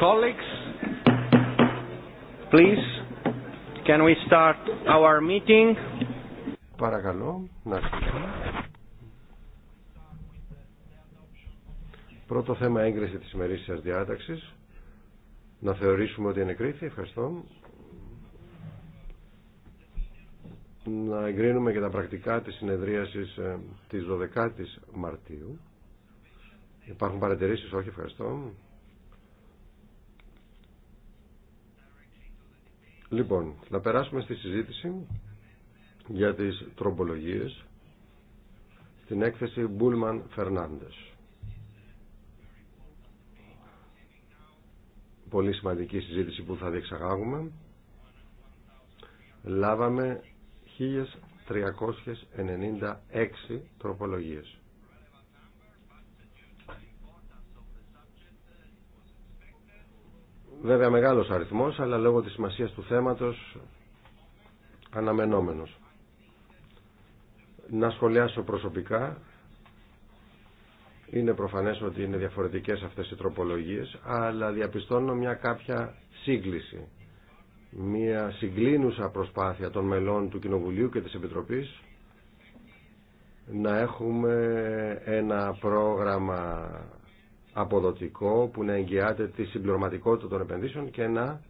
Colleagues, please, can we start our meeting? Παρακαλώ, να αρχίσουμε. Πρώτο θέμα έγκριση της ημερήσιας διάταξης. Να θεωρήσουμε ότι είναι κρίθη. Ευχαριστώ. Να εγκρίνουμε και τα πρακτικά της συνεδρίασης ε, της 12ης Μαρτίου. Υπάρχουν παρατηρήσεις, όχι, ευχαριστώ. Λοιπόν, να περάσουμε στη συζήτηση για τις τρομπολογίες στην έκθεση Μπούλμαν Φερνάντες. Πολύ σημαντική συζήτηση που θα διεξαγάγουμε. Λάβαμε 1396 τροπολογίες. Βέβαια μεγάλος αριθμός, αλλά λόγω της σημασίας του θέματος αναμενόμενος. Να σχολιάσω προσωπικά. Είναι προφανές ότι είναι διαφορετικές αυτές οι τροπολογίες, αλλά διαπιστώνω μια κάποια σύγκληση. Μια συγκλίνουσα προσπάθεια των μελών του Κοινοβουλίου και της Επιτροπής να έχουμε ένα πρόγραμμα αποδοτικό που να εγγυάται τη συμπληρωματικότητα των επενδύσεων και να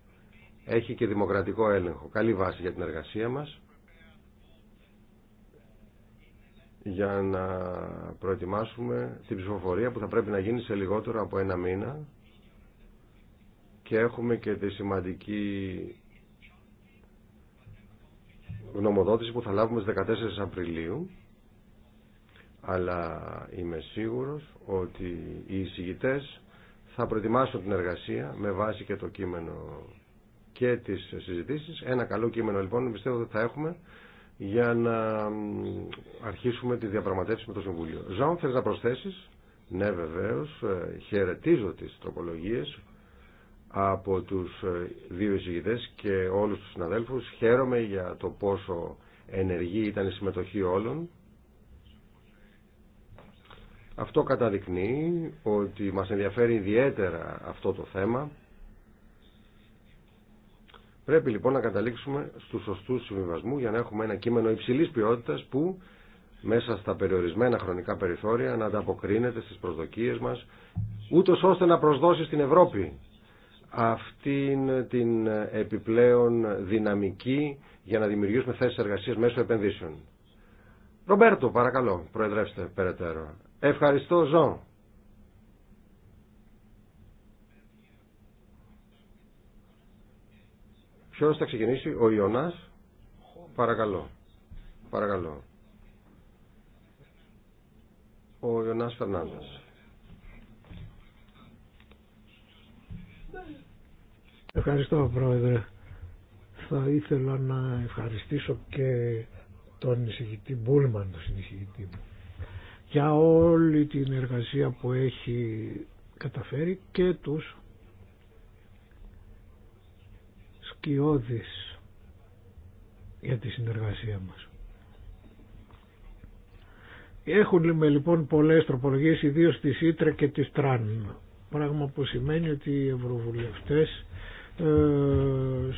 έχει και δημοκρατικό έλεγχο. Καλή βάση για την εργασία μας για να προετοιμάσουμε την ψηφοφορία που θα πρέπει να γίνει σε λιγότερο από ένα μήνα και έχουμε και τη σημαντική γνωμοδότηση που θα λάβουμε στις 14 Απριλίου αλλά είμαι σίγουρος ότι οι εισηγητές θα προετοιμάσουν την εργασία με βάση και το κείμενο και τις συζητήσεις. Ένα καλό κείμενο λοιπόν πιστεύω ότι θα έχουμε για να αρχίσουμε τη διαπραγματεύση με το Συμβούλιο. Ζάων, θέλεις να προσθέσεις? Ναι βεβαίως, ε, χαιρετίζω τις τροπολογίες από τους ε, δύο εισηγητές και όλους τους συναδέλφους. Χαίρομαι για το πόσο ενεργή ήταν η συμμετοχή όλων αυτό καταδεικνύει ότι μας ενδιαφέρει ιδιαίτερα αυτό το θέμα. Πρέπει λοιπόν να καταλήξουμε στους σωστούς συμβιβασμού για να έχουμε ένα κείμενο υψηλής ποιότητας που μέσα στα περιορισμένα χρονικά περιθώρια να ανταποκρίνεται στις προσδοκίες μας ούτω ώστε να προσδώσει στην Ευρώπη αυτήν την επιπλέον δυναμική για να δημιουργήσουμε θέσεις εργασίας μέσω επενδύσεων. Ρομπέρτο, παρακαλώ, προεδρεύστε περαιτέρω. Ευχαριστώ Ζω. Ποιος θα ξεκινήσει, ο Ιωνάς. Παρακαλώ. Παρακαλώ. Ο Ιωνάς Φερνάνδας. Ευχαριστώ Πρόεδρε. Θα ήθελα να ευχαριστήσω και τον εισηγητή Μπούλμαν, τον συνεισηγητή μου για όλη την εργασία που έχει καταφέρει και τους σκιώδεις για τη συνεργασία μας. Έχουν με λοιπόν πολλές τροπολογίες, ιδίως τη Ήτρα και τη Τραν, πράγμα που σημαίνει ότι οι ευρωβουλευτές ε,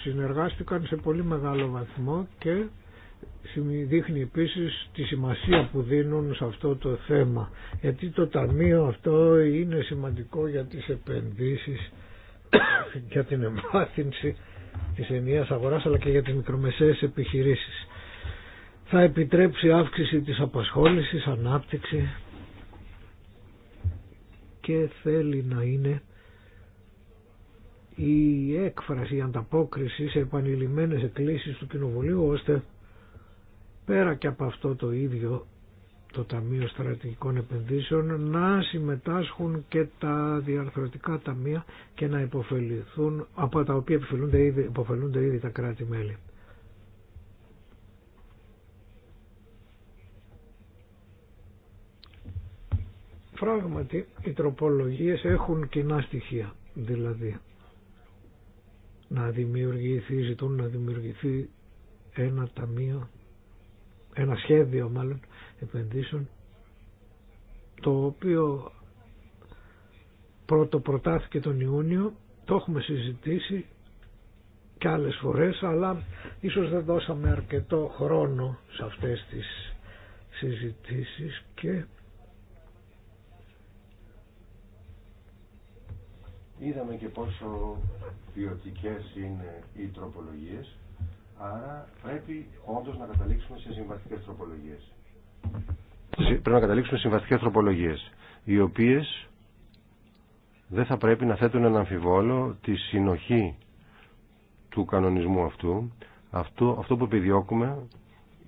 συνεργάστηκαν σε πολύ μεγάλο βαθμό και δείχνει επίσης τη σημασία που δίνουν σε αυτό το θέμα γιατί το ταμείο αυτό είναι σημαντικό για τις επενδύσεις για την εμπάθυνση της ενιαίας αγοράς αλλά και για τις μικρομεσαίες επιχειρήσεις θα επιτρέψει αύξηση της απασχόλησης, ανάπτυξη και θέλει να είναι η έκφραση, η ανταπόκριση σε επανειλημμένες εκκλήσεις του Κοινοβουλίου ώστε πέρα και από αυτό το ίδιο το Ταμείο Στρατηγικών Επενδύσεων να συμμετάσχουν και τα διαρθρωτικά ταμεία και να υποφεληθούν από τα οποία υποφελούνται ήδη, τα κράτη-μέλη. Πράγματι, οι τροπολογίες έχουν κοινά στοιχεία, δηλαδή να δημιουργηθεί, ζητούν να δημιουργηθεί ένα ταμείο ένα σχέδιο μάλλον επενδύσεων το οποίο πρώτο προτάθηκε τον Ιούνιο το έχουμε συζητήσει και άλλες φορές αλλά ίσως δεν δώσαμε αρκετό χρόνο σε αυτές τις συζητήσεις και είδαμε και πόσο ποιοτικέ είναι οι τροπολογίες Άρα πρέπει όντως να καταλήξουμε σε συμβατικές τροπολογίες. Πρέπει να καταλήξουμε σε συμβατικές τροπολογίες, οι οποίες δεν θα πρέπει να θέτουν ένα αμφιβόλο τη συνοχή του κανονισμού αυτού. Αυτό, αυτό που επιδιώκουμε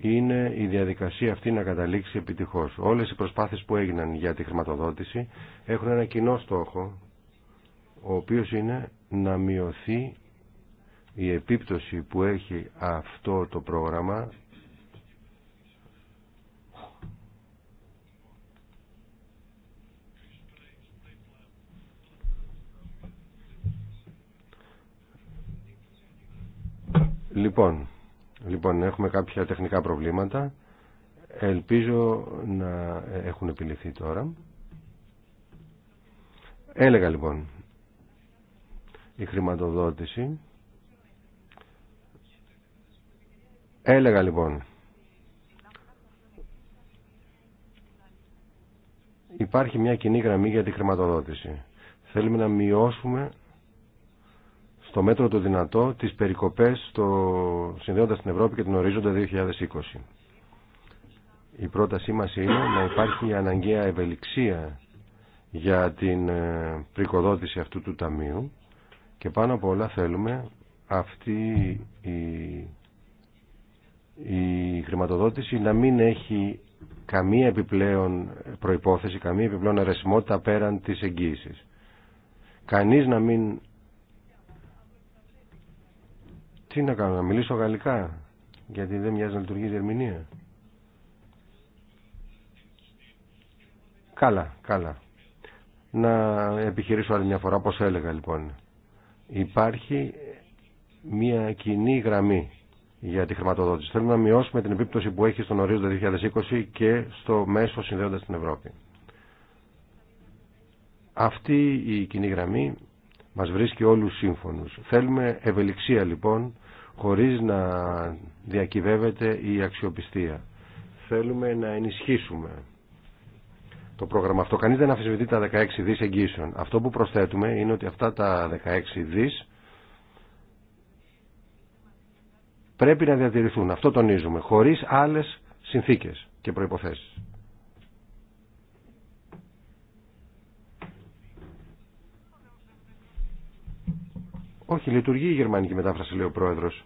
είναι η διαδικασία αυτή να καταλήξει επιτυχώς. Όλες οι προσπάθειες που έγιναν για τη χρηματοδότηση έχουν ένα κοινό στόχο, ο οποίος είναι να μειωθεί η επίπτωση που έχει αυτό το πρόγραμμα Λοιπόν, λοιπόν, έχουμε κάποια τεχνικά προβλήματα. Ελπίζω να έχουν επιληθεί τώρα. Έλεγα λοιπόν, η χρηματοδότηση Έλεγα λοιπόν, υπάρχει μια κοινή γραμμή για τη χρηματοδότηση. Θέλουμε να μειώσουμε στο μέτρο το δυνατό τις περικοπές στο συνδέοντας την Ευρώπη και την ορίζοντα 2020. Η πρότασή μας είναι να υπάρχει η αναγκαία ευελιξία για την ε, πρικοδότηση αυτού του ταμείου και πάνω από όλα θέλουμε αυτή η η χρηματοδότηση να μην έχει καμία επιπλέον προϋπόθεση, καμία επιπλέον αρεσιμότητα πέραν της εγγύησης. Κανείς να μην... Τι να κάνω, να μιλήσω γαλλικά, γιατί δεν μοιάζει να λειτουργεί η διερμηνία. Καλά, καλά. Να επιχειρήσω άλλη μια φορά, πώς έλεγα λοιπόν. Υπάρχει μια κοινή γραμμή για τη χρηματοδότηση. Θέλουμε να μειώσουμε την επίπτωση που έχει στον ορίζοντα 2020 και στο μέσο συνδέοντα την Ευρώπη. Αυτή η κοινή γραμμή μας βρίσκει όλους σύμφωνους. Θέλουμε ευελιξία λοιπόν, χωρίς να διακυβεύεται η αξιοπιστία. Θέλουμε να ενισχύσουμε το πρόγραμμα αυτό. Κανείς δεν αφισβητεί τα 16 δις εγγύσεων. Αυτό που προσθέτουμε είναι ότι αυτά τα 16 δις πρέπει να διατηρηθούν. Αυτό τονίζουμε, χωρίς άλλε συνθήκες και προποθέσει. Όχι, λειτουργεί η γερμανική μετάφραση, λέει ο πρόεδρος.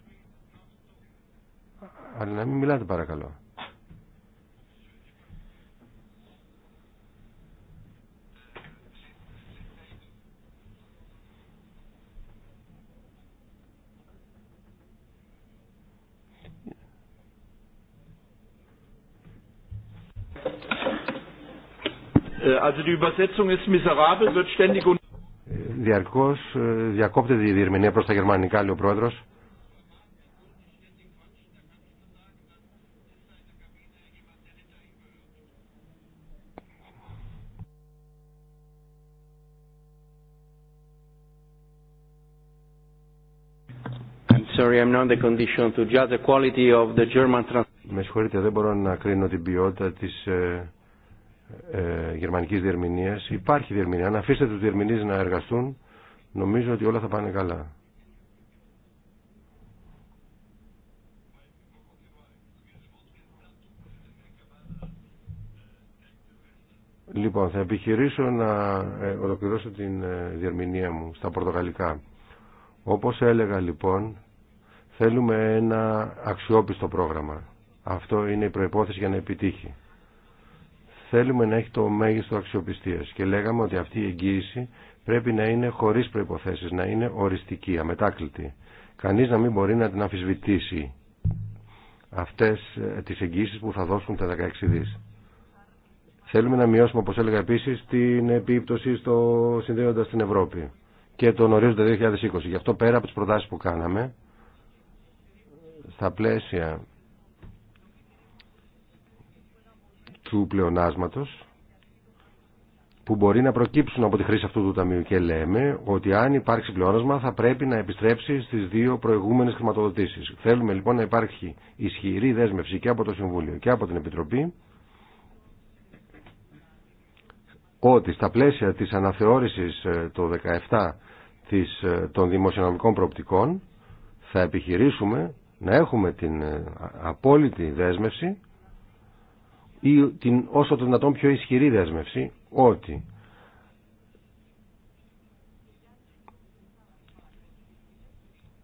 Αλλά να μην μιλάτε παρακαλώ. Also die Übersetzung ist miserabel, wird ständig und Διαρκώς διακόπτεται η διερμηνία προς τα γερμανικά, λέει ο πρόεδρος. sorry, I'm not the condition to judge the quality of the German translation. Με συγχωρείτε, δεν μπορώ να κρίνω την ποιότητα της ε, ε, γερμανικής διερμηνίας. Υπάρχει διερμηνία. Αν αφήσετε τους διερμηνείς να εργαστούν, νομίζω ότι όλα θα πάνε καλά. Λοιπόν, θα επιχειρήσω να ε, ολοκληρώσω την ε, διερμηνία μου στα πορτογαλικά. Όπως έλεγα λοιπόν, θέλουμε ένα αξιόπιστο πρόγραμμα. Αυτό είναι η προϋπόθεση για να επιτύχει θέλουμε να έχει το μέγιστο αξιοπιστίας και λέγαμε ότι αυτή η εγγύηση πρέπει να είναι χωρίς προποθέσει, να είναι οριστική, αμετάκλητη. Κανείς να μην μπορεί να την αμφισβητήσει αυτές ε, τις εγγύσει που θα δώσουν τα 16 δι. Θέλουμε να μειώσουμε, όπως έλεγα επίση, την επίπτωση στο συνδέοντα στην Ευρώπη και τον ορίζοντα 2020. Γι' αυτό πέρα από τι προτάσει που κάναμε, στα πλαίσια του πλεονάσματος που μπορεί να προκύψουν από τη χρήση αυτού του ταμείου και λέμε ότι αν υπάρξει πλεόνασμα θα πρέπει να επιστρέψει στις δύο προηγούμενες χρηματοδοτήσεις. Θέλουμε λοιπόν να υπάρχει ισχυρή δέσμευση και από το Συμβούλιο και από την Επιτροπή ότι στα πλαίσια της αναθεώρησης ε, το 17 ε, των δημοσιονομικών προοπτικών θα επιχειρήσουμε να έχουμε την ε, απόλυτη δέσμευση ή την όσο το δυνατόν πιο ισχυρή δέσμευση ότι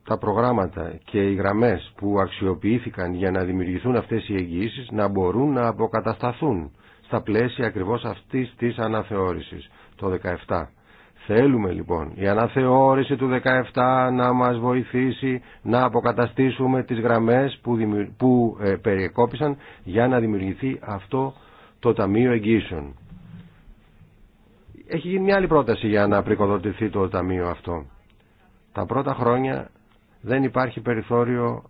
τα προγράμματα και οι γραμμές που αξιοποιήθηκαν για να δημιουργηθούν αυτές οι εγγυήσεις να μπορούν να αποκατασταθούν στα πλαίσια ακριβώς αυτής της αναθεώρησης το 17 Θέλουμε λοιπόν η αναθεώρηση του 17 να μας βοηθήσει να αποκαταστήσουμε τις γραμμές που, που ε, περιεκόπησαν για να δημιουργηθεί αυτό το Ταμείο Εγγύσεων. Έχει γίνει μια άλλη πρόταση για να πρικοδοτηθεί το Ταμείο αυτό. Τα πρώτα χρόνια δεν υπάρχει περιθώριο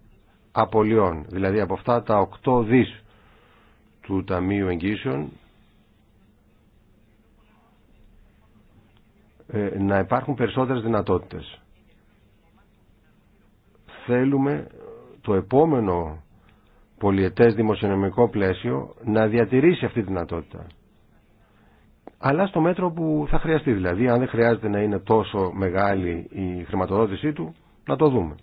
απολειών, δηλαδή από αυτά τα 8 δις του Ταμείου Εγγύσεων Ε, να υπάρχουν περισσότερες δυνατότητες. Θέλουμε το επόμενο πολιετές δημοσιονομικό πλαίσιο να διατηρήσει αυτή τη δυνατότητα. Αλλά στο μέτρο που θα χρειαστεί. Δηλαδή, αν δεν χρειάζεται να είναι τόσο μεγάλη η χρηματοδότησή του, να το δούμε.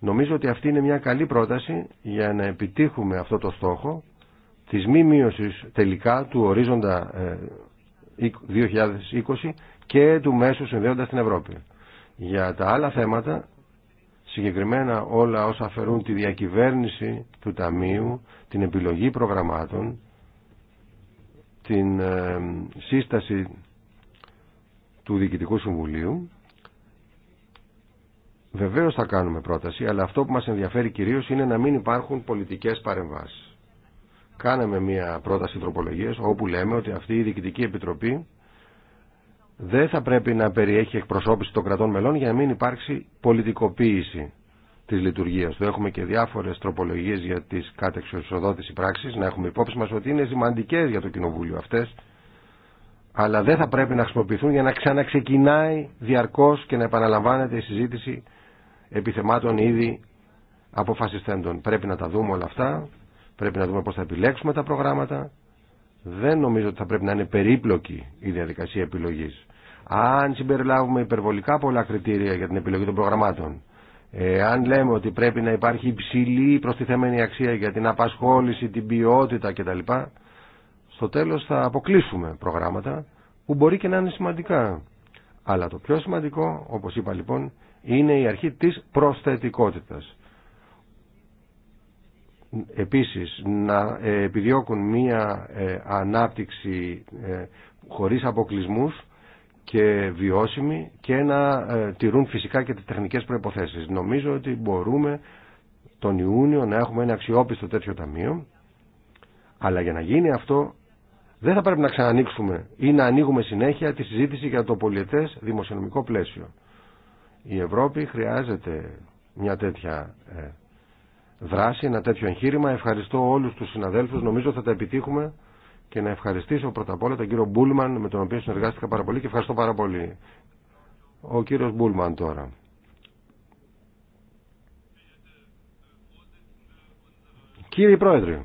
Νομίζω ότι αυτή είναι μια καλή πρόταση για να επιτύχουμε αυτό το στόχο της μη μείωσης τελικά του ορίζοντα 2020 ε, και του μέσου συνδέοντα την Ευρώπη. Για τα άλλα θέματα, συγκεκριμένα όλα όσα αφαιρούν τη διακυβέρνηση του Ταμείου, την επιλογή προγραμμάτων, την ε, σύσταση του Διοικητικού Συμβουλίου, Βεβαίως θα κάνουμε πρόταση, αλλά αυτό που μας ενδιαφέρει κυρίως είναι να μην υπάρχουν πολιτικές παρεμβάσεις. Κάναμε μια πρόταση τροπολογίας όπου λέμε ότι αυτή η Διοικητική Επιτροπή δεν θα πρέπει να περιέχει εκπροσώπηση των κρατών μελών για να μην υπάρξει πολιτικοποίηση τη λειτουργία του. Έχουμε και διάφορε τροπολογίε για τι κατεξοδότηση πράξη. Να έχουμε υπόψη μα ότι είναι σημαντικέ για το Κοινοβούλιο αυτέ, αλλά δεν θα πρέπει να χρησιμοποιηθούν για να ξαναξεκινάει διαρκώ και να επαναλαμβάνεται η συζήτηση επιθεμάτων ήδη αποφασιστέντων. Πρέπει να τα δούμε όλα αυτά. Πρέπει να δούμε πώ θα επιλέξουμε τα προγράμματα. Δεν νομίζω ότι θα πρέπει να είναι περίπλοκη η διαδικασία επιλογής αν συμπεριλάβουμε υπερβολικά πολλά κριτήρια για την επιλογή των προγραμμάτων, ε, αν λέμε ότι πρέπει να υπάρχει υψηλή προστιθέμενη αξία για την απασχόληση, την ποιότητα κτλ, στο τέλος θα αποκλείσουμε προγράμματα που μπορεί και να είναι σημαντικά. Αλλά το πιο σημαντικό, όπως είπα λοιπόν, είναι η αρχή της προσθετικότητας. Επίσης, να ε, επιδιώκουν μία ε, ανάπτυξη ε, χωρίς αποκλεισμούς και βιώσιμη και να ε, τηρούν φυσικά και τις τεχνικές προϋποθέσεις. Νομίζω ότι μπορούμε τον Ιούνιο να έχουμε ένα αξιόπιστο τέτοιο ταμείο, αλλά για να γίνει αυτό δεν θα πρέπει να ξανανοίξουμε ή να ανοίγουμε συνέχεια τη συζήτηση για το πολιετές δημοσιονομικό πλαίσιο. Η Ευρώπη χρειάζεται μια τέτοια ε, δράση, ένα τέτοιο εγχείρημα. Ευχαριστώ όλους τους συναδέλφους. Νομίζω θα τα επιτύχουμε και να ευχαριστήσω πρώτα απ' όλα τον κύριο Μπούλμαν με τον οποίο συνεργάστηκα πάρα πολύ και ευχαριστώ πάρα πολύ. Ο κύριος Μπούλμαν τώρα. Κύριε Πρόεδρε,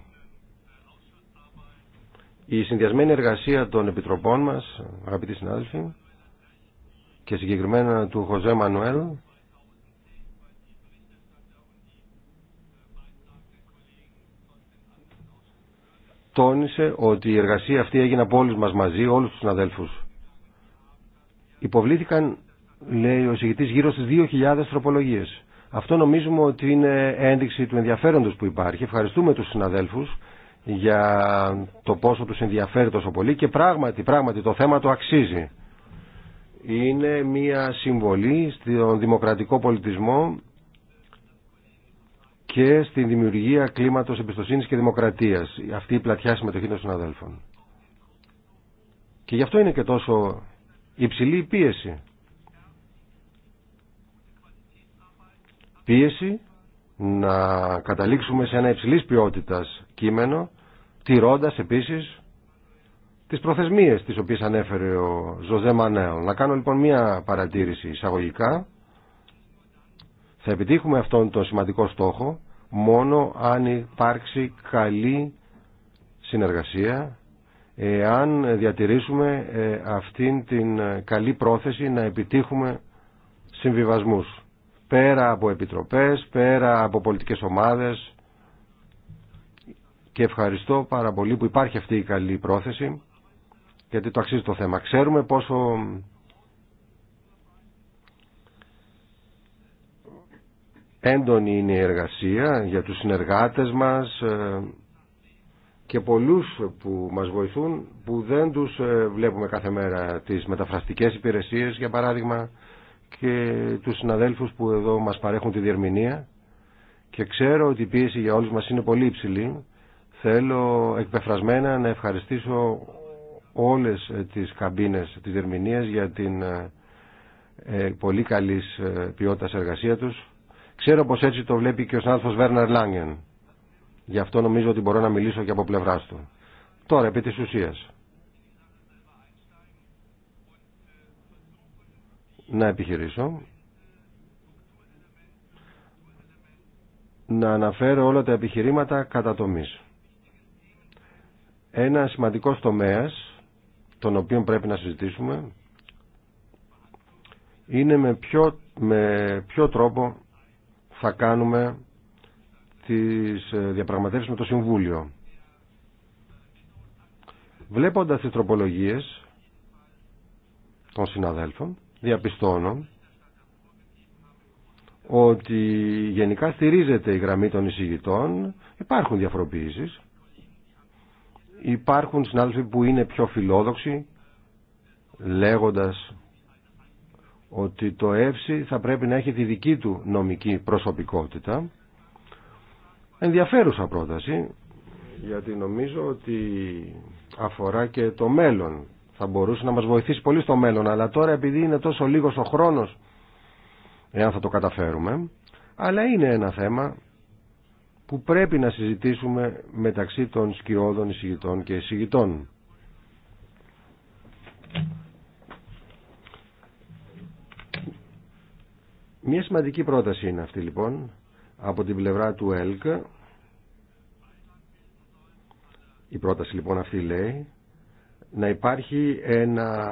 η συνδυασμένη εργασία των επιτροπών μας, αγαπητοί συνάδελφοι, και συγκεκριμένα του Χωζέ Μανουέλ, τόνισε ότι η εργασία αυτή έγινε από όλους μας μαζί, όλους τους συναδέλφους. Υποβλήθηκαν, λέει ο συγητής, γύρω στις 2.000 τροπολογίες. Αυτό νομίζουμε ότι είναι ένδειξη του ενδιαφέροντος που υπάρχει. Ευχαριστούμε τους συναδέλφους για το πόσο τους ενδιαφέρει τόσο πολύ και πράγματι, πράγματι το θέμα το αξίζει. Είναι μια συμβολή στον δημοκρατικό πολιτισμό και στην δημιουργία κλίματος εμπιστοσύνης και δημοκρατίας. Αυτή η πλατιά συμμετοχή των συναδέλφων. Και γι' αυτό είναι και τόσο υψηλή η πίεση. Πίεση να καταλήξουμε σε ένα υψηλής ποιότητας κείμενο, τηρώντας επίσης τις προθεσμίες τις οποίες ανέφερε ο Ζωζέ Να κάνω λοιπόν μία παρατήρηση εισαγωγικά. Θα επιτύχουμε αυτόν τον σημαντικό στόχο μόνο αν υπάρξει καλή συνεργασία αν διατηρήσουμε ε, αυτήν την ε, καλή πρόθεση να επιτύχουμε συμβιβασμούς πέρα από επιτροπές, πέρα από πολιτικές ομάδες και ευχαριστώ πάρα πολύ που υπάρχει αυτή η καλή πρόθεση γιατί το αξίζει το θέμα. Ξέρουμε πόσο έντονη είναι η εργασία για τους συνεργάτες μας ε, και πολλούς που μας βοηθούν που δεν τους ε, βλέπουμε κάθε μέρα τις μεταφραστικές υπηρεσίες για παράδειγμα και τους συναδέλφους που εδώ μας παρέχουν τη διερμηνία και ξέρω ότι η πίεση για όλους μας είναι πολύ υψηλή θέλω εκπεφρασμένα να ευχαριστήσω όλες τις καμπίνες της διερμηνίας για την ε, πολύ καλής ποιότητας εργασία τους Ξέρω πως έτσι το βλέπει και ο συνάδελφος Βέρνερ Λάγγεν. Γι' αυτό νομίζω ότι μπορώ να μιλήσω και από πλευράς του. Τώρα, επί της ουσίας. Να επιχειρήσω. Να αναφέρω όλα τα επιχειρήματα κατά τομής. Ένα σημαντικό τομέας, τον οποίο πρέπει να συζητήσουμε, είναι με ποιο, με ποιο τρόπο θα κάνουμε τις ε, διαπραγματεύσεις με το Συμβούλιο. Βλέποντας τις τροπολογίες των συναδέλφων, διαπιστώνω ότι γενικά στηρίζεται η γραμμή των εισηγητών, υπάρχουν διαφοροποιήσεις, υπάρχουν συνάδελφοι που είναι πιο φιλόδοξοι, λέγοντας ότι το Εύση θα πρέπει να έχει τη δική του νομική προσωπικότητα. Ενδιαφέρουσα πρόταση, γιατί νομίζω ότι αφορά και το μέλλον. Θα μπορούσε να μας βοηθήσει πολύ στο μέλλον, αλλά τώρα επειδή είναι τόσο λίγος ο χρόνος, εάν θα το καταφέρουμε, αλλά είναι ένα θέμα που πρέπει να συζητήσουμε μεταξύ των σκιώδων εισηγητών και εισηγητών. Μια σημαντική πρόταση είναι αυτή λοιπόν από την πλευρά του ΕΛΚ. Η πρόταση λοιπόν αυτή λέει να υπάρχει ένα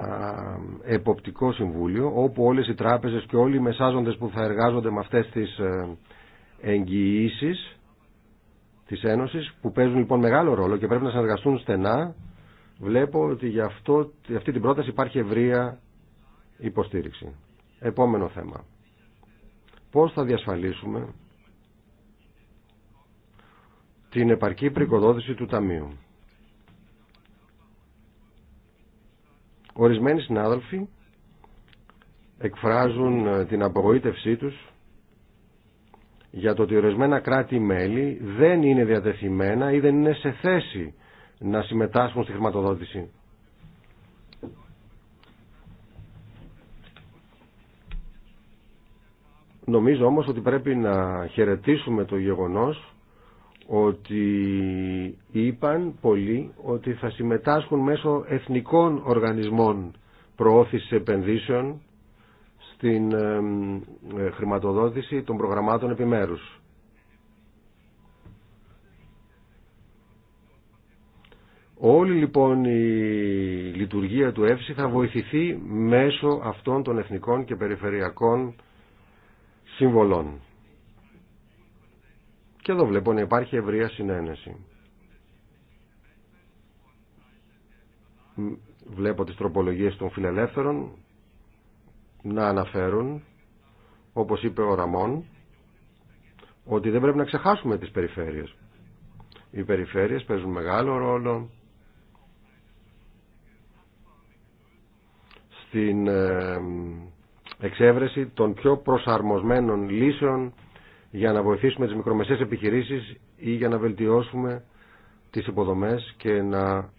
εποπτικό συμβούλιο όπου όλες οι τράπεζες και όλοι οι μεσάζοντες που θα εργάζονται με αυτές τις ε, εγγυήσει της Ένωσης που παίζουν λοιπόν μεγάλο ρόλο και πρέπει να συνεργαστούν στενά βλέπω ότι αυτό, αυτή την πρόταση υπάρχει ευρεία υποστήριξη. Επόμενο θέμα πώς θα διασφαλίσουμε την επαρκή πρικοδότηση του Ταμείου. Ορισμένοι συνάδελφοι εκφράζουν ε, την απογοήτευσή τους για το ότι ορισμένα κράτη-μέλη δεν είναι διατεθειμένα ή δεν είναι σε θέση να συμμετάσχουν στη χρηματοδότηση. Νομίζω όμως ότι πρέπει να χαιρετήσουμε το γεγονός ότι είπαν πολλοί ότι θα συμμετάσχουν μέσω εθνικών οργανισμών προώθησης επενδύσεων στην ε, χρηματοδότηση των προγραμμάτων επιμέρους. Όλη λοιπόν η λειτουργία του ΕΦΣΙ θα βοηθηθεί μέσω αυτών των εθνικών και περιφερειακών συμβολών. Και εδώ βλέπω να υπάρχει ευρεία συνένεση. Βλέπω τις τροπολογίες των φιλελεύθερων να αναφέρουν, όπως είπε ο Ραμόν, ότι δεν πρέπει να ξεχάσουμε τις περιφέρειες. Οι περιφέρειες παίζουν μεγάλο ρόλο στην ε, εξέβρεση των πιο προσαρμοσμένων λύσεων για να βοηθήσουμε τις μικρομεσαίες επιχειρήσεις ή για να βελτιώσουμε τις υποδομές και να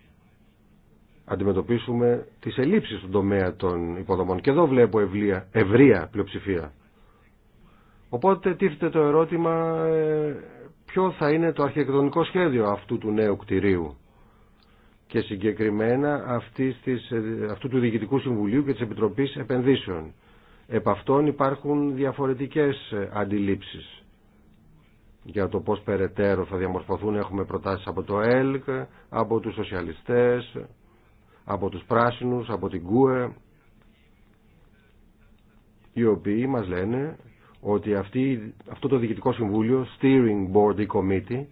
αντιμετωπίσουμε τις ελλείψεις στον τομέα των υποδομών. Και εδώ βλέπω ευλία, ευρεία πλειοψηφία. Οπότε τίθεται το ερώτημα ε, ποιο θα είναι το αρχιεκτονικό σχέδιο αυτού του νέου κτηρίου και συγκεκριμένα ε, αυτού του Διοικητικού Συμβουλίου και της Επιτροπής Επενδύσεων. Επ' αυτών υπάρχουν διαφορετικές ε, αντιλήψεις για το πώς περαιτέρω θα διαμορφωθούν. Έχουμε προτάσεις από το ΕΛΚ, από τους σοσιαλιστές, από τους πράσινους, από την ΚΟΕ, οι οποίοι μας λένε ότι αυτή, αυτό το Διοικητικό Συμβούλιο, Steering Board Committee,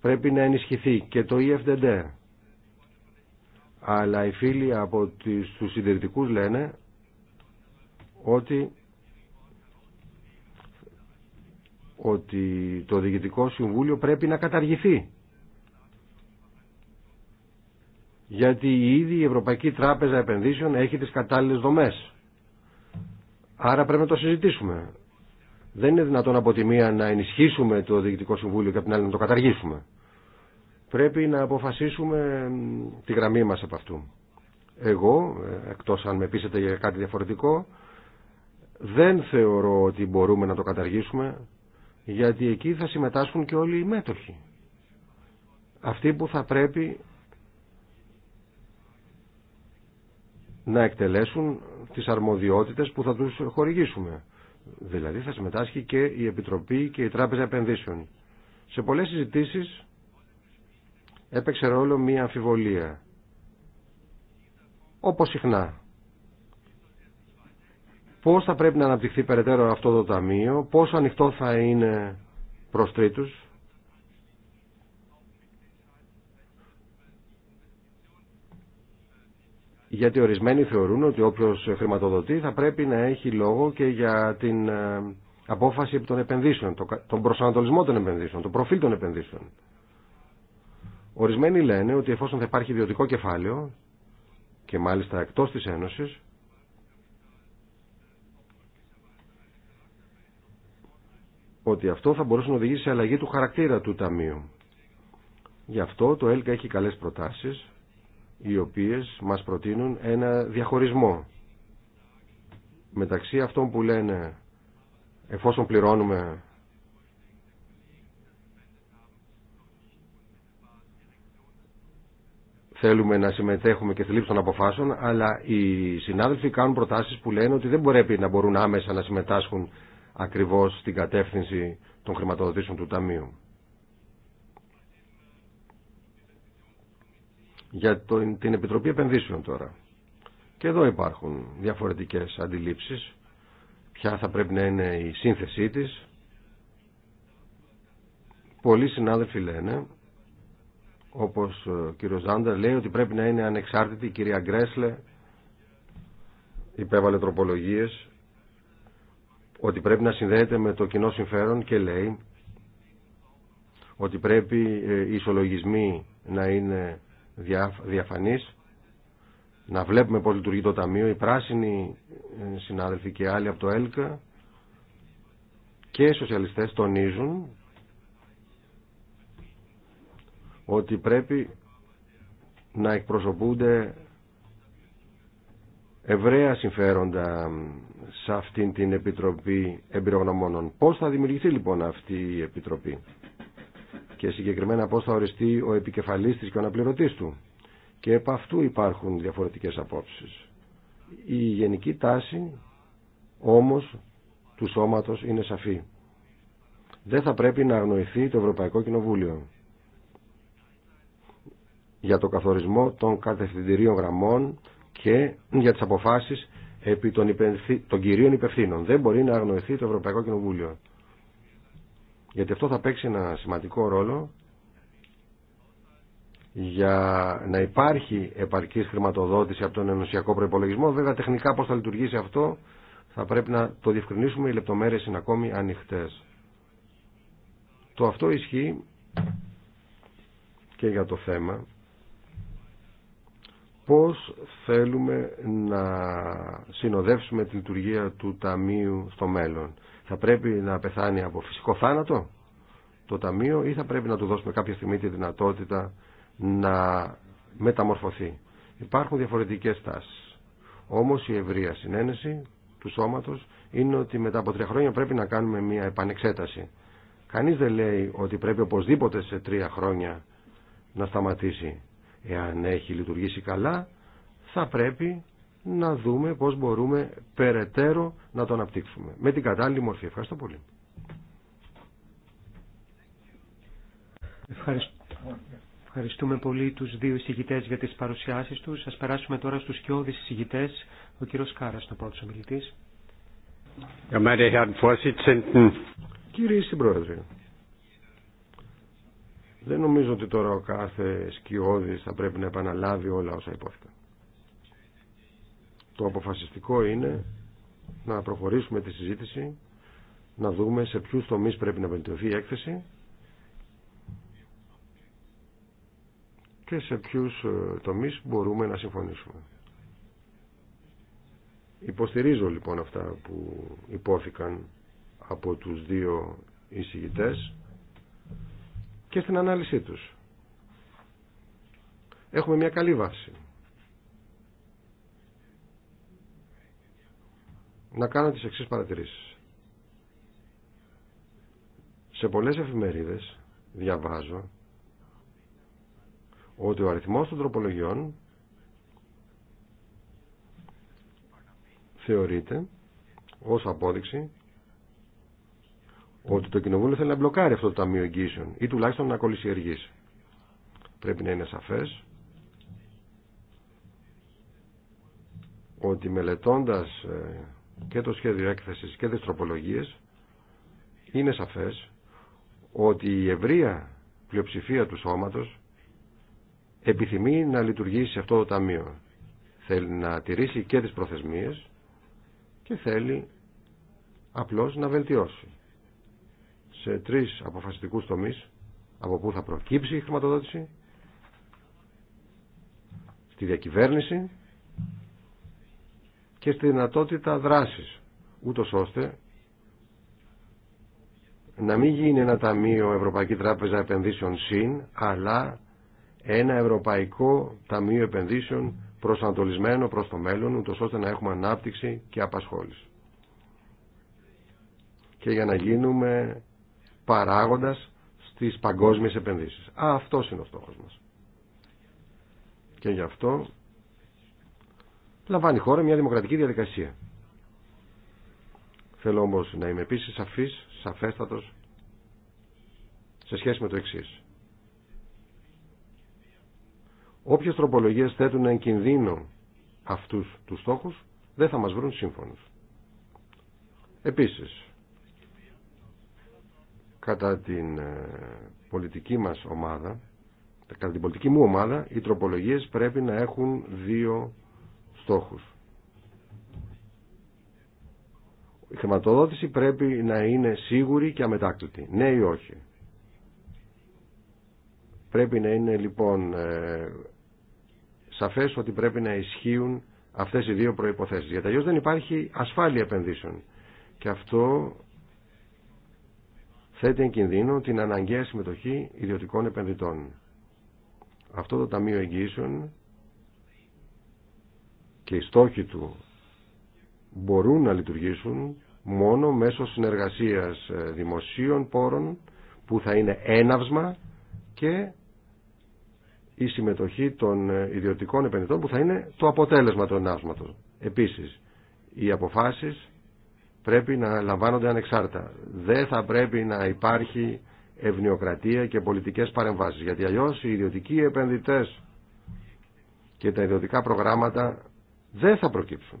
πρέπει να ενισχυθεί και το EFDD. Αλλά οι φίλοι από τους συντηρητικούς λένε ότι ότι το Διοικητικό Συμβούλιο πρέπει να καταργηθεί. Γιατί η ίδια η Ευρωπαϊκή Τράπεζα Επενδύσεων έχει τις κατάλληλες δομές. Άρα πρέπει να το συζητήσουμε. Δεν είναι δυνατόν από τη μία να ενισχύσουμε το Διοικητικό Συμβούλιο και από την άλλη να το καταργήσουμε. Πρέπει να αποφασίσουμε τη γραμμή μας από αυτού. Εγώ, ε, εκτός αν με πείσετε για κάτι διαφορετικό, δεν θεωρώ ότι μπορούμε να το καταργήσουμε γιατί εκεί θα συμμετάσχουν και όλοι οι μέτοχοι. Αυτοί που θα πρέπει να εκτελέσουν τις αρμοδιότητες που θα τους χορηγήσουμε. Δηλαδή θα συμμετάσχει και η Επιτροπή και η Τράπεζα Επενδύσεων. Σε πολλές συζητήσεις έπαιξε ρόλο μία αμφιβολία. Όπως συχνά πώς θα πρέπει να αναπτυχθεί περαιτέρω αυτό το ταμείο, πόσο ανοιχτό θα είναι προς τρίτους. Γιατί ορισμένοι θεωρούν ότι όποιος χρηματοδοτεί θα πρέπει να έχει λόγο και για την ε, απόφαση των επενδύσεων, τον προσανατολισμό των επενδύσεων, το προφίλ των επενδύσεων. Ορισμένοι λένε ότι εφόσον θα υπάρχει ιδιωτικό κεφάλαιο και μάλιστα εκτός της Ένωσης, ότι αυτό θα μπορούσε να οδηγήσει σε αλλαγή του χαρακτήρα του Ταμείου. Γι' αυτό το ΕΛΚΑ έχει καλές προτάσεις, οι οποίες μας προτείνουν ένα διαχωρισμό μεταξύ αυτών που λένε εφόσον πληρώνουμε θέλουμε να συμμετέχουμε και στη λήψη των αποφάσεων, αλλά οι συνάδελφοι κάνουν προτάσεις που λένε ότι δεν πρέπει να μπορούν άμεσα να συμμετάσχουν ακριβώς στην κατεύθυνση των χρηματοδοτήσεων του Ταμείου. Για την Επιτροπή Επενδύσεων τώρα. Και εδώ υπάρχουν διαφορετικές αντιλήψεις. Ποια θα πρέπει να είναι η σύνθεσή της. Πολλοί συνάδελφοι λένε, όπως ε, ο κύριος Ζάντερ λέει, ότι πρέπει να είναι ανεξάρτητη η κυρία Γκρέσλε υπέβαλε τροπολογίες ότι πρέπει να συνδέεται με το κοινό συμφέρον και λέει ότι πρέπει ε, οι ισολογισμοί να είναι διαφανής να βλέπουμε πώς λειτουργεί το Ταμείο, οι πράσινοι ε, συνάδελφοι και άλλοι από το ΕΛΚΑ και οι σοσιαλιστές τονίζουν ότι πρέπει να εκπροσωπούνται Ευρέα συμφέροντα σε αυτήν την Επιτροπή Εμπειρογνωμόνων. Πώς θα δημιουργηθεί λοιπόν αυτή η Επιτροπή και συγκεκριμένα πώς θα οριστεί ο επικεφαλής της και ο αναπληρωτής του. Και επ' αυτού υπάρχουν διαφορετικές απόψεις. Η γενική τάση όμως του σώματος είναι σαφή. Δεν θα πρέπει να αγνοηθεί το Ευρωπαϊκό Κοινοβούλιο για το καθορισμό των κατευθυντηρίων γραμμών και για τις αποφάσεις επί των, των κυρίων υπευθύνων. Δεν μπορεί να αγνοηθεί το Ευρωπαϊκό Κοινοβούλιο. Γιατί αυτό θα παίξει ένα σημαντικό ρόλο για να υπάρχει επαρκής χρηματοδότηση από τον ενωσιακό προπολογισμό, Βέβαια τεχνικά πώ θα λειτουργήσει αυτό θα πρέπει να το διευκρινίσουμε. Οι λεπτομέρειε είναι ακόμη ανοιχτέ. Το αυτό ισχύει και για το θέμα πώς θέλουμε να συνοδεύσουμε τη λειτουργία του Ταμείου στο μέλλον. Θα πρέπει να πεθάνει από φυσικό θάνατο το Ταμείο ή θα πρέπει να του δώσουμε κάποια στιγμή τη δυνατότητα να μεταμορφωθεί. Υπάρχουν διαφορετικές τάσεις. Όμως η ευρεία συνένεση του σώματος είναι ότι μετά από τρία χρόνια πρέπει να κάνουμε μια επανεξέταση. Κανείς δεν λέει ότι πρέπει οπωσδήποτε σε τρία χρόνια να σταματήσει Εάν έχει λειτουργήσει καλά, θα πρέπει να δούμε πώς μπορούμε περαιτέρω να το αναπτύξουμε. Με την κατάλληλη μορφή. Ευχαριστώ πολύ. Ευχαριστούμε πολύ τους δύο εισηγητές για τις παρουσιάσεις τους. Σας περάσουμε τώρα στους κοιόδης εισηγητές. Ο κύριος Κάρας το ο πρώτος ομιλητής. Κύριε Συμπρόεδρε, δεν νομίζω ότι τώρα ο κάθε σκιώδης θα πρέπει να επαναλάβει όλα όσα υπόθηκαν. Το αποφασιστικό είναι να προχωρήσουμε τη συζήτηση, να δούμε σε ποιους τομείς πρέπει να βελτιωθεί η έκθεση και σε ποιους ε, τομείς μπορούμε να συμφωνήσουμε. Υποστηρίζω λοιπόν αυτά που υπόθηκαν από τους δύο εισηγητές και στην ανάλυση τους. Έχουμε μια καλή βάση. Να κάνω τις εξής παρατηρήσεις. Σε πολλές εφημερίδες διαβάζω ότι ο αριθμός των τροπολογιών θεωρείται ως απόδειξη ότι το Κοινοβούλιο θέλει να μπλοκάρει αυτό το Ταμείο Εγγύσεων ή τουλάχιστον να κολλησιεργήσει. Πρέπει να είναι σαφές ότι μελετώντας ε, και το σχέδιο έκθεσης και τις τροπολογίες είναι σαφές ότι η ευρεία πλειοψηφία του σώματος επιθυμεί να λειτουργήσει αυτό το ταμείο. Θέλει να τηρήσει και τις προθεσμίες και θέλει απλώς να βελτιώσει σε τρεις αποφασιστικούς τομεί από πού θα προκύψει η χρηματοδότηση στη διακυβέρνηση και στη δυνατότητα δράση. ούτως ώστε να μην γίνει ένα ταμείο Ευρωπαϊκή Τράπεζα Επενδύσεων ΣΥΝ αλλά ένα Ευρωπαϊκό Ταμείο Επενδύσεων προσανατολισμένο προς το μέλλον ούτως ώστε να έχουμε ανάπτυξη και απασχόληση και για να γίνουμε παράγοντας στις παγκόσμιες επενδύσεις. Αυτό αυτός είναι ο στόχος μας. Και γι' αυτό λαμβάνει η χώρα μια δημοκρατική διαδικασία. Θέλω όμως να είμαι επίσης σαφής, σαφέστατος σε σχέση με το εξής. Όποιες τροπολογίες θέτουν εν κινδύνο αυτούς τους στόχους δεν θα μας βρουν σύμφωνους. Επίσης, κατά την ε, πολιτική μας ομάδα, κατά την πολιτική μου ομάδα, οι τροπολογίες πρέπει να έχουν δύο στόχους. Η χρηματοδότηση πρέπει να είναι σίγουρη και αμετάκλητη. Ναι ή όχι. Πρέπει να είναι λοιπόν ε, σαφές ότι πρέπει να ισχύουν αυτές οι δύο προϋποθέσεις. Γιατί αλλιώς δεν υπάρχει ασφάλεια επενδύσεων. Και αυτό θέτει εν κινδύνο την αναγκαία συμμετοχή ιδιωτικών επενδυτών. Αυτό το Ταμείο Εγγύσεων και οι στόχοι του μπορούν να λειτουργήσουν μόνο μέσω συνεργασίας ε, δημοσίων πόρων που θα είναι έναυσμα και η συμμετοχή των ε, ιδιωτικών επενδυτών που θα είναι το αποτέλεσμα του έναυσματος. Επίσης, οι αποφάσεις πρέπει να λαμβάνονται ανεξάρτητα. Δεν θα πρέπει να υπάρχει ευνοιοκρατία και πολιτικές παρεμβάσεις. Γιατί αλλιώς οι ιδιωτικοί επενδυτές και τα ιδιωτικά προγράμματα δεν θα προκύψουν.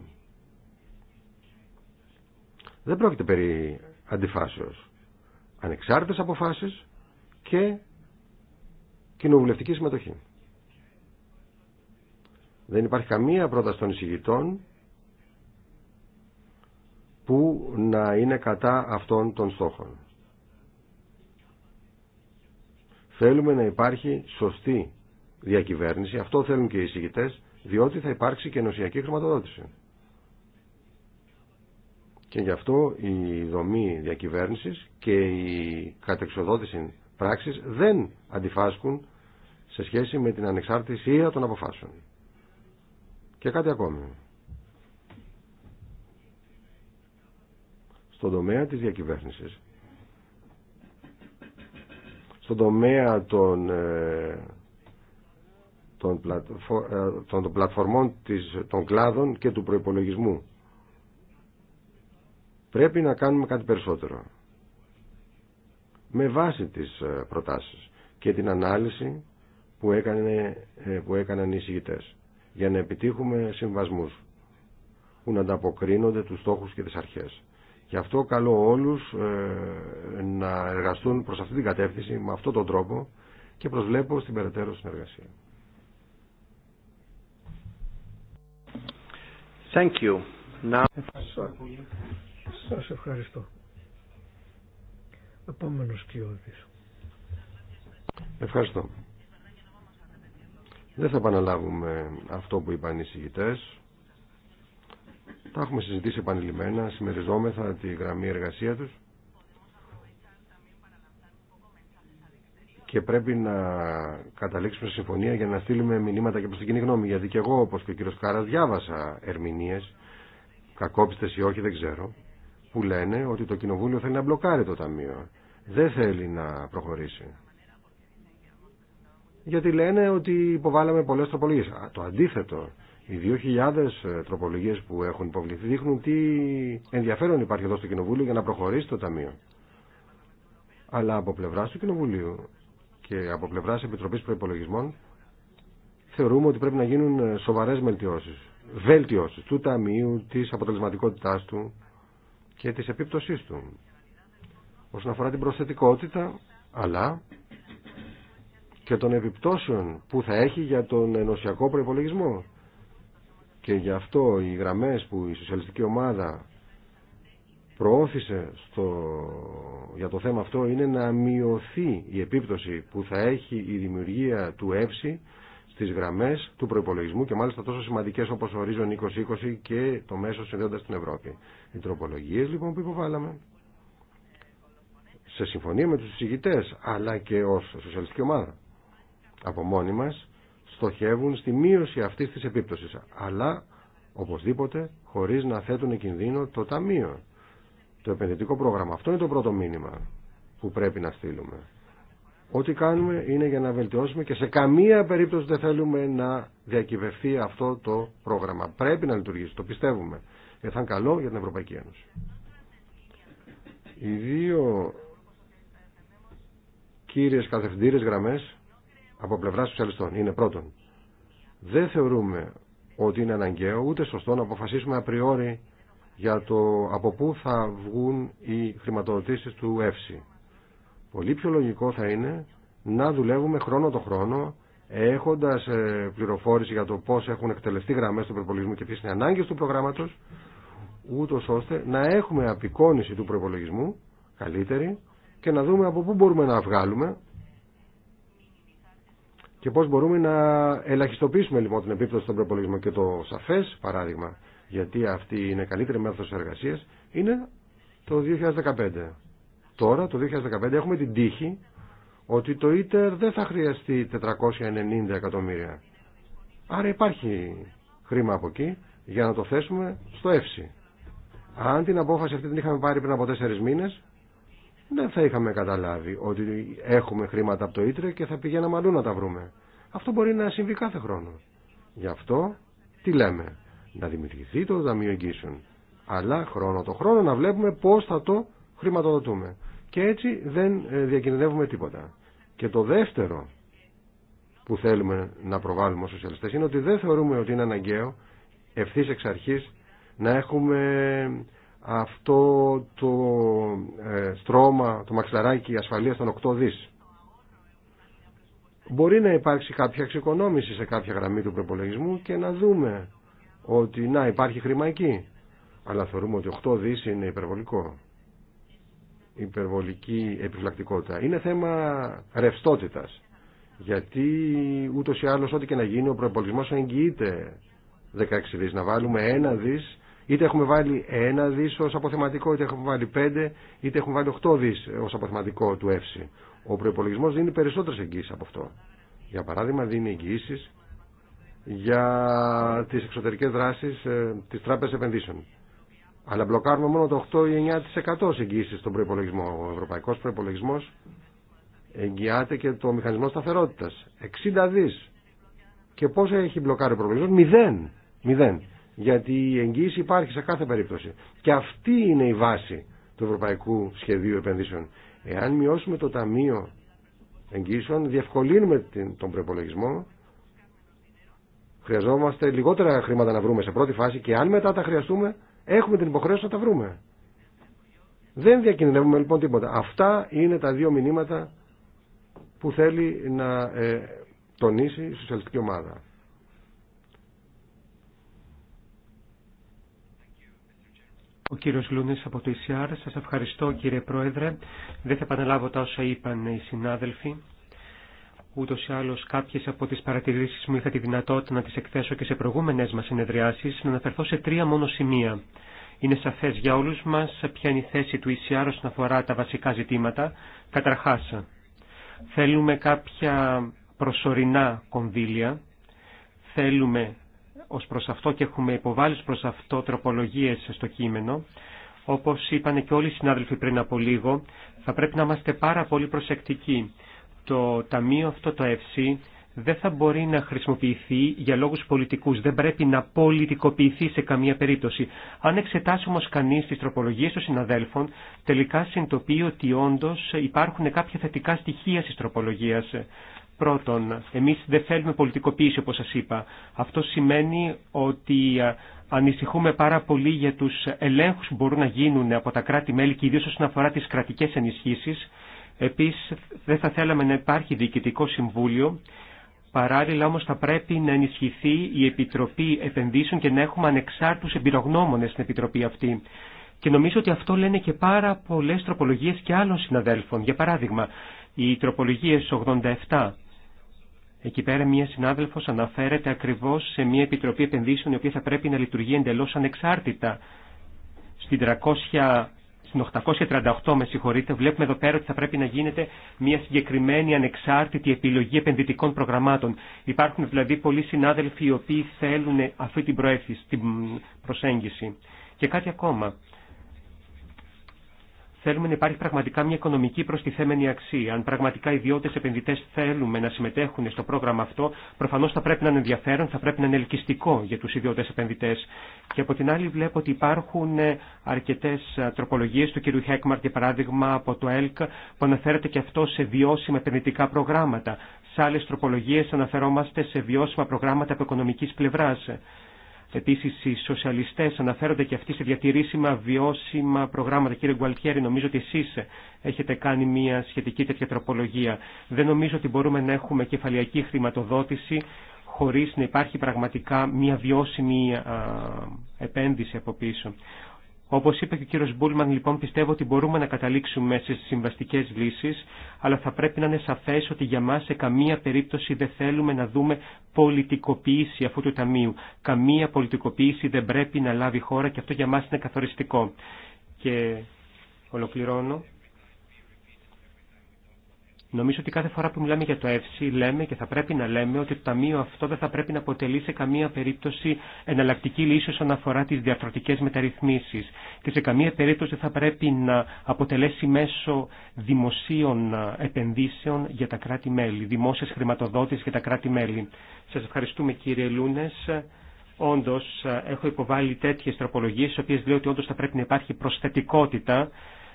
Δεν πρόκειται περί αντιφάσεως. Ανεξάρτητες αποφάσεις και κοινοβουλευτική συμμετοχή. Δεν υπάρχει καμία πρόταση των εισηγητών που να είναι κατά αυτών των στόχων. Θέλουμε να υπάρχει σωστή διακυβέρνηση, αυτό θέλουν και οι εισηγητές, διότι θα υπάρξει και νοσιακή χρηματοδότηση. Και γι' αυτό η δομή διακυβέρνησης και η κατεξοδότηση πράξης δεν αντιφάσκουν σε σχέση με την ανεξάρτησία των αποφάσεων. Και κάτι ακόμη. στον τομέα της διακυβέρνησης. Στον τομέα των, ε, των, ε, των, των πλατφορμών της, των κλάδων και του προϋπολογισμού. Πρέπει να κάνουμε κάτι περισσότερο. Με βάση τις ε, προτάσεις και την ανάλυση που, έκανε, που έκαναν οι εισηγητές για να επιτύχουμε συμβασμούς που να ανταποκρίνονται τους στόχους και τις αρχές. Γι' αυτό καλώ όλους ε, να εργαστούν προς αυτή την κατεύθυνση με αυτόν τον τρόπο και προσβλέπω στην περαιτέρω συνεργασία. Thank you. Now... Ευχαριστώ. Σας ευχαριστώ. Επόμενος Ευχαριστώ. Δεν θα επαναλάβουμε αυτό που είπαν οι συγητές. Τα έχουμε συζητήσει επανειλημμένα, συμμεριζόμεθα τη γραμμή εργασία τους και πρέπει να καταλήξουμε σε συμφωνία για να στείλουμε μηνύματα και προς την κοινή γνώμη. Γιατί και εγώ, όπως και ο κύριος Κάρας, διάβασα ερμηνείες, κακόπιστες ή όχι, δεν ξέρω, που λένε ότι το Κοινοβούλιο θέλει να μπλοκάρει το Ταμείο. Δεν θέλει να προχωρήσει. Γιατί λένε ότι υποβάλαμε πολλές τροπολογίες. Το αντίθετο, οι 2.000 ε, τροπολογίες που έχουν υποβληθεί δείχνουν τι ενδιαφέρον υπάρχει εδώ στο Κοινοβούλιο για να προχωρήσει το Ταμείο. Αλλά από πλευρά του Κοινοβουλίου και από πλευρά Επιτροπή Προπολογισμών θεωρούμε ότι πρέπει να γίνουν ε, σοβαρέ βελτιώσει. Βελτιώσει του Ταμείου, τη αποτελεσματικότητά του και τη επίπτωσή του. Όσον αφορά την προσθετικότητα, αλλά και των επιπτώσεων που θα έχει για τον ενωσιακό προπολογισμό και γι' αυτό οι γραμμές που η σοσιαλιστική ομάδα προώθησε στο... για το θέμα αυτό είναι να μειωθεί η επίπτωση που θα έχει η δημιουργία του έψι στις γραμμές του προϋπολογισμού και μάλιστα τόσο σημαντικές όπως ορίζον 2020 και το μέσο συνδέοντας την Ευρώπη. Οι τροπολογίες λοιπόν που υποβάλαμε σε συμφωνία με τους συζητητές αλλά και ως σοσιαλιστική ομάδα από μόνοι μας στοχεύουν στη μείωση αυτής της επίπτωσης, αλλά οπωσδήποτε χωρίς να θέτουν κινδύνο το ταμείο, το επενδυτικό πρόγραμμα. Αυτό είναι το πρώτο μήνυμα που πρέπει να στείλουμε. Ό,τι κάνουμε είναι για να βελτιώσουμε και σε καμία περίπτωση δεν θέλουμε να διακυβευτεί αυτό το πρόγραμμα. Πρέπει να λειτουργήσει, το πιστεύουμε. Γιατί ε, θα είναι καλό για την Ευρωπαϊκή Ένωση. Οι δύο κύριες καθευθυντήρες γραμμές από πλευρά σοσιαλιστών είναι πρώτον δεν θεωρούμε ότι είναι αναγκαίο ούτε σωστό να αποφασίσουμε απριόρι για το από πού θα βγουν οι χρηματοδοτήσεις του ΕΦΣΥ. Πολύ πιο λογικό θα είναι να δουλεύουμε χρόνο το χρόνο έχοντας ε, πληροφόρηση για το πώς έχουν εκτελεστεί γραμμές του προπολογισμού και ποιες είναι ανάγκες του προγράμματος ούτω ώστε να έχουμε απεικόνηση του προπολογισμού καλύτερη και να δούμε από πού μπορούμε να βγάλουμε και πώς μπορούμε να ελαχιστοποιήσουμε λοιπόν την επίπτωση των προπολογισμών και το σαφές παράδειγμα γιατί αυτή είναι καλύτερη μέθοδος εργασίας είναι το 2015 τώρα το 2015 έχουμε την τύχη ότι το ίτερ δεν θα χρειαστεί 490 εκατομμύρια άρα υπάρχει χρήμα από εκεί για να το θέσουμε στο ΕΦΣΥ αν την απόφαση αυτή την είχαμε πάρει πριν από 4 μήνες δεν θα είχαμε καταλάβει ότι έχουμε χρήματα από το Ίτρε και θα πηγαίναμε αλλού να τα βρούμε. Αυτό μπορεί να συμβεί κάθε χρόνο. Γι' αυτό τι λέμε. Να δημιουργηθεί το Δαμείο Εγγύσεων. Αλλά χρόνο το χρόνο να βλέπουμε πώς θα το χρηματοδοτούμε. Και έτσι δεν ε, διακινδυνεύουμε τίποτα. Και το δεύτερο που θέλουμε να προβάλλουμε ως σοσιαλιστές είναι ότι δεν θεωρούμε ότι είναι αναγκαίο ευθύ εξ αρχής να έχουμε αυτό το ε, στρώμα, το μαξιλαράκι ασφαλείας των 8 δις. Μπορεί να υπάρξει κάποια εξοικονόμηση σε κάποια γραμμή του προπολογισμού και να δούμε ότι να υπάρχει χρήμα εκεί. Αλλά θεωρούμε ότι 8 δις είναι υπερβολικό. Υπερβολική επιφυλακτικότητα. Είναι θέμα ρευστότητα. Γιατί ούτως ή άλλως ό,τι και να γίνει ο προπολογισμό εγγυείται 16 δις. Να βάλουμε ένα δις είτε έχουμε βάλει ένα δί ω αποθεματικό, είτε έχουμε βάλει πέντε, είτε έχουμε βάλει οχτώ δί ω αποθεματικό του ΕΦΣΥ. Ο προπολογισμό δίνει περισσότερε εγγύσεις από αυτό. Για παράδειγμα δίνει εγγύησει για τι εξωτερικέ δράσει ε, της Τράπεζας Επενδύσεων. Αλλά μπλοκάρουμε μόνο το 8 ή 9% εγγύσει στον προπολογισμό. Ο ευρωπαϊκό προπολογισμό εγγυάται και το μηχανισμό σταθερότητα. 60 δι. Και πόσο έχει μπλοκάρει ο προπολογισμό, 0. 0 γιατί η εγγύηση υπάρχει σε κάθε περίπτωση. Και αυτή είναι η βάση του Ευρωπαϊκού Σχεδίου Επενδύσεων. Εάν μειώσουμε το Ταμείο Εγγύσεων, διευκολύνουμε τον προπολογισμό, χρειαζόμαστε λιγότερα χρήματα να βρούμε σε πρώτη φάση και αν μετά τα χρειαστούμε, έχουμε την υποχρέωση να τα βρούμε. Δεν διακινδυνεύουμε λοιπόν τίποτα. Αυτά είναι τα δύο μηνύματα που θέλει να ε, τονίσει η σοσιαλιστική ομάδα. Ο κύριος Λούνης από το ECR. Σας ευχαριστώ κύριε Πρόεδρε. Δεν θα επαναλάβω τα όσα είπαν οι συνάδελφοι. Ούτω ή άλλω, κάποιε από τι παρατηρήσει μου είχα τη δυνατότητα να τι εκθέσω και σε προηγούμενε μα συνεδριάσει, να αναφερθώ σε τρία μόνο σημεία. Είναι σαφέ για όλου μα ποια είναι η θέση του ECR όσον αφορά τα βασικά ζητήματα. Καταρχά, θέλουμε κάποια προσωρινά κονδύλια, θέλουμε ως προς αυτό και έχουμε υποβάλει προς αυτό τροπολογίες στο κείμενο. Όπως είπαν και όλοι οι συνάδελφοι πριν από λίγο, θα πρέπει να είμαστε πάρα πολύ προσεκτικοί. Το ταμείο αυτό το ΕΦΣΥ δεν θα μπορεί να χρησιμοποιηθεί για λόγους πολιτικούς. Δεν πρέπει να πολιτικοποιηθεί σε καμία περίπτωση. Αν εξετάσει όμω κανείς τις τροπολογίες των συναδέλφων, τελικά συνειδητοποιεί ότι όντως υπάρχουν κάποια θετικά στοιχεία στις τροπολογίες. Πρώτον, εμείς δεν θέλουμε πολιτικοποίηση όπως σας είπα. Αυτό σημαίνει ότι ε, ανησυχούμε πάρα πολύ για τους ελέγχους που μπορούν να γίνουν από τα κράτη-μέλη και ιδίως όσον αφορά τις κρατικές ενισχύσεις. Επίσης, δεν θα θέλαμε να υπάρχει διοικητικό συμβούλιο. Παράλληλα όμως θα πρέπει να ενισχυθεί η Επιτροπή Επενδύσεων και να έχουμε ανεξάρτητους εμπειρογνώμονες στην Επιτροπή αυτή. Και νομίζω ότι αυτό λένε και πάρα πολλές τροπολογίες και άλλων συναδέλφων. Για παράδειγμα, οι τροπολογίες 87, Εκεί πέρα μία συνάδελφος αναφέρεται ακριβώς σε μία επιτροπή επενδύσεων η οποία θα πρέπει να λειτουργεί εντελώς ανεξάρτητα. Στην 300 στην 838 με συγχωρείτε, βλέπουμε εδώ πέρα ότι θα πρέπει να γίνεται μια συγκεκριμένη ανεξάρτητη επιλογή επενδυτικών προγραμμάτων. Υπάρχουν δηλαδή πολλοί συνάδελφοι οι οποίοι θέλουν αυτή την, προέφηση, την προσέγγιση. Και κάτι ακόμα. Θέλουμε να υπάρχει πραγματικά μια οικονομική προστιθέμενη αξία. Αν πραγματικά ιδιώτε επενδυτέ θέλουμε να συμμετέχουν στο πρόγραμμα αυτό, προφανώ θα πρέπει να είναι ενδιαφέρον, θα πρέπει να είναι ελκυστικό για του ιδιώτε επενδυτέ. Και από την άλλη βλέπω ότι υπάρχουν ε, αρκετέ ε, τροπολογίε του κ. Χέκμαρ, για παράδειγμα, από το ΕΛΚ, που αναφέρεται και αυτό σε βιώσιμα επενδυτικά προγράμματα. Σε άλλε τροπολογίε αναφερόμαστε σε βιώσιμα προγράμματα από οικονομική πλευρά. Επίσης οι σοσιαλιστές αναφέρονται και αυτοί σε διατηρήσιμα βιώσιμα προγράμματα. Κύριε Γκουαλτιέρη, νομίζω ότι εσείς έχετε κάνει μια σχετική τέτοια τροπολογία. Δεν νομίζω ότι μπορούμε να έχουμε κεφαλιακή χρηματοδότηση χωρίς να υπάρχει πραγματικά μια βιώσιμη επένδυση από πίσω. Όπω είπε και ο κύριος Μπούλμαν, λοιπόν, πιστεύω ότι μπορούμε να καταλήξουμε σε συμβαστικέ λύσει, αλλά θα πρέπει να είναι σαφέ ότι για μα σε καμία περίπτωση δεν θέλουμε να δούμε πολιτικοποίηση αυτού του ταμείου. Καμία πολιτικοποίηση δεν πρέπει να λάβει χώρα και αυτό για μα είναι καθοριστικό. Και ολοκληρώνω Νομίζω ότι κάθε φορά που μιλάμε για το ΕΦΣΥ λέμε και θα πρέπει να λέμε ότι το Ταμείο αυτό δεν θα πρέπει να αποτελεί σε καμία περίπτωση εναλλακτική λύση όσον αφορά τι διαφορετικέ μεταρρυθμίσει και σε καμία περίπτωση δεν θα πρέπει να αποτελέσει μέσο δημοσίων επενδύσεων για τα κράτη-μέλη, δημόσια χρηματοδότηση για τα κράτη-μέλη. Σα ευχαριστούμε κύριε Λούνε. Όντω έχω υποβάλει τέτοιε τροπολογίε, οι οποίε λέω ότι όντω θα πρέπει να υπάρχει προσθετικότητα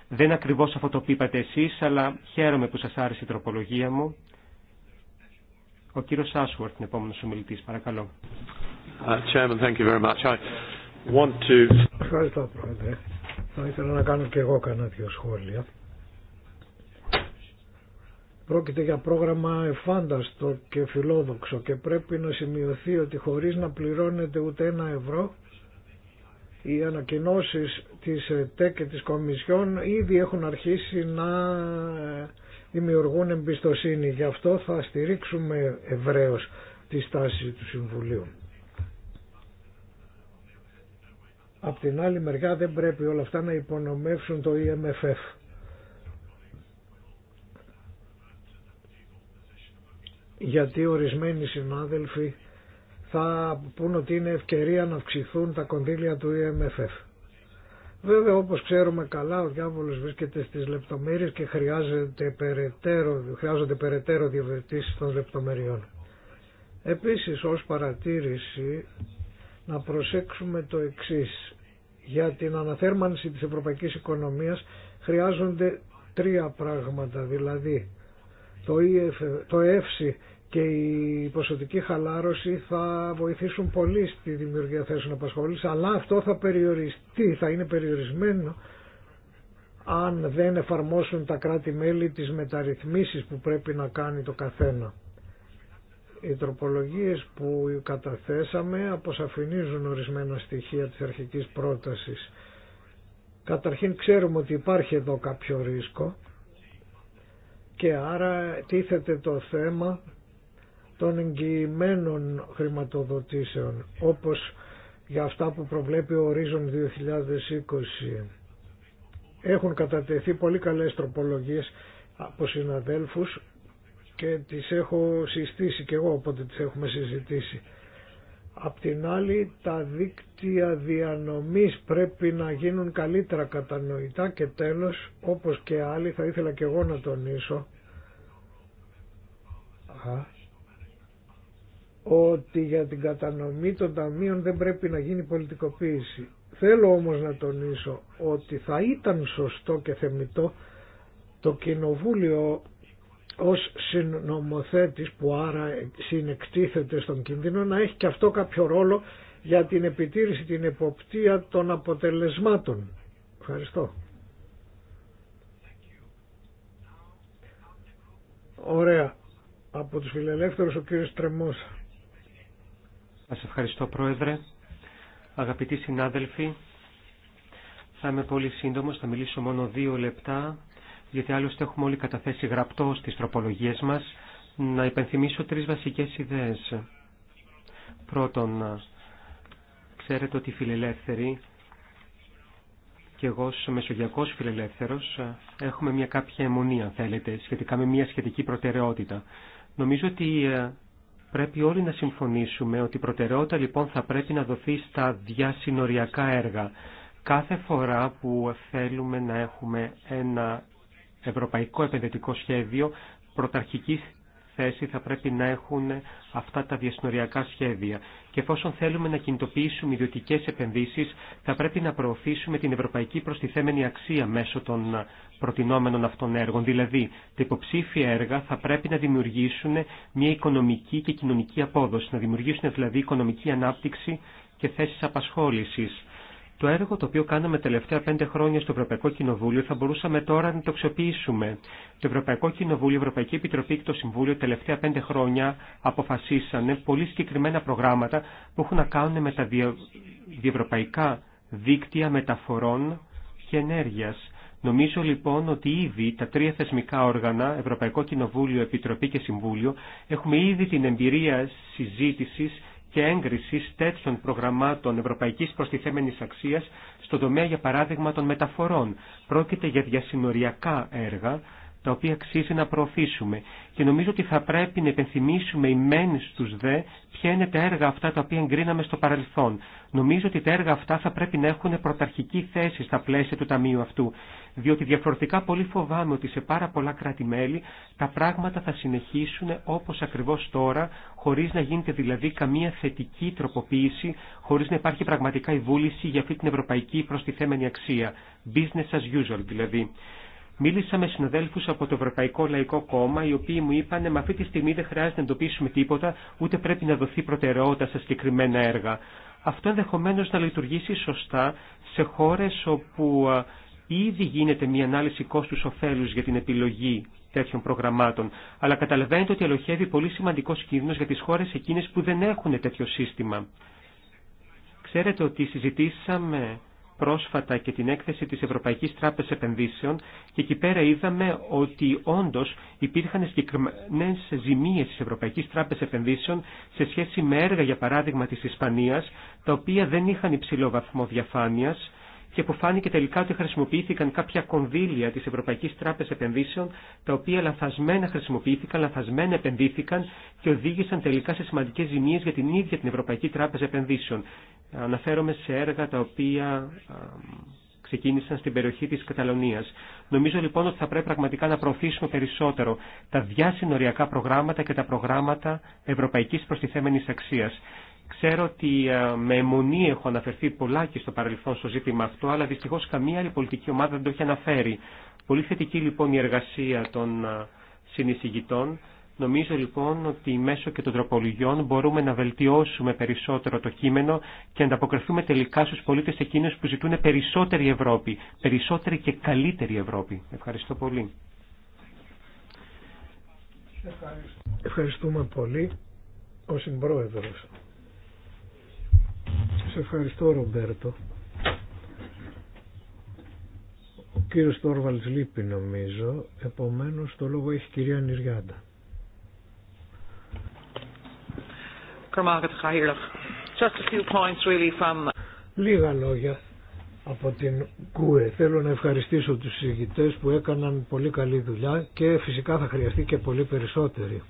δεν ακριβώς αυτό το είπατε εσείς, αλλά χαίρομαι που σας άρεσε η τροπολογία μου. Ο κύριος Άσουαρτ είναι επόμενος ομιλητής, παρακαλώ. Uh, Ευχαριστώ, Πρόεδρε. Θα ήθελα να κάνω και εγώ κανένα δύο σχόλια. Πρόκειται για πρόγραμμα εφάνταστο και φιλόδοξο και πρέπει να σημειωθεί ότι χωρίς να πληρώνεται ούτε ένα ευρώ οι ανακοινώσεις της ΤΕΚ και της Κομισιόν ήδη έχουν αρχίσει να ε, δημιουργούν εμπιστοσύνη. Γι' αυτό θα στηρίξουμε ευρέως τη στάση του Συμβουλίου. Απ' την άλλη μεριά δεν πρέπει όλα αυτά να υπονομεύσουν το EMFF. Γιατί ορισμένοι συνάδελφοι θα πούν ότι είναι ευκαιρία να αυξηθούν τα κονδύλια του EMFF. Βέβαια όπως ξέρουμε καλά ο διάβολος βρίσκεται στις λεπτομέρειες και χρειάζεται περαιτέρω, χρειάζονται περαιτέρω διαβερτήσεις των λεπτομεριών. Επίσης ως παρατήρηση να προσέξουμε το εξής. Για την αναθέρμανση της ευρωπαϊκής οικονομίας χρειάζονται τρία πράγματα δηλαδή το, EF, και η ποσοτική χαλάρωση θα βοηθήσουν πολύ στη δημιουργία θέσεων απασχόληση, αλλά αυτό θα περιοριστεί, θα είναι περιορισμένο αν δεν εφαρμόσουν τα κράτη-μέλη τις μεταρρυθμίσεις που πρέπει να κάνει το καθένα. Οι τροπολογίες που καταθέσαμε αποσαφηνίζουν ορισμένα στοιχεία της αρχικής πρότασης. Καταρχήν ξέρουμε ότι υπάρχει εδώ κάποιο ρίσκο και άρα τίθεται το θέμα των εγγυημένων χρηματοδοτήσεων όπως για αυτά που προβλέπει ο Ορίζον 2020. Έχουν κατατεθεί πολύ καλές τροπολογίες από συναδέλφους και τις έχω συστήσει και εγώ όποτε τις έχουμε συζητήσει. Απ' την άλλη τα δίκτυα διανομής πρέπει να γίνουν καλύτερα κατανοητά και τέλος όπως και άλλοι θα ήθελα και εγώ να τονίσω ότι για την κατανομή των ταμείων δεν πρέπει να γίνει πολιτικοποίηση. Θέλω όμως να τονίσω ότι θα ήταν σωστό και θεμητό το Κοινοβούλιο ως συνομοθέτης που άρα συνεκτίθεται στον κίνδυνο να έχει και αυτό κάποιο ρόλο για την επιτήρηση, την εποπτεία των αποτελεσμάτων. Ευχαριστώ. Ωραία. Από τους φιλελεύθερους ο κύριος Τρεμός. Σας ευχαριστώ Πρόεδρε. Αγαπητοί συνάδελφοι, θα είμαι πολύ σύντομος, θα μιλήσω μόνο δύο λεπτά, γιατί άλλωστε έχουμε όλοι καταθέσει γραπτό στις τροπολογίες μας, να υπενθυμίσω τρεις βασικές ιδέες. Πρώτον, ξέρετε ότι οι φιλελεύθεροι και εγώ ως μεσογειακός φιλελεύθερος έχουμε μια κάποια αιμονία, θέλετε, σχετικά με μια σχετική προτεραιότητα. Νομίζω ότι ε, Πρέπει όλοι να συμφωνήσουμε ότι η προτεραιότητα λοιπόν θα πρέπει να δοθεί στα διασυνοριακά έργα. Κάθε φορά που θέλουμε να έχουμε ένα ευρωπαϊκό επενδυτικό σχέδιο, πρωταρχική θέση θα πρέπει να έχουν αυτά τα διασυνοριακά σχέδια και εφόσον θέλουμε να κινητοποιήσουμε ιδιωτικέ επενδύσει, θα πρέπει να προωθήσουμε την ευρωπαϊκή προστιθέμενη αξία μέσω των προτινόμενων αυτών έργων. Δηλαδή, τα υποψήφια έργα θα πρέπει να δημιουργήσουν μια οικονομική και κοινωνική απόδοση, να δημιουργήσουν δηλαδή οικονομική ανάπτυξη και θέσει απασχόληση. Το έργο το οποίο κάναμε τελευταία πέντε χρόνια στο Ευρωπαϊκό Κοινοβούλιο θα μπορούσαμε τώρα να το αξιοποιήσουμε. Το Ευρωπαϊκό Κοινοβούλιο, η Ευρωπαϊκή Επιτροπή και το Συμβούλιο τελευταία πέντε χρόνια αποφασίσανε πολύ συγκεκριμένα προγράμματα που έχουν να κάνουν με τα διευρωπαϊκά δίκτυα μεταφορών και ενέργειας. Νομίζω λοιπόν ότι ήδη τα τρία θεσμικά όργανα, Ευρωπαϊκό Κοινοβούλιο, Επιτροπή και Συμβούλιο, έχουμε ήδη την εμπειρία συζήτησης και έγκριση τέτοιων προγραμμάτων ευρωπαϊκής προστιθέμενης αξίας στον τομέα, για παράδειγμα, των μεταφορών. Πρόκειται για διασυνοριακά έργα, τα οποία αξίζει να προωθήσουμε. Και νομίζω ότι θα πρέπει να υπενθυμίσουμε οι μεν στους δε ποια είναι τα έργα αυτά τα οποία εγκρίναμε στο παρελθόν. Νομίζω ότι τα έργα αυτά θα πρέπει να έχουν πρωταρχική θέση στα πλαίσια του Ταμείου αυτού. Διότι διαφορετικά πολύ φοβάμαι ότι σε πάρα πολλά κράτη-μέλη τα πράγματα θα συνεχίσουν όπως ακριβώς τώρα, χωρίς να γίνεται δηλαδή καμία θετική τροποποίηση, χωρίς να υπάρχει πραγματικά η βούληση για αυτή την ευρωπαϊκή προστιθέμενη αξία. Business as usual δηλαδή. Μίλησα με συναδέλφου από το Ευρωπαϊκό Λαϊκό Κόμμα, οι οποίοι μου είπαν «Μα αυτή τη στιγμή δεν χρειάζεται να εντοπίσουμε τίποτα, ούτε πρέπει να δοθεί προτεραιότητα σε συγκεκριμένα έργα». Αυτό ενδεχομένω να λειτουργήσει σωστά σε χώρε όπου ήδη γίνεται μια ανάλυση κόστου ωφέλους για την επιλογή τέτοιων προγραμμάτων. Αλλά καταλαβαίνετε ότι ελοχεύει πολύ σημαντικό κίνδυνο για τι χώρε εκείνε που δεν έχουν τέτοιο σύστημα. Ξέρετε ότι συζητήσαμε πρόσφατα και την έκθεση της Ευρωπαϊκής Τράπεζας Επενδύσεων και εκεί πέρα είδαμε ότι όντως υπήρχαν συγκεκριμένε ζημίες της Ευρωπαϊκής Τράπεζας Επενδύσεων σε σχέση με έργα για παράδειγμα της Ισπανίας τα οποία δεν είχαν υψηλό βαθμό διαφάνειας και που φάνηκε τελικά ότι χρησιμοποιήθηκαν κάποια κονδύλια της Ευρωπαϊκής Τράπεζας Επενδύσεων, τα οποία λαθασμένα χρησιμοποιήθηκαν, λαθασμένα επενδύθηκαν και οδήγησαν τελικά σε σημαντικές ζημίες για την ίδια την Ευρωπαϊκή Τράπεζα Επενδύσεων. Αναφέρομαι σε έργα τα οποία ξεκίνησαν στην περιοχή της Καταλωνίας. Νομίζω λοιπόν ότι θα πρέπει πραγματικά να προωθήσουμε περισσότερο τα διασυνοριακά προγράμματα και τα προγράμματα ευρωπαϊκής προστιθέμενης αξίας. Ξέρω ότι ε, με αιμονή έχω αναφερθεί πολλά και στο παρελθόν στο ζήτημα αυτό, αλλά δυστυχώς καμία άλλη πολιτική ομάδα δεν το έχει αναφέρει. Πολύ θετική λοιπόν η εργασία των ε, συνεισηγητών. Νομίζω λοιπόν ότι μέσω και των τροπολογιών μπορούμε να βελτιώσουμε περισσότερο το κείμενο και να ανταποκριθούμε τελικά στους πολίτες εκείνους που ζητούν περισσότερη Ευρώπη, περισσότερη και καλύτερη Ευρώπη. Ευχαριστώ πολύ. Ευχαριστούμε πολύ ο συμπρόεδρος. Σε ευχαριστώ Ρομπέρτο. Ο κύριος Τόρβαλς λείπει νομίζω, επομένως το λόγο έχει η κυρία Νηριάντα. Λίγα λόγια από την ΚΟΕ. Θέλω να ευχαριστήσω τους συζητητές που έκαναν πολύ καλή δουλειά και φυσικά θα χρειαστεί και πολύ περισσότεροι.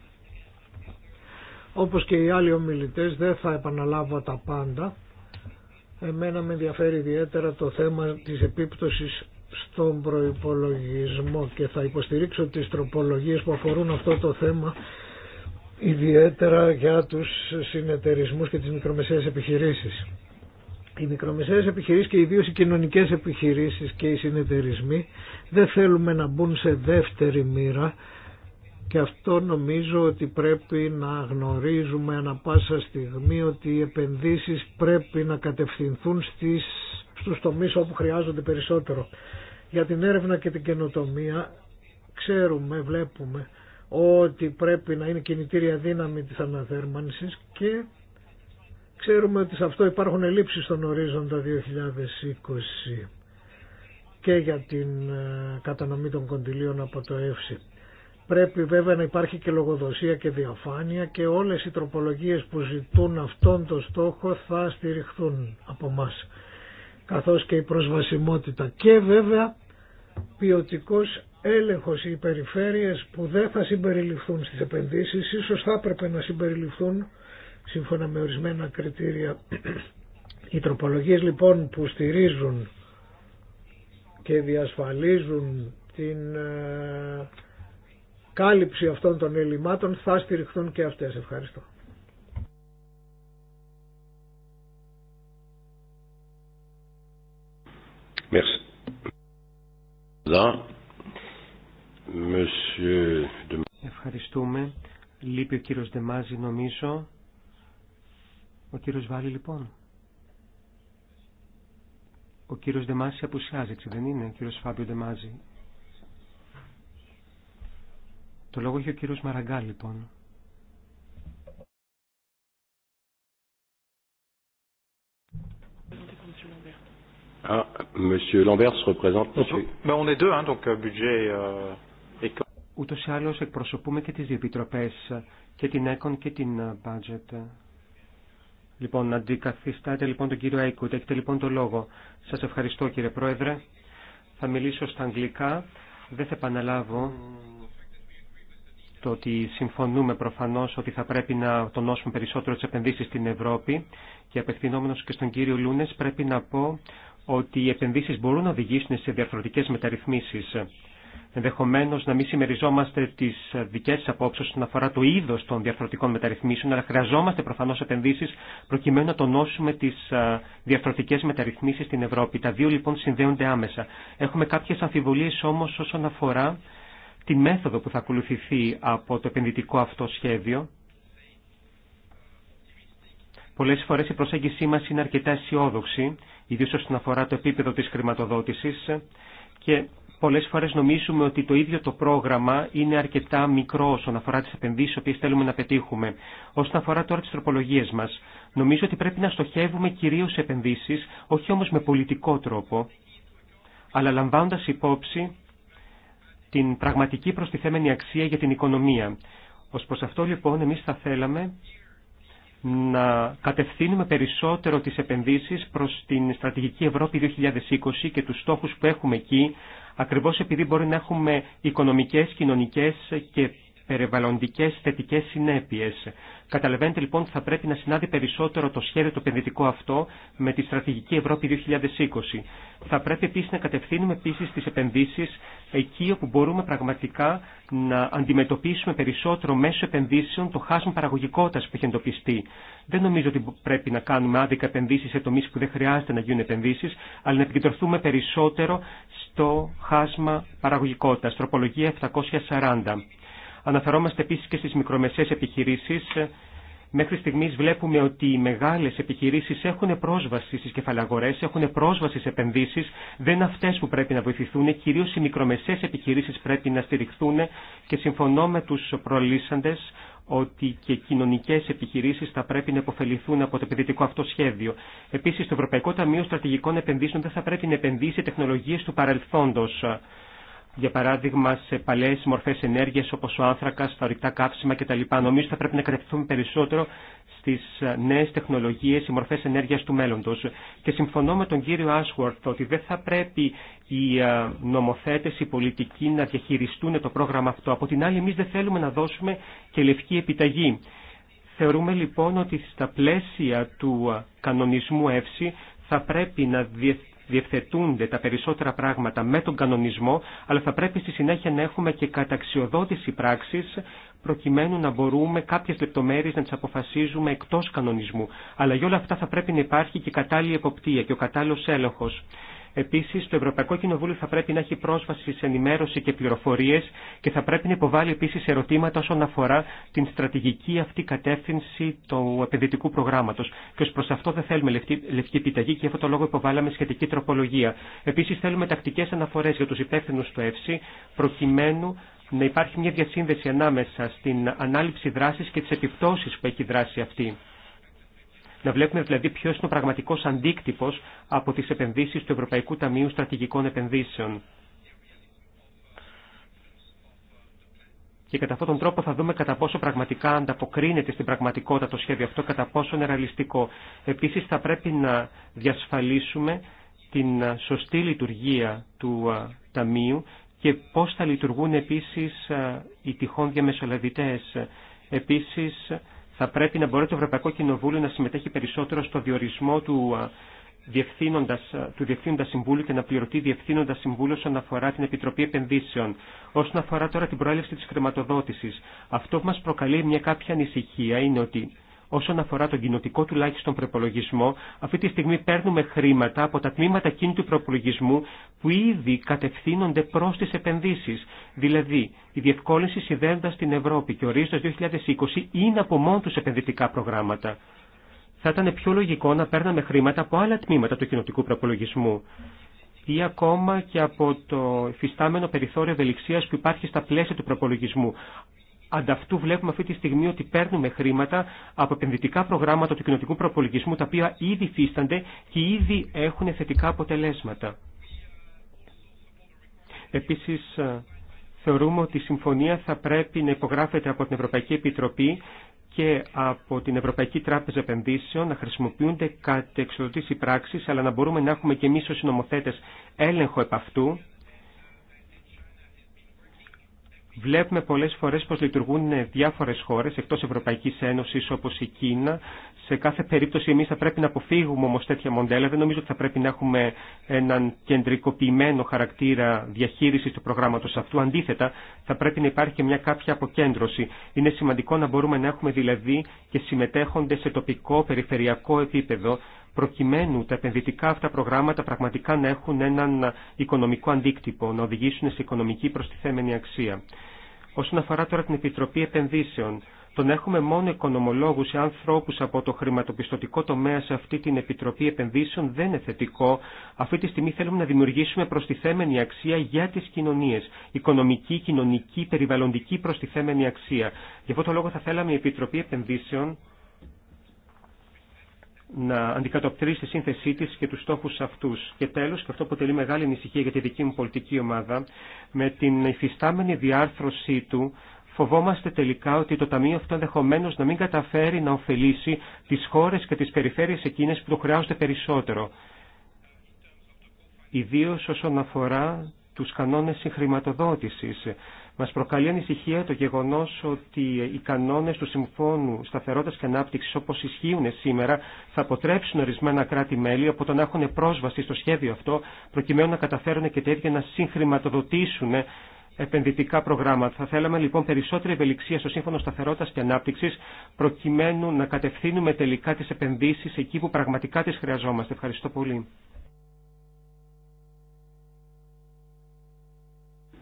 Όπως και οι άλλοι ομιλητές δεν θα επαναλάβω τα πάντα. Εμένα με ενδιαφέρει ιδιαίτερα το θέμα της επίπτωσης στον προϋπολογισμό και θα υποστηρίξω τις τροπολογίες που αφορούν αυτό το θέμα ιδιαίτερα για τους συνεταιρισμούς και τις μικρομεσαίες επιχειρήσεις. Οι μικρομεσαίες επιχειρήσεις και ιδίως οι κοινωνικές επιχειρήσεις και οι συνεταιρισμοί δεν θέλουμε να μπουν σε δεύτερη μοίρα και αυτό νομίζω ότι πρέπει να γνωρίζουμε ανα πάσα στιγμή ότι οι επενδύσεις πρέπει να κατευθυνθούν στις, στους τομείς όπου χρειάζονται περισσότερο. Για την έρευνα και την καινοτομία ξέρουμε, βλέπουμε ότι πρέπει να είναι κινητήρια δύναμη της αναδέρμανσης και ξέρουμε ότι σε αυτό υπάρχουν ελλείψεις στον ορίζοντα 2020 και για την ε, κατανομή των κοντιλίων από το ΕΦΣΥ. Πρέπει βέβαια να υπάρχει και λογοδοσία και διαφάνεια και όλες οι τροπολογίες που ζητούν αυτόν τον στόχο θα στηριχθούν από μας καθώς και η προσβασιμότητα και βέβαια ποιοτικός έλεγχος οι περιφέρειες που δεν θα συμπεριληφθούν στις επενδύσεις ίσως θα έπρεπε να συμπεριληφθούν σύμφωνα με ορισμένα κριτήρια οι τροπολογίες λοιπόν που στηρίζουν και διασφαλίζουν την ε, κάλυψη αυτών των ελλημάτων θα στηριχθούν και αυτές. Ευχαριστώ. Ευχαριστούμε. Λείπει ο κύριος Δεμάζη νομίζω. Ο κύριος Βάλλη λοιπόν. Ο κύριος Δεμάζη απουσιάζει, έτσι δεν είναι, ο κύριος Φάμπιο Δεμάζη. Το λόγο έχει ο κύριος Μαραγκά, λοιπόν. Ah, Ούτως ή άλλως εκπροσωπούμε και τις διεπιτροπές, ε, και την ΕΚΟΝ και την ε, Budget. Λοιπόν, αντικαθιστάτε λοιπόν τον κύριο Έικουτ. Έχετε λοιπόν το λόγο. Σας ευχαριστώ κύριε Πρόεδρε. Θα μιλήσω στα αγγλικά. Δεν θα επαναλάβω το ότι συμφωνούμε προφανώς ότι θα πρέπει να τονώσουμε περισσότερο τις επενδύσεις στην Ευρώπη και απευθυνόμενος και στον κύριο Λούνες πρέπει να πω ότι οι επενδύσεις μπορούν να οδηγήσουν σε διαφορετικές μεταρρυθμίσεις. Ενδεχομένως να μην συμμεριζόμαστε τις δικέ σας όσον αφορά το είδος των διαφορετικών μεταρρυθμίσεων, αλλά χρειαζόμαστε προφανώς επενδύσεις προκειμένου να τονώσουμε τις διαφορετικές μεταρρυθμίσεις στην Ευρώπη. Τα δύο λοιπόν συνδέονται άμεσα. Έχουμε κάποιες αμφιβολίες όμως όσον αφορά τη μέθοδο που θα ακολουθηθεί από το επενδυτικό αυτό σχέδιο. Πολλές φορές η προσέγγισή μας είναι αρκετά αισιόδοξη, ιδίως όσον αφορά το επίπεδο της χρηματοδότησης και πολλές φορές νομίζουμε ότι το ίδιο το πρόγραμμα είναι αρκετά μικρό όσον αφορά τις επενδύσεις που θέλουμε να πετύχουμε. Όσον αφορά τώρα τις τροπολογίες μας, νομίζω ότι πρέπει να στοχεύουμε κυρίως σε επενδύσεις, όχι όμως με πολιτικό τρόπο, αλλά λαμβάνοντα υπόψη την πραγματική προστιθέμενη αξία για την οικονομία. Ως προς αυτό λοιπόν εμείς θα θέλαμε να κατευθύνουμε περισσότερο τις επενδύσεις προς την Στρατηγική Ευρώπη 2020 και τους στόχους που έχουμε εκεί, ακριβώς επειδή μπορεί να έχουμε οικονομικές, κοινωνικές και περιβαλλοντικές θετικές συνέπειες. Καταλαβαίνετε λοιπόν ότι θα πρέπει να συνάδει περισσότερο το σχέδιο το επενδυτικό αυτό με τη στρατηγική Ευρώπη 2020. Θα πρέπει επίσης να κατευθύνουμε επίση τις επενδύσεις εκεί όπου μπορούμε πραγματικά να αντιμετωπίσουμε περισσότερο μέσω επενδύσεων το χάσμα παραγωγικότητας που έχει εντοπιστεί. Δεν νομίζω ότι πρέπει να κάνουμε άδικα επενδύσεις σε τομείς που δεν χρειάζεται να γίνουν επενδύσεις, αλλά να επικεντρωθούμε περισσότερο στο χάσμα παραγωγικότητας, τροπολογία 740. Αναφερόμαστε επίση και στι μικρομεσαίες επιχειρήσει. Μέχρι στιγμή βλέπουμε ότι οι μεγάλε επιχειρήσει έχουν πρόσβαση στι κεφαλαγορές, έχουν πρόσβαση σε επενδύσεις. Δεν είναι αυτές που πρέπει να βοηθηθούν, Κυρίω οι μικρομεσαίες επιχειρήσει πρέπει να στηριχθούν και συμφωνώ με του προλύσαντε ότι και κοινωνικέ επιχειρήσει θα πρέπει να υποφεληθούν από το επενδυτικό αυτό σχέδιο. Επίση, το Ευρωπαϊκό Ταμείο Στρατηγικών Επενδύσεων δεν θα πρέπει να επενδύσει τεχνολογίε του παρελθόντο για παράδειγμα σε παλαιές μορφές ενέργειας όπως ο άνθρακας, τα ορυκτά καύσιμα κτλ. Νομίζω θα πρέπει να κρατηθούμε περισσότερο στις ε, νέες τεχνολογίες, οι μορφές ενέργειας του μέλλοντος. Και συμφωνώ με τον κύριο Άσχουαρθ ότι δεν θα πρέπει οι ε, νομοθέτες, οι πολιτικοί να διαχειριστούν το πρόγραμμα αυτό. Από την άλλη εμείς δεν θέλουμε να δώσουμε και λευκή επιταγή. Θεωρούμε λοιπόν ότι στα πλαίσια του ε, κανονισμού ΕΦΣΥ θα πρέπει να διευθετούνται τα περισσότερα πράγματα με τον κανονισμό, αλλά θα πρέπει στη συνέχεια να έχουμε και καταξιοδότηση πράξης, προκειμένου να μπορούμε κάποιες λεπτομέρειες να τις αποφασίζουμε εκτός κανονισμού. Αλλά για όλα αυτά θα πρέπει να υπάρχει και κατάλληλη εποπτεία και ο κατάλληλος έλεγχος. Επίση, το Ευρωπαϊκό Κοινοβούλιο θα πρέπει να έχει πρόσβαση σε ενημέρωση και πληροφορίε και θα πρέπει να υποβάλει επίση ερωτήματα όσον αφορά την στρατηγική αυτή κατεύθυνση του επενδυτικού προγράμματο. Και ω προ αυτό δεν θέλουμε λευκή, επιταγή και αυτό το λόγο υποβάλαμε σχετική τροπολογία. Επίση, θέλουμε τακτικέ αναφορέ για του υπεύθυνου του ΕΦΣΥ προκειμένου να υπάρχει μια διασύνδεση ανάμεσα στην ανάληψη δράση και τι επιπτώσει που έχει δράση αυτή να βλέπουμε δηλαδή ποιο είναι ο πραγματικό αντίκτυπο από τι επενδύσει του Ευρωπαϊκού Ταμείου Στρατηγικών Επενδύσεων. Και κατά αυτόν τον τρόπο θα δούμε κατά πόσο πραγματικά ανταποκρίνεται στην πραγματικότητα το σχέδιο αυτό, κατά πόσο είναι ρεαλιστικό. Επίση θα πρέπει να διασφαλίσουμε την σωστή λειτουργία του Ταμείου και πώς θα λειτουργούν επίσης οι τυχόν διαμεσολαβητές. Επίσης, θα πρέπει να μπορεί το Ευρωπαϊκό Κοινοβούλιο να συμμετέχει περισσότερο στο διορισμό του διευθύνοντας, του Διευθύνοντα Συμβούλου και να πληρωτεί Διευθύνοντα Συμβούλου όσον αφορά την Επιτροπή Επενδύσεων. Όσον αφορά τώρα την προέλευση τη χρηματοδότηση, αυτό που μα προκαλεί μια κάποια ανησυχία είναι ότι όσον αφορά τον κοινοτικό τουλάχιστον προπολογισμό, αυτή τη στιγμή παίρνουμε χρήματα από τα τμήματα κίνητου προπολογισμού που ήδη κατευθύνονται προ τι επενδύσει. Δηλαδή, η διευκόλυνση συνδέοντα την Ευρώπη και ορίζοντα 2020 είναι από μόνο του επενδυτικά προγράμματα. Θα ήταν πιο λογικό να παίρναμε χρήματα από άλλα τμήματα του κοινοτικού προπολογισμού ή ακόμα και από το φυστάμενο περιθώριο ευελιξία που υπάρχει στα πλαίσια του προπολογισμού. Ανταυτού βλέπουμε αυτή τη στιγμή ότι παίρνουμε χρήματα από επενδυτικά προγράμματα του κοινοτικού προπολογισμού, τα οποία ήδη φύστανται και ήδη έχουν θετικά αποτελέσματα. Επίσης, ε, θεωρούμε ότι η συμφωνία θα πρέπει να υπογράφεται από την Ευρωπαϊκή Επιτροπή και από την Ευρωπαϊκή Τράπεζα Επενδύσεων να χρησιμοποιούνται κατεξοδοτήσει πράξεις, αλλά να μπορούμε να έχουμε και εμείς ως νομοθέτες έλεγχο επ' αυτού Βλέπουμε πολλές φορές πως λειτουργούν ε, διάφορες χώρες εκτός Ευρωπαϊκής Ένωσης όπως η Κίνα. Σε κάθε περίπτωση εμείς θα πρέπει να αποφύγουμε όμως τέτοια μοντέλα. Δεν νομίζω ότι θα πρέπει να έχουμε έναν κεντρικοποιημένο χαρακτήρα διαχείρισης του προγράμματος αυτού. Αντίθετα, θα πρέπει να υπάρχει και μια κάποια αποκέντρωση. Είναι σημαντικό να μπορούμε να έχουμε δηλαδή και συμμετέχονται σε τοπικό, περιφερειακό επίπεδο προκειμένου τα επενδυτικά αυτά προγράμματα πραγματικά να έχουν έναν οικονομικό αντίκτυπο, να οδηγήσουν σε οικονομική προστιθέμενη αξία. Όσον αφορά τώρα την Επιτροπή Επενδύσεων, τον έχουμε μόνο οικονομολόγου ή ανθρώπου από το χρηματοπιστωτικό τομέα σε αυτή την Επιτροπή Επενδύσεων δεν είναι θετικό. Αυτή τη στιγμή θέλουμε να δημιουργήσουμε προστιθέμενη αξία για τι κοινωνίε. Οικονομική, κοινωνική, περιβαλλοντική προστιθέμενη αξία. Γι' αυτό το λόγο θα θέλαμε η Επιτροπή Επενδύσεων να αντικατοπτρίσει τη σύνθεσή τη και του στόχου αυτού. Και τέλο, και αυτό αποτελεί μεγάλη ανησυχία για τη δική μου πολιτική ομάδα, με την υφιστάμενη διάρθρωσή του, φοβόμαστε τελικά ότι το Ταμείο αυτό ενδεχομένω να μην καταφέρει να ωφελήσει τι χώρε και τι περιφέρειες εκείνες που το χρειάζονται περισσότερο. Ιδίω όσον αφορά τους κανόνες συγχρηματοδότησης. Μας προκαλεί ανησυχία το γεγονός ότι οι κανόνες του Συμφώνου Σταθερότητας και Ανάπτυξης όπως ισχύουν σήμερα θα αποτρέψουν ορισμένα κράτη-μέλη από το να έχουν πρόσβαση στο σχέδιο αυτό προκειμένου να καταφέρουν και τέτοια να συγχρηματοδοτήσουν επενδυτικά προγράμματα. Θα θέλαμε λοιπόν περισσότερη ευελιξία στο Σύμφωνο Σταθερότητα και Ανάπτυξη, προκειμένου να κατευθύνουμε τελικά τι επενδύσει εκεί που πραγματικά τι χρειαζόμαστε. Ευχαριστώ πολύ.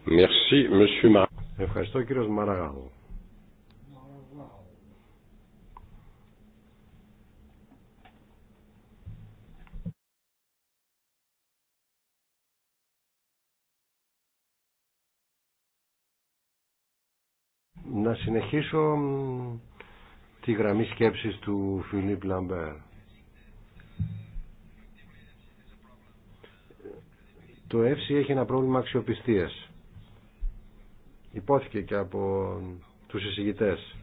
Merci, monsieur Ευχαριστώ κύριο Μαραγάλ. Να συνεχίσω τη γραμμή σκέψης του Φιλίπ Λαμπέρ. Το ΕΦΣΙ έχει ένα πρόβλημα αξιοπιστίας υπόθηκε και από τους εισηγητές.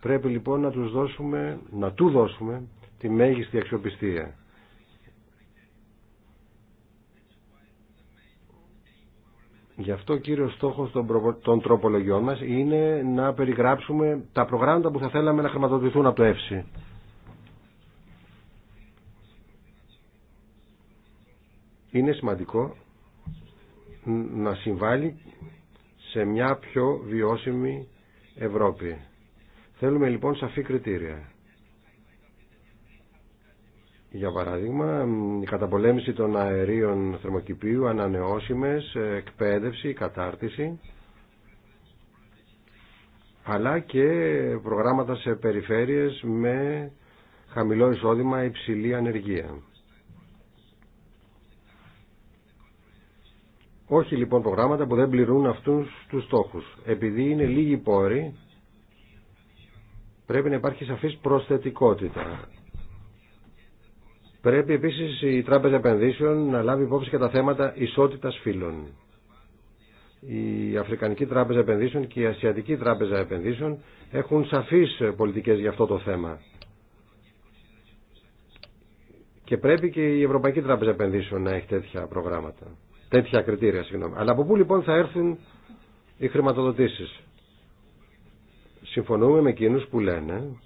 Πρέπει λοιπόν να τους δώσουμε, να του δώσουμε τη μέγιστη αξιοπιστία. Γι' αυτό κύριο στόχος των τροπολογιών μας είναι να περιγράψουμε τα προγράμματα που θα θέλαμε να χρηματοδοτηθούν από το ΕΦΣΥ. Είναι σημαντικό να συμβάλλει σε μια πιο βιώσιμη Ευρώπη. Θέλουμε λοιπόν σαφή κριτήρια. Για παράδειγμα, η καταπολέμηση των αερίων θερμοκηπίου, ανανεώσιμες, εκπαίδευση, κατάρτιση, αλλά και προγράμματα σε περιφέρειες με χαμηλό εισόδημα, υψηλή ανεργία. Όχι λοιπόν προγράμματα που δεν πληρούν αυτούς τους στόχους. Επειδή είναι λίγοι πόροι, πρέπει να υπάρχει σαφής προσθετικότητα. Πρέπει επίσης η Τράπεζα Επενδύσεων να λάβει υπόψη και τα θέματα ισότητας φύλων. Η Αφρικανική Τράπεζα Επενδύσεων και η Ασιατική Τράπεζα Επενδύσεων έχουν σαφείς πολιτικές για αυτό το θέμα. Και πρέπει και η Ευρωπαϊκή Τράπεζα Επενδύσεων να έχει τέτοια προγράμματα τέτοια κριτήρια, συγγνώμη. Αλλά από πού λοιπόν θα έρθουν οι χρηματοδοτήσεις. Συμφωνούμε με εκείνους που λένε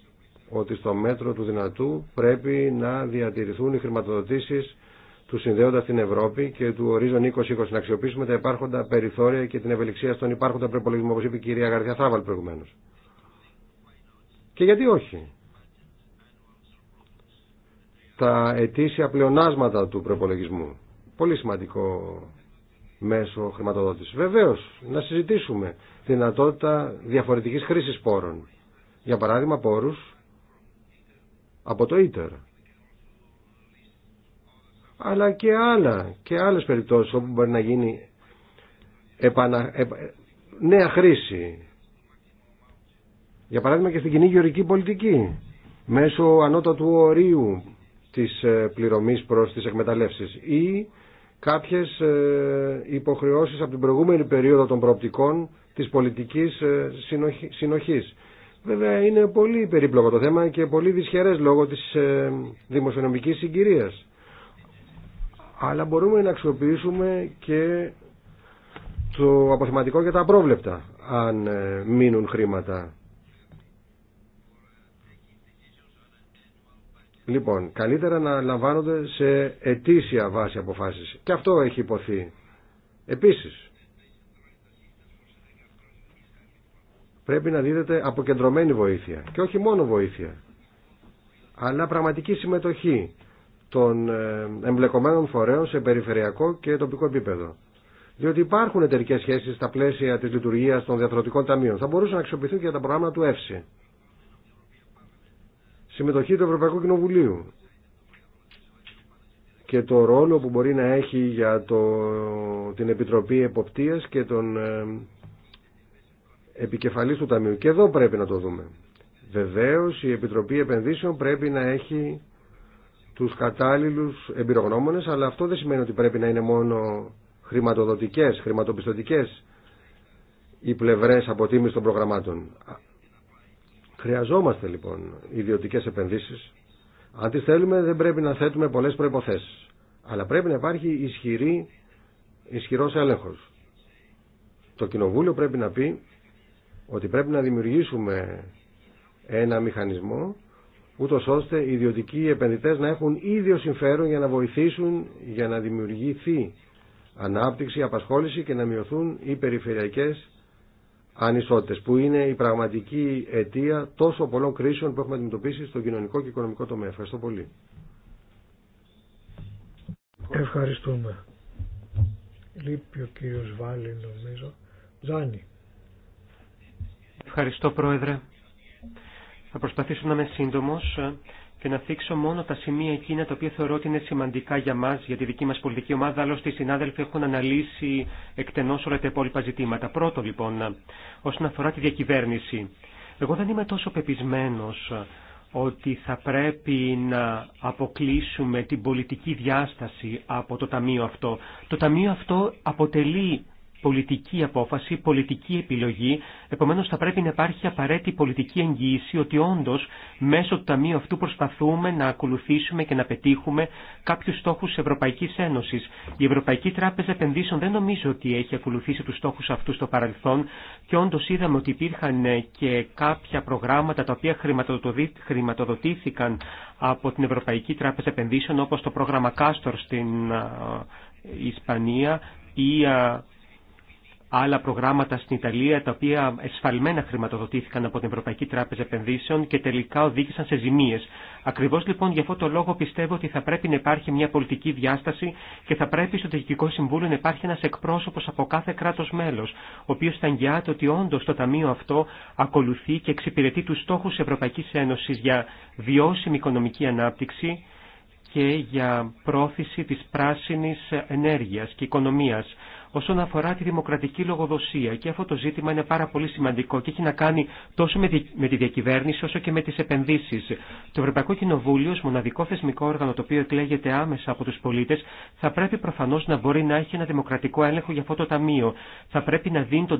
ότι στο μέτρο του δυνατού πρέπει να διατηρηθούν οι χρηματοδοτησει συμφωνουμε με εκεινου που λενε οτι στο μετρο του δυνατου πρεπει να διατηρηθουν οι χρηματοδοτησει του συνδεοντα στην Ευρώπη και του ορίζον 2020 να αξιοποιήσουμε τα υπάρχοντα περιθώρια και την ευελιξία στον υπάρχοντα προπολογισμό, όπω είπε η κυρία Γαρδιά Θάβαλ προηγουμένω. Και γιατί όχι. Τα ετήσια πλεονάσματα του προπολογισμού. Πολύ σημαντικό μέσω χρηματοδότηση. Βεβαίω, να συζητήσουμε τη δυνατότητα διαφορετική χρήση πόρων. Για παράδειγμα, πόρου από το ΙΤΕΡ. Αλλά και άλλα, και άλλες περιπτώσεις όπου μπορεί να γίνει επανα, νέα χρήση. Για παράδειγμα και στην κοινή γεωρική πολιτική, μέσω ανώτατου ορίου της ε, πληρωμής προς τις εκμεταλλεύσεις ή κάποιες ε, υποχρεώσεις από την προηγούμενη περίοδο των προοπτικών της πολιτικής ε, συνοχής. Βέβαια είναι πολύ περίπλοκο το θέμα και πολύ δυσχερές λόγω της ε, δημοσιονομικής συγκυρίας. Αλλά μπορούμε να αξιοποιήσουμε και το αποθεματικό για τα απρόβλεπτα αν μείνουν χρήματα. Λοιπόν, καλύτερα να λαμβάνονται σε ετήσια βάση αποφάσεις. Και αυτό έχει υποθεί. Επίσης, πρέπει να δίδεται αποκεντρωμένη βοήθεια. Και όχι μόνο βοήθεια, αλλά πραγματική συμμετοχή των ε, εμπλεκομένων φορέων σε περιφερειακό και τοπικό επίπεδο. Διότι υπάρχουν εταιρικέ σχέσεις στα πλαίσια της λειτουργίας των διαθροτικών ταμείων. Θα μπορούσαν να αξιοποιηθούν και για τα προγράμματα του ΕΦΣΙ συμμετοχή του Ευρωπαϊκού Κοινοβουλίου και το ρόλο που μπορεί να έχει για το, την Επιτροπή Εποπτείας και τον ε, επικεφαλής του Ταμείου. Και εδώ πρέπει να το δούμε. Βεβαίως η Επιτροπή Επενδύσεων πρέπει να έχει τους κατάλληλους εμπειρογνώμονες, αλλά αυτό δεν σημαίνει ότι πρέπει να είναι μόνο χρηματοδοτικές, χρηματοπιστωτικές οι πλευρές αποτίμησης των προγραμμάτων. Χρειαζόμαστε λοιπόν ιδιωτικές επενδύσεις. Αν τι θέλουμε δεν πρέπει να θέτουμε πολλές προποθέσει. Αλλά πρέπει να υπάρχει ισχυρή, ισχυρός έλεγχος. Το Κοινοβούλιο πρέπει να πει ότι πρέπει να δημιουργήσουμε ένα μηχανισμό ούτω ώστε οι ιδιωτικοί επενδυτές να έχουν ίδιο συμφέρον για να βοηθήσουν για να δημιουργηθεί ανάπτυξη, απασχόληση και να μειωθούν οι περιφερειακές ανισότητες που είναι η πραγματική αιτία τόσο πολλών κρίσεων που έχουμε αντιμετωπίσει στο κοινωνικό και οικονομικό τομέα. Ευχαριστώ πολύ. Ευχαριστούμε. Λείπει ο κύριος Βάλλη νομίζω. Ζάνη. Ευχαριστώ πρόεδρε. Θα προσπαθήσω να είμαι σύντομο ε, και να θίξω μόνο τα σημεία εκείνα τα οποία θεωρώ ότι είναι σημαντικά για μα, για τη δική μα πολιτική ομάδα. Άλλωστε, οι συνάδελφοι έχουν αναλύσει εκτενώ όλα τα υπόλοιπα ζητήματα. Πρώτο, λοιπόν, ε, όσον αφορά τη διακυβέρνηση. Εγώ δεν είμαι τόσο πεπισμένο ε, ότι θα πρέπει να αποκλείσουμε την πολιτική διάσταση από το Ταμείο αυτό. Το Ταμείο αυτό αποτελεί πολιτική απόφαση, πολιτική επιλογή. Επομένω, θα πρέπει να υπάρχει απαραίτητη πολιτική εγγύηση ότι όντω μέσω του Ταμείου αυτού προσπαθούμε να ακολουθήσουμε και να πετύχουμε κάποιου στόχου τη Ευρωπαϊκή Ένωση. Η Ευρωπαϊκή Τράπεζα Επενδύσεων δεν νομίζω ότι έχει ακολουθήσει του στόχου αυτού στο παρελθόν και όντω είδαμε ότι υπήρχαν ε, και κάποια προγράμματα τα οποία χρηματοδοτήθηκαν από την Ευρωπαϊκή Τράπεζα Επενδύσεων όπω το πρόγραμμα Κάστορ στην ε, Ισπανία ή ε, άλλα προγράμματα στην Ιταλία τα οποία εσφαλμένα χρηματοδοτήθηκαν από την Ευρωπαϊκή Τράπεζα Επενδύσεων και τελικά οδήγησαν σε ζημίες. Ακριβώς λοιπόν για αυτό το λόγο πιστεύω ότι θα πρέπει να υπάρχει μια πολιτική διάσταση και θα πρέπει στο Τεχνικό Συμβούλιο να υπάρχει ένας εκπρόσωπος από κάθε κράτος μέλος, ο οποίος θα εγγυάται ότι όντως το Ταμείο αυτό ακολουθεί και εξυπηρετεί τους στόχους της Ευρωπαϊκής Ένωσης για βιώσιμη οικονομική ανάπτυξη και για πρόθεση της πράσινης ενέργειας και οικονομίας όσον αφορά τη δημοκρατική λογοδοσία. Και αυτό το ζήτημα είναι πάρα πολύ σημαντικό και έχει να κάνει τόσο με τη διακυβέρνηση όσο και με τι επενδύσει. Το Ευρωπαϊκό Κοινοβούλιο, ω μοναδικό θεσμικό όργανο το οποίο εκλέγεται άμεσα από του πολίτε, θα πρέπει προφανώ να μπορεί να έχει ένα δημοκρατικό έλεγχο για αυτό το ταμείο. Θα πρέπει να δίνει τον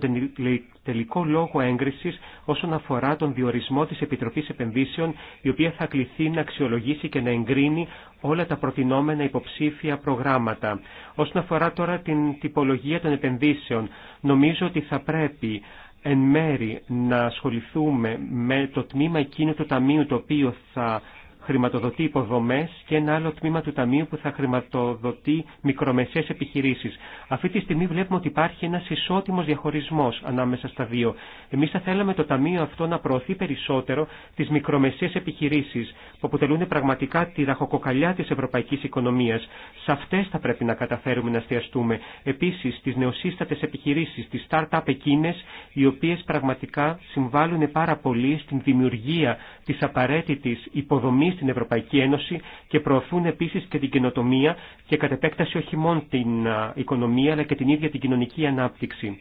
τελικό λόγο έγκριση όσον αφορά τον διορισμό τη Επιτροπή Επενδύσεων, η οποία θα κληθεί να αξιολογήσει και να εγκρίνει όλα τα προτινόμενα υποψήφια προγράμματα. Όσον αφορά τώρα την τυπολογία των επενδύσεων, νομίζω ότι θα πρέπει εν μέρη να ασχοληθούμε με το τμήμα εκείνο του ταμείου το οποίο θα χρηματοδοτεί υποδομές και ένα άλλο τμήμα του Ταμείου που θα χρηματοδοτεί μικρομεσαίες επιχειρήσεις. Αυτή τη στιγμή βλέπουμε ότι υπάρχει ένας ισότιμος διαχωρισμός ανάμεσα στα δύο. Εμείς θα θέλαμε το Ταμείο αυτό να προωθεί περισσότερο τις μικρομεσαίες επιχειρήσεις που αποτελούν πραγματικά τη ραχοκοκαλιά της ευρωπαϊκής οικονομίας. Σε αυτές θα πρέπει να καταφέρουμε να εστιαστούμε. Επίσης τις νεοσύστατες επιχειρήσεις, τις startup εκείνες οι οποίες πραγματικά συμβάλλουν πάρα πολύ στην δημιουργία της απαραίτητης υποδομής στην Ευρωπαϊκή Ένωση και προωθούν επίσης και την καινοτομία και κατ' επέκταση όχι μόνο την οικονομία αλλά και την ίδια την κοινωνική ανάπτυξη.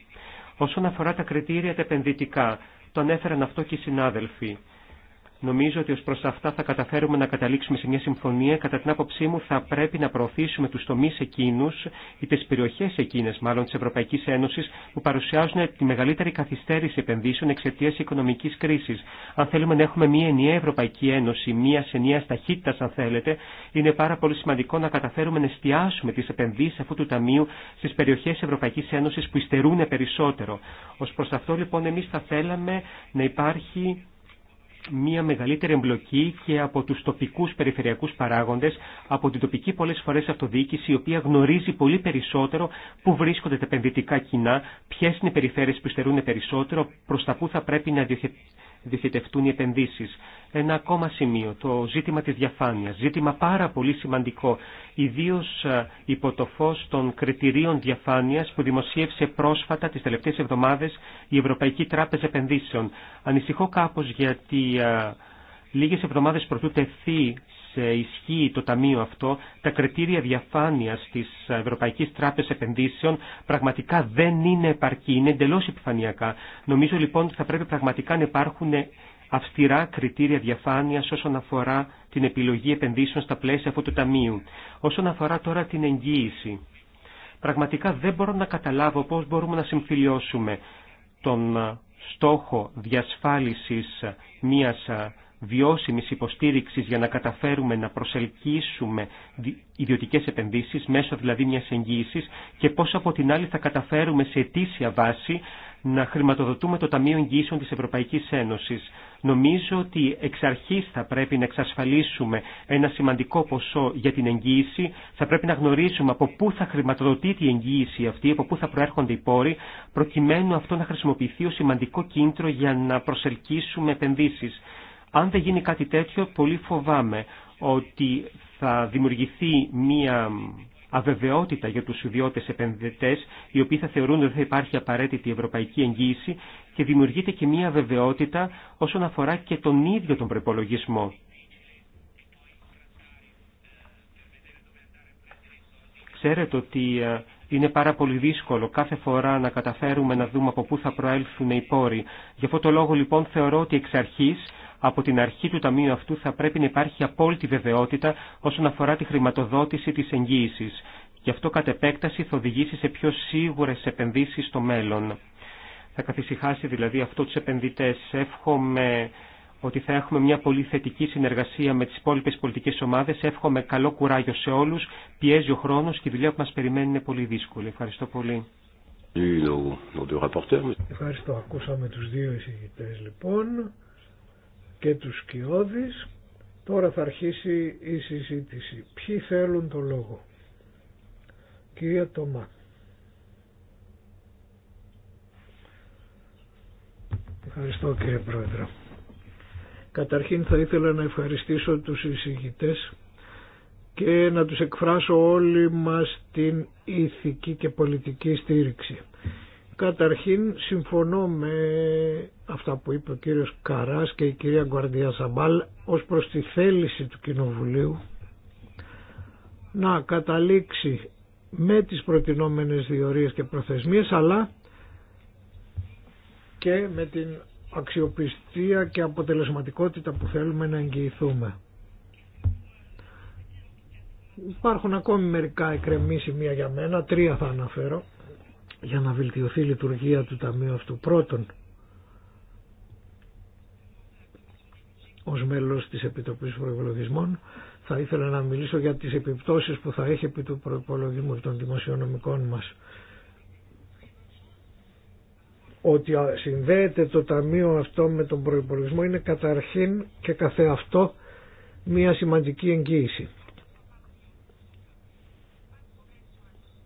Όσον αφορά τα κριτήρια τα επενδυτικά, το ανέφεραν αυτό και οι συνάδελφοι. Νομίζω ότι ως προς αυτά θα καταφέρουμε να καταλήξουμε σε μια συμφωνία. Κατά την άποψή μου θα πρέπει να προωθήσουμε τους τομείς εκείνους ή τις περιοχές εκείνες μάλλον της Ευρωπαϊκής Ένωσης που παρουσιάζουν τη μεγαλύτερη καθυστέρηση επενδύσεων εξαιτία οικονομικής κρίσης. Αν θέλουμε να έχουμε μια ενιαία Ευρωπαϊκή Ένωση, μια ενιαία ταχύτητα αν θέλετε, είναι πάρα πολύ σημαντικό να καταφέρουμε να εστιάσουμε τις επενδύσεις αυτού του Ταμείου στις περιοχές Ευρωπαϊκής Ένωσης που υστερούν περισσότερο. Ως προς αυτό λοιπόν εμείς θα θέλαμε να υπάρχει μια μεγαλύτερη εμπλοκή και από τους τοπικούς περιφερειακούς παράγοντες, από την τοπική πολλές φορές αυτοδιοίκηση, η οποία γνωρίζει πολύ περισσότερο πού βρίσκονται τα επενδυτικά κοινά, ποιες είναι οι περιφέρειες που στερούν περισσότερο, προς τα πού θα πρέπει να διοχετευτούν οι επενδύσεις. Ένα ακόμα σημείο, το ζήτημα της διαφάνειας. Ζήτημα πάρα πολύ σημαντικό, ιδίως ε, υπό το φως των κριτηρίων διαφάνειας που δημοσίευσε πρόσφατα τις τελευταίες εβδομάδες η Ευρωπαϊκή Τράπεζα Επενδύσεων. Ανησυχώ κάπως γιατί... Ε, λίγες εβδομάδες προτού τεθεί ε, ισχύει το Ταμείο αυτό, τα κριτήρια διαφάνειας της Ευρωπαϊκής Τράπεζας Επενδύσεων πραγματικά δεν είναι επαρκή, είναι εντελώς επιφανειακά. Νομίζω λοιπόν ότι θα πρέπει πραγματικά να υπάρχουν αυστηρά κριτήρια διαφάνειας όσον αφορά την επιλογή επενδύσεων στα πλαίσια αυτού του Ταμείου. Όσον αφορά τώρα την εγγύηση, πραγματικά δεν μπορώ να καταλάβω πώς μπορούμε να συμφιλιώσουμε τον στόχο διασφάλισης μιας βιώσιμης υποστήριξης για να καταφέρουμε να προσελκύσουμε ιδιωτικές επενδύσεις, μέσω δηλαδή μιας εγγύησης και πώς από την άλλη θα καταφέρουμε σε αιτήσια βάση να χρηματοδοτούμε το Ταμείο Εγγύησεων της Ευρωπαϊκής Ένωσης. Νομίζω ότι εξ αρχής θα πρέπει να εξασφαλίσουμε ένα σημαντικό ποσό για την εγγύηση, θα πρέπει να γνωρίσουμε από πού θα χρηματοδοτεί η εγγύηση αυτή, από πού θα προέρχονται οι πόροι, προκειμένου αυτό να χρησιμοποιηθεί ως σημαντικό κίνητρο για να προσελκύσουμε επενδύσεις. Αν δεν γίνει κάτι τέτοιο, πολύ φοβάμαι ότι θα δημιουργηθεί μία αβεβαιότητα για τους ιδιώτες επενδυτές, οι οποίοι θα θεωρούν ότι θα υπάρχει απαραίτητη ευρωπαϊκή εγγύηση και δημιουργείται και μία αβεβαιότητα όσον αφορά και τον ίδιο τον προπολογισμό. Ξέρετε ότι ε, είναι πάρα πολύ δύσκολο κάθε φορά να καταφέρουμε να δούμε από πού θα προέλθουν οι πόροι. Γι' αυτό το λόγο λοιπόν θεωρώ ότι εξ αρχής από την αρχή του ταμείου αυτού θα πρέπει να υπάρχει απόλυτη βεβαιότητα όσον αφορά τη χρηματοδότηση της εγγύησης. Γι' αυτό κατ' επέκταση θα οδηγήσει σε πιο σίγουρες επενδύσεις στο μέλλον. Θα καθησυχάσει δηλαδή αυτό τους επενδυτές. Εύχομαι ότι θα έχουμε μια πολύ θετική συνεργασία με τις υπόλοιπε πολιτικές ομάδες. Εύχομαι καλό κουράγιο σε όλους. Πιέζει ο χρόνος και η δουλειά που μας περιμένει είναι πολύ δύσκολη. Ευχαριστώ πολύ. Ευχαριστώ. Ακούσαμε τους δύο εισηγητές λοιπόν και τους σκιώδεις. Τώρα θα αρχίσει η συζήτηση. Ποιοι θέλουν το λόγο. Κυρία Τωμά. Ευχαριστώ κύριε Πρόεδρε. Καταρχήν θα ήθελα να ευχαριστήσω τους συζητητές και να τους εκφράσω όλοι μας την ηθική και πολιτική στήριξη. Καταρχήν συμφωνώ με αυτά που είπε ο κύριος Καράς και η κυρία Γκουαρντία Σαμπάλ ως προς τη θέληση του Κοινοβουλίου να καταλήξει με τις προτινόμενες διορίες και προθεσμίες αλλά και με την αξιοπιστία και αποτελεσματικότητα που θέλουμε να εγγυηθούμε. Υπάρχουν ακόμη μερικά εκκρεμή σημεία για μένα, τρία θα αναφέρω, για να βελτιωθεί η λειτουργία του Ταμείου αυτού. Πρώτον, ως μέλος της Επιτροπής Προϋπολογισμών θα ήθελα να μιλήσω για τις επιπτώσεις που θα έχει επί του προϋπολογισμού των δημοσιονομικών μας. Ότι συνδέεται το Ταμείο αυτό με τον προϋπολογισμό είναι καταρχήν και καθεαυτό μια σημαντική εγγύηση.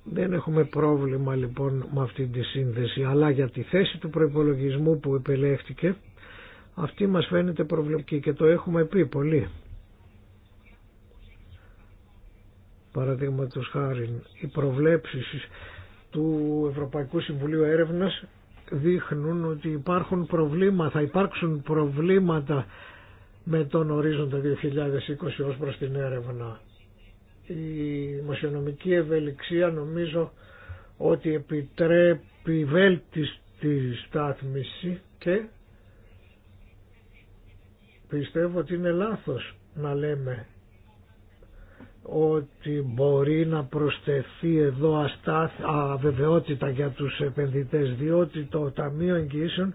Δεν έχουμε πρόβλημα λοιπόν με αυτή τη σύνδεση, αλλά για τη θέση του προϋπολογισμού που επελέχθηκε αυτή μας φαίνεται προβλεπτική και το έχουμε πει πολύ. Παραδείγματος χάρη, οι προβλέψεις του Ευρωπαϊκού Συμβουλίου Έρευνας δείχνουν ότι υπάρχουν προβλήματα, θα υπάρξουν προβλήματα με τον ορίζοντα 2020 ως προς την έρευνα. Η δημοσιονομική ευελιξία νομίζω ότι επιτρέπει βέλτιστη στάθμιση και Πιστεύω ότι είναι λάθος να λέμε ότι μπορεί να προσθεθεί εδώ αστάθ, αβεβαιότητα για τους επενδυτές διότι το Ταμείο Εγγύσεων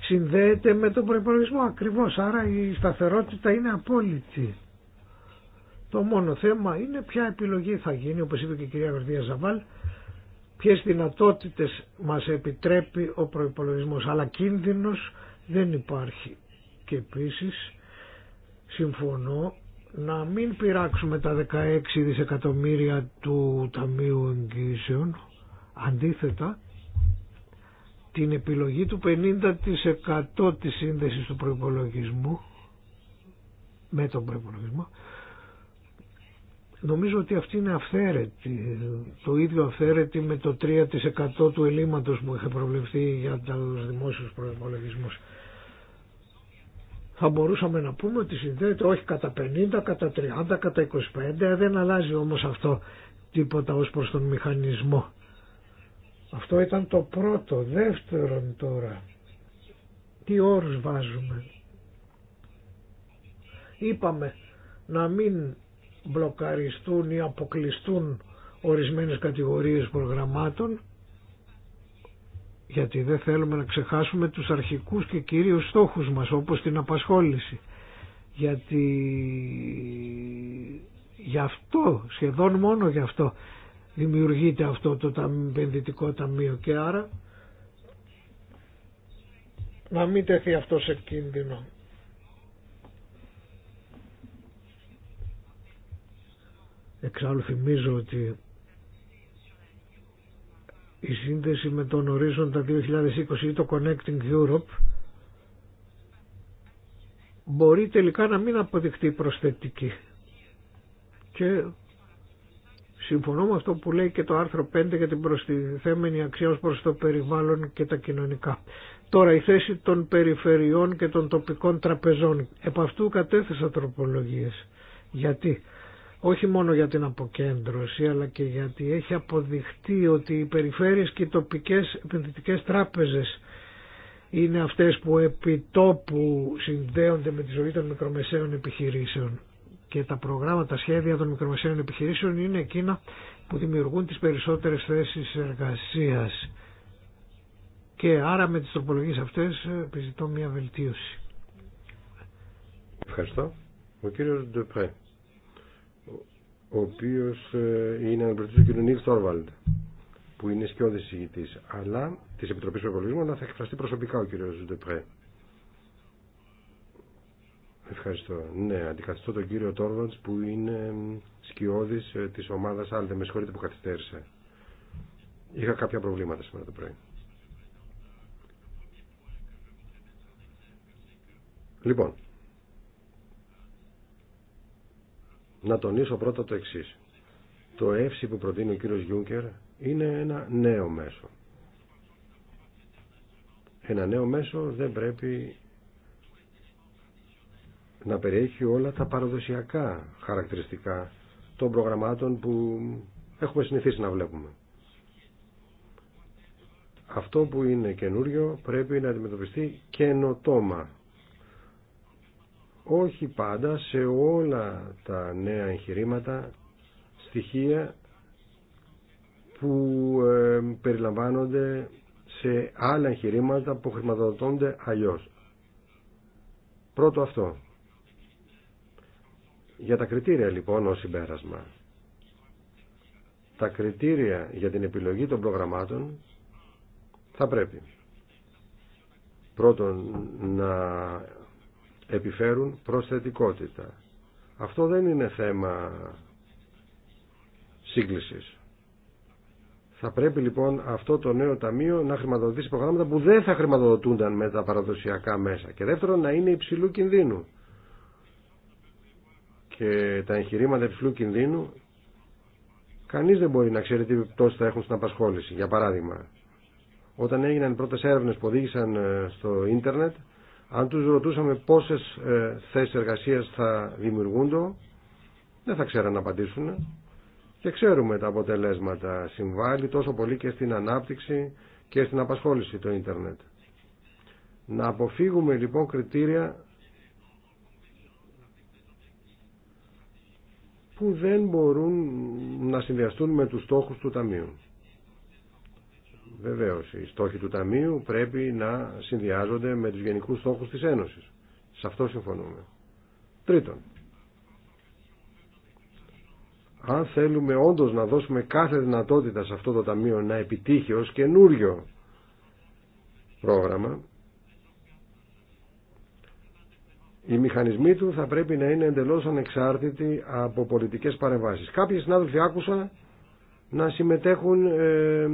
συνδέεται με τον προϋπολογισμό ακριβώς άρα η σταθερότητα είναι απόλυτη το μόνο θέμα είναι ποια επιλογή θα γίνει όπως είπε και η κυρία Γορδία Ζαβάλ ποιες δυνατότητες μας επιτρέπει ο προϋπολογισμός αλλά κίνδυνος δεν υπάρχει και επίσης συμφωνώ να μην πειράξουμε τα 16 δισεκατομμύρια του Ταμείου Εγγύσεων αντίθετα την επιλογή του 50% της σύνδεσης του προϋπολογισμού με τον προϋπολογισμό νομίζω ότι αυτή είναι αυθαίρετη το ίδιο αυθαίρετη με το 3% του ελλείμματος που είχε προβλεφθεί για τους δημόσιους προϋπολογισμούς θα μπορούσαμε να πούμε ότι συνδέεται όχι κατά 50, κατά 30, κατά 25, δεν αλλάζει όμως αυτό τίποτα ως προς τον μηχανισμό. Αυτό ήταν το πρώτο. Δεύτερον τώρα, τι όρους βάζουμε. Είπαμε να μην μπλοκαριστούν ή αποκλειστούν ορισμένες κατηγορίες προγραμμάτων γιατί δεν θέλουμε να ξεχάσουμε τους αρχικούς και κυρίους στόχους μας όπως την απασχόληση γιατί γι' αυτό, σχεδόν μόνο γι' αυτό δημιουργείται αυτό το επενδυτικό ταμείο και άρα να μην τεθεί αυτό σε κίνδυνο. Εξάλλου θυμίζω ότι η σύνδεση με τον ορίζοντα 2020 ή το Connecting Europe μπορεί τελικά να μην αποδειχτεί προσθετική. Και συμφωνώ με αυτό που λέει και το άρθρο 5 για την προστιθέμενη αξία ως προς το περιβάλλον και τα κοινωνικά. Τώρα η θέση των περιφερειών και των τοπικών τραπεζών. Επ' αυτού κατέθεσα τροπολογίες. Γιατί όχι μόνο για την αποκέντρωση αλλά και γιατί έχει αποδειχτεί ότι οι περιφέρειες και οι τοπικές επενδυτικές τράπεζες είναι αυτές που επιτόπου συνδέονται με τη ζωή των μικρομεσαίων επιχειρήσεων και τα προγράμματα, τα σχέδια των μικρομεσαίων επιχειρήσεων είναι εκείνα που δημιουργούν τις περισσότερες θέσεις εργασίας και άρα με τις τροπολογίες αυτές επιζητώ μια βελτίωση. Ευχαριστώ. Ο κύριος Ντεπρέ ο οποίος ε, είναι ο του κ. Νίλ που είναι σκιώδη συγητής, αλλά Επιτροπή Επιτροπής Προπολογισμού, αλλά θα εκφραστεί προσωπικά ο κ. Ντεπρέ. Ευχαριστώ. Ναι, αντικαθιστώ τον κύριο Τόρβαντ που είναι σκιώδης ε, της ομάδας Άλτε. Με συγχωρείτε που καθυστέρησα. Είχα κάποια προβλήματα σήμερα το πρωί. Λοιπόν, να τονίσω πρώτα το εξή. Το εύση που προτείνει ο κύριος Γιούνκερ είναι ένα νέο μέσο. Ένα νέο μέσο δεν πρέπει να περιέχει όλα τα παραδοσιακά χαρακτηριστικά των προγραμμάτων που έχουμε συνηθίσει να βλέπουμε. Αυτό που είναι καινούριο πρέπει να αντιμετωπιστεί καινοτόμα όχι πάντα σε όλα τα νέα εγχειρήματα στοιχεία που ε, περιλαμβάνονται σε άλλα εγχειρήματα που χρηματοδοτώνται αλλιώς. Πρώτο αυτό. Για τα κριτήρια λοιπόν ως συμπέρασμα. Τα κριτήρια για την επιλογή των προγραμμάτων θα πρέπει πρώτον να επιφέρουν προσθετικότητα. Αυτό δεν είναι θέμα σύγκλησης. Θα πρέπει λοιπόν αυτό το νέο ταμείο να χρηματοδοτήσει προγράμματα που δεν θα χρηματοδοτούνταν με τα παραδοσιακά μέσα. Και δεύτερον να είναι υψηλού κινδύνου. Και τα εγχειρήματα υψηλού κινδύνου κανείς δεν μπορεί να ξέρει τι πτώση θα έχουν στην απασχόληση. Για παράδειγμα, όταν έγιναν οι πρώτε έρευνε που οδήγησαν ε, στο ίντερνετ, αν τους ρωτούσαμε πόσες ε, θέσεις εργασίας θα δημιουργούνται, δεν θα ξέραν να απαντήσουν. Και ξέρουμε τα αποτελέσματα. Συμβάλλει τόσο πολύ και στην ανάπτυξη και στην απασχόληση το ίντερνετ. Να αποφύγουμε λοιπόν κριτήρια που δεν μπορούν να συνδυαστούν με τους στόχους του Ταμείου. Βεβαίω. οι στόχοι του Ταμείου πρέπει να συνδυάζονται με του γενικού στόχους της Ένωσης. Σε αυτό συμφωνούμε. Τρίτον, αν θέλουμε όντως να δώσουμε κάθε δυνατότητα σε αυτό το Ταμείο να επιτύχει ως καινούριο πρόγραμμα, οι μηχανισμοί του θα πρέπει να είναι εντελώς ανεξάρτητοι από πολιτικές παρεμβάσει. Κάποιοι συνάδελφοι άκουσαν να συμμετέχουν ε,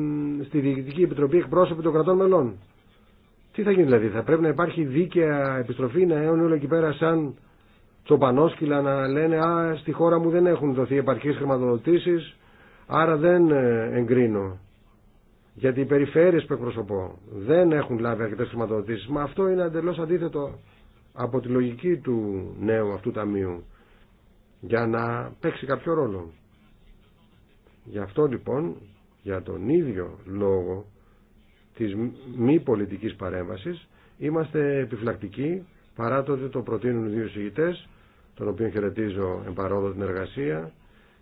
στη Διοικητική Επιτροπή εκπρόσωποι των κρατών μελών. Τι θα γίνει δηλαδή, θα πρέπει να υπάρχει δίκαια επιστροφή, να έχουν όλο εκεί πέρα σαν τσοπανόσκυλα να λένε «Α, στη χώρα μου δεν έχουν δοθεί επαρκείς χρηματοδοτήσεις, άρα δεν ε, εγκρίνω». Γιατί οι περιφέρειες που εκπροσωπώ δεν έχουν λάβει αρκετές χρηματοδοτήσεις. Μα αυτό είναι αντελώ αντίθετο από τη λογική του νέου αυτού ταμείου για να παίξει κάποιο ρόλο. Γι' αυτό λοιπόν, για τον ίδιο λόγο της μη πολιτικής παρέμβασης, είμαστε επιφυλακτικοί παρά το ότι το προτείνουν δύο συγητές, τον οποίο χαιρετίζω εμπαρόδο την εργασία.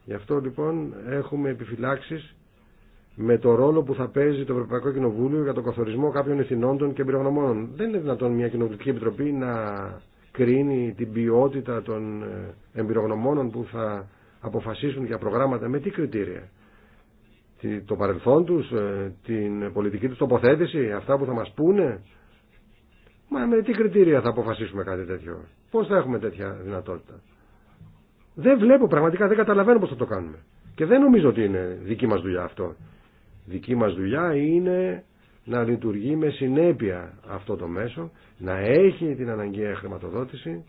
Γι' αυτό λοιπόν έχουμε επιφυλάξεις με το ρόλο που θα παίζει το Ευρωπαϊκό Κοινοβούλιο για τον καθορισμό κάποιων των και εμπειρογνωμόνων. Δεν είναι δυνατόν μια κοινοβουλική επιτροπή να κρίνει την ποιότητα των ε, εμπειρογνωμόνων που θα αποφασίσουν για προγράμματα με τι κριτήρια. Το παρελθόν τους, ε, την πολιτική τους τοποθέτηση, αυτά που θα μας πούνε. Μα με τι κριτήρια θα αποφασίσουμε κάτι τέτοιο. Πώς θα έχουμε τέτοια δυνατότητα. Δεν βλέπω πραγματικά, δεν καταλαβαίνω πώς θα το κάνουμε. Και δεν νομίζω ότι είναι δική μας δουλειά αυτό. Δική μας δουλειά είναι να λειτουργεί με συνέπεια αυτό το μέσο, να έχει την αναγκαία χρηματοδότηση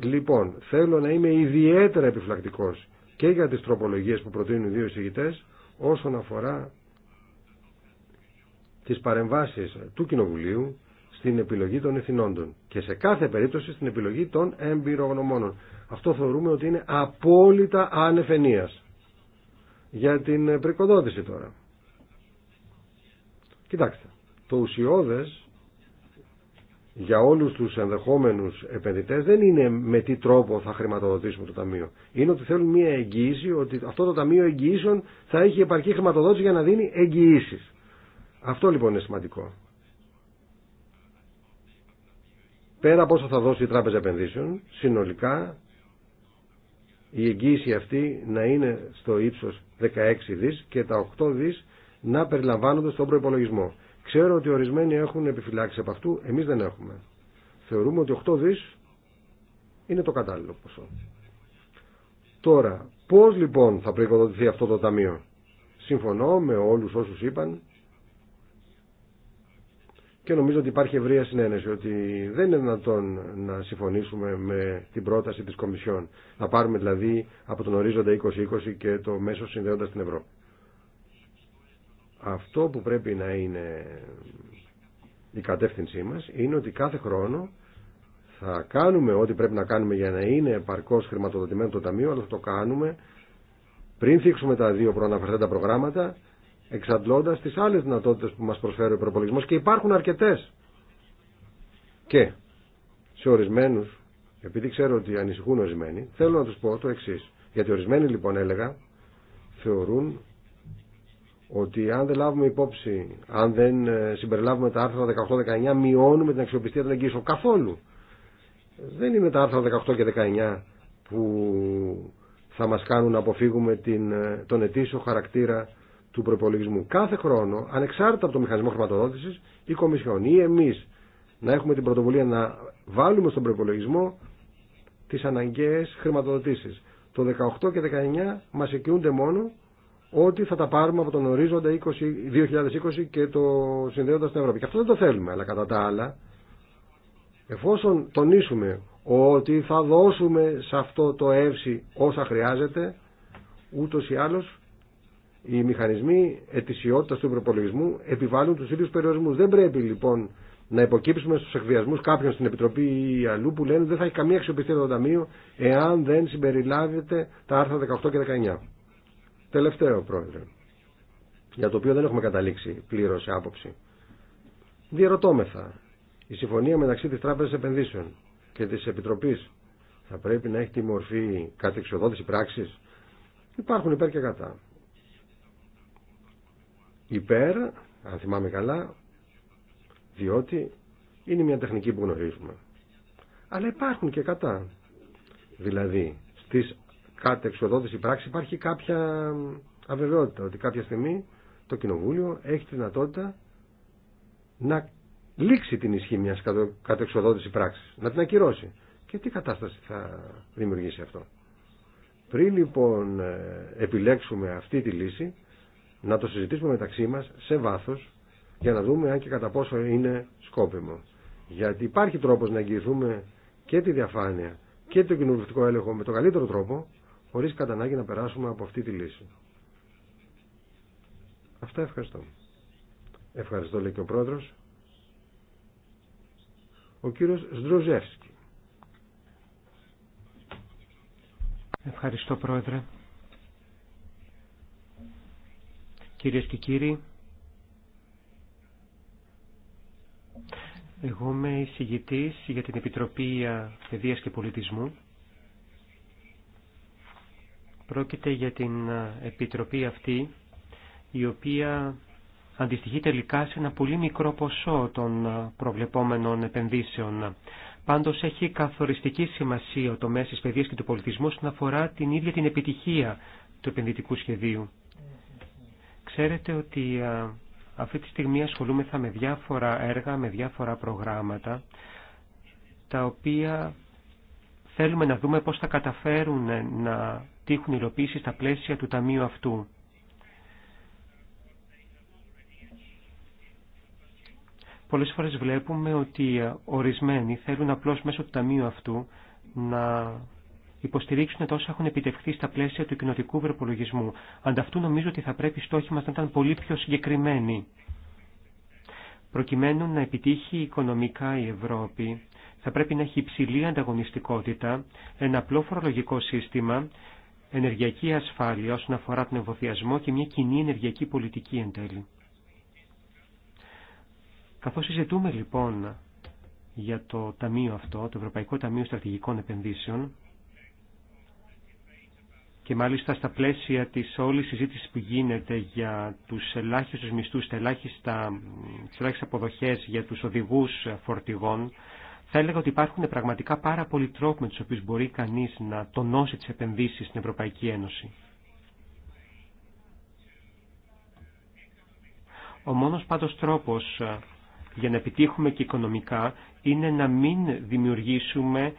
Λοιπόν, θέλω να είμαι ιδιαίτερα επιφλακτικός και για τις τροπολογίες που προτείνουν οι δύο εισηγητές όσον αφορά τις παρεμβάσεις του Κοινοβουλίου στην επιλογή των εθνόντων και σε κάθε περίπτωση στην επιλογή των εμπειρογνωμόνων. Αυτό θεωρούμε ότι είναι απόλυτα ανεφενίας για την πρικοδότηση τώρα. Κοιτάξτε, το ουσιώδες για όλους τους ενδεχόμενους επενδυτές δεν είναι με τι τρόπο θα χρηματοδοτήσουμε το ταμείο. Είναι ότι θέλουν μια εγγύηση ότι αυτό το ταμείο εγγυήσεων θα έχει επαρκή χρηματοδότηση για να δίνει εγγυήσει. Αυτό λοιπόν είναι σημαντικό. Πέρα από όσα θα δώσει η Τράπεζα Επενδύσεων, συνολικά η εγγύηση αυτή να είναι στο ύψος 16 δις και τα 8 δις να περιλαμβάνονται στον προϋπολογισμό. Ξέρω ότι ορισμένοι έχουν επιφυλάξει από αυτού, εμείς δεν έχουμε. Θεωρούμε ότι 8 δί είναι το κατάλληλο ποσό. Τώρα, πώς λοιπόν θα προοικοδοτηθεί αυτό το ταμείο. Συμφωνώ με όλους όσους είπαν και νομίζω ότι υπάρχει ευρεία συνένεση ότι δεν είναι δυνατόν να συμφωνήσουμε με την πρόταση της Κομισιόν. Να πάρουμε δηλαδή από τον ορίζοντα 2020 και το μέσο συνδέοντα την Ευρώπη. Αυτό που πρέπει να είναι η κατεύθυνσή μας είναι ότι κάθε χρόνο θα κάνουμε ό,τι πρέπει να κάνουμε για να είναι επαρκώς χρηματοδοτημένο το Ταμείο, αλλά θα το κάνουμε πριν θίξουμε τα δύο προαναφερθέντα προγράμματα, εξαντλώντας τις άλλες δυνατότητες που μας προσφέρει ο προπολογισμό και υπάρχουν αρκετές. Και σε ορισμένους, επειδή ξέρω ότι ανησυχούν ορισμένοι, θέλω να τους πω το εξή. Γιατί ορισμένοι λοιπόν έλεγα θεωρούν ότι αν δεν λάβουμε υπόψη, αν δεν ε, συμπεριλάβουμε τα άρθρα 18-19, μειώνουμε την αξιοπιστία των εγγύσεων καθόλου. Δεν είναι τα άρθρα 18 και 19 που θα μας κάνουν να αποφύγουμε την, ε, τον ετήσιο χαρακτήρα του προπολογισμού. Κάθε χρόνο, ανεξάρτητα από το μηχανισμό χρηματοδότησης, η Κομισιόν ή εμείς να έχουμε την πρωτοβουλία να βάλουμε στον προπολογισμό τις αναγκαίες χρηματοδοτήσεις. Το 18 και 19 μας εκείνονται μόνο ότι θα τα πάρουμε από τον ορίζοντα 20, 2020 και το συνδέοντα στην Ευρώπη. Και αυτό δεν το θέλουμε, αλλά κατά τα άλλα, εφόσον τονίσουμε ότι θα δώσουμε σε αυτό το εύση όσα χρειάζεται, ούτω ή άλλω οι μηχανισμοί ετησιότητα του προπολογισμού επιβάλλουν του ίδιου περιορισμού. Δεν πρέπει λοιπόν να υποκύψουμε στου εκβιασμού κάποιων στην Επιτροπή ή αλλού που λένε δεν θα έχει καμία αξιοπιστία το Ταμείο εάν δεν συμπεριλάβεται τα άρθρα 18 και 19. Τελευταίο, Πρόεδρε, για το οποίο δεν έχουμε καταλήξει πλήρως σε άποψη. Διερωτώμεθα, η συμφωνία μεταξύ της Τράπεζας Επενδύσεων και της Επιτροπής θα πρέπει να έχει τη μορφή κατεξοδότηση πράξης. Υπάρχουν υπέρ και κατά. Υπέρ, αν θυμάμαι καλά, διότι είναι μια τεχνική που γνωρίζουμε. Αλλά υπάρχουν και κατά. Δηλαδή, στις κάτι εξοδότηση πράξη υπάρχει κάποια αβεβαιότητα ότι κάποια στιγμή το Κοινοβούλιο έχει τη δυνατότητα να λήξει την ισχύ μιας κατεξοδότηση πράξης, να την ακυρώσει. Και τι κατάσταση θα δημιουργήσει αυτό. Πριν λοιπόν ε, επιλέξουμε αυτή τη λύση, να το συζητήσουμε μεταξύ μας σε βάθος για να δούμε αν και κατά πόσο είναι σκόπιμο. Γιατί υπάρχει τρόπος να εγγυηθούμε και τη διαφάνεια και το κοινοβουλευτικό έλεγχο με τον καλύτερο τρόπο χωρίς κατανάγκη να περάσουμε από αυτή τη λύση. Αυτά ευχαριστώ. Ευχαριστώ λέει και ο πρόεδρος. Ο κύριος Σδροζεύσκη. Ευχαριστώ πρόεδρε. Κυρίες και κύριοι, εγώ είμαι εισηγητής για την Επιτροπή Παιδείας και Πολιτισμού Πρόκειται για την ε, επιτροπή αυτή, η οποία αντιστοιχεί τελικά σε ένα πολύ μικρό ποσό των ε, προβλεπόμενων επενδύσεων. Πάντως έχει καθοριστική σημασία το της παιδείας και του πολιτισμού να αφορά την ίδια την επιτυχία του επενδυτικού σχεδίου. Ξέρετε ότι ε, αυτή τη στιγμή ασχολούμεθα με διάφορα έργα, με διάφορα προγράμματα, τα οποία Θέλουμε να δούμε πώς θα καταφέρουν να τύχουν υλοποίηση στα πλαίσια του Ταμείου αυτού. Πολλές φορές βλέπουμε ότι ορισμένοι θέλουν απλώς μέσω του Ταμείου αυτού να υποστηρίξουν τα όσα έχουν επιτευχθεί στα πλαίσια του κοινοτικού προπολογισμού. Ανταυτού νομίζω ότι θα πρέπει οι στόχοι μας να ήταν πολύ πιο συγκεκριμένοι. Προκειμένου να επιτύχει οικονομικά η Ευρώπη, θα πρέπει να έχει υψηλή ανταγωνιστικότητα, ένα απλό φορολογικό σύστημα, ενεργειακή ασφάλεια όσον αφορά τον εμβοδιασμό και μια κοινή ενεργειακή πολιτική εν τέλει. Καθώς συζητούμε λοιπόν για το ταμείο αυτό, το Ευρωπαϊκό Ταμείο Στρατηγικών Επενδύσεων, και μάλιστα στα πλαίσια της όλης συζήτησης που γίνεται για τους ελάχιστους μισθούς, τα ελάχιστα, τις αποδοχές για τους οδηγούς φορτηγών, θα έλεγα ότι υπάρχουν πραγματικά πάρα πολλοί τρόποι με τους οποίους μπορεί κανείς να τονώσει τις επενδύσεις στην Ευρωπαϊκή Ένωση. Ο μόνος πάντως τρόπος ε, για να επιτύχουμε και οικονομικά είναι να μην δημιουργήσουμε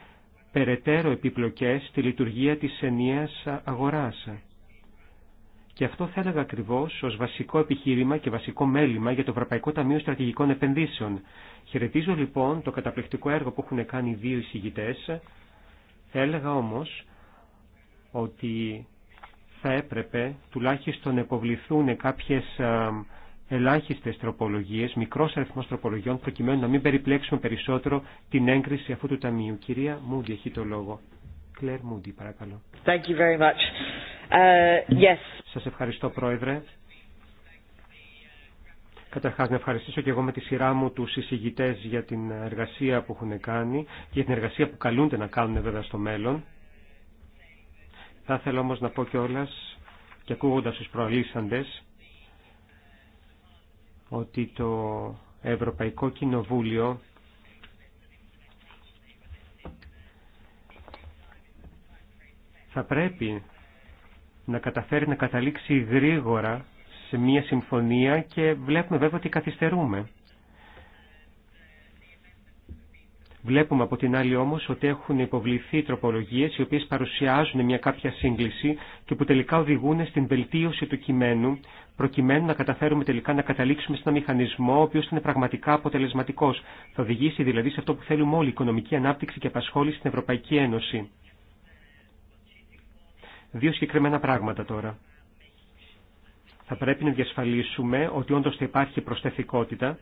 περαιτέρω επιπλοκές στη λειτουργία της ενίας αγοράς. Και αυτό θα έλεγα ακριβώ ω βασικό επιχείρημα και βασικό μέλημα για το Ευρωπαϊκό Ταμείο Στρατηγικών Επενδύσεων. Χαιρετίζω λοιπόν το καταπληκτικό έργο που έχουν κάνει οι δύο εισηγητές. Θα έλεγα όμως ότι θα έπρεπε τουλάχιστον να υποβληθούν κάποιε ε, ελάχιστε τροπολογίε, μικρό αριθμό τροπολογιών, προκειμένου να μην περιπλέξουμε περισσότερο την έγκριση αυτού του ταμείου. Κυρία Μούντι, έχει το λόγο. Κλέρ Μούντι, παρακαλώ. Uh, yes. Σας ευχαριστώ, Πρόεδρε. Καταρχά, να ευχαριστήσω και εγώ με τη σειρά μου του συζητητέ για την εργασία που έχουν κάνει και για την εργασία που καλούνται να κάνουν βέβαια στο μέλλον. Θα ήθελα όμω να πω κιόλα και ακούγοντα του προαλήσαντε, ότι το Ευρωπαϊκό Κοινοβούλιο θα πρέπει να καταφέρει να καταλήξει γρήγορα σε μια συμφωνία και βλέπουμε βέβαια ότι καθυστερούμε. Βλέπουμε από την άλλη όμως ότι έχουν υποβληθεί τροπολογίες οι οποίες παρουσιάζουν μια κάποια σύγκληση και που τελικά οδηγούν στην βελτίωση του κειμένου προκειμένου να καταφέρουμε τελικά να καταλήξουμε σε ένα μηχανισμό ο οποίος είναι πραγματικά αποτελεσματικός. Θα οδηγήσει δηλαδή σε αυτό που θέλουμε όλοι, οικονομική ανάπτυξη και απασχόληση στην Ευρωπαϊκή Ένωση. Δύο συγκεκριμένα πράγματα τώρα. Θα πρέπει να διασφαλίσουμε ότι όντως θα υπάρχει προσθεθικότητα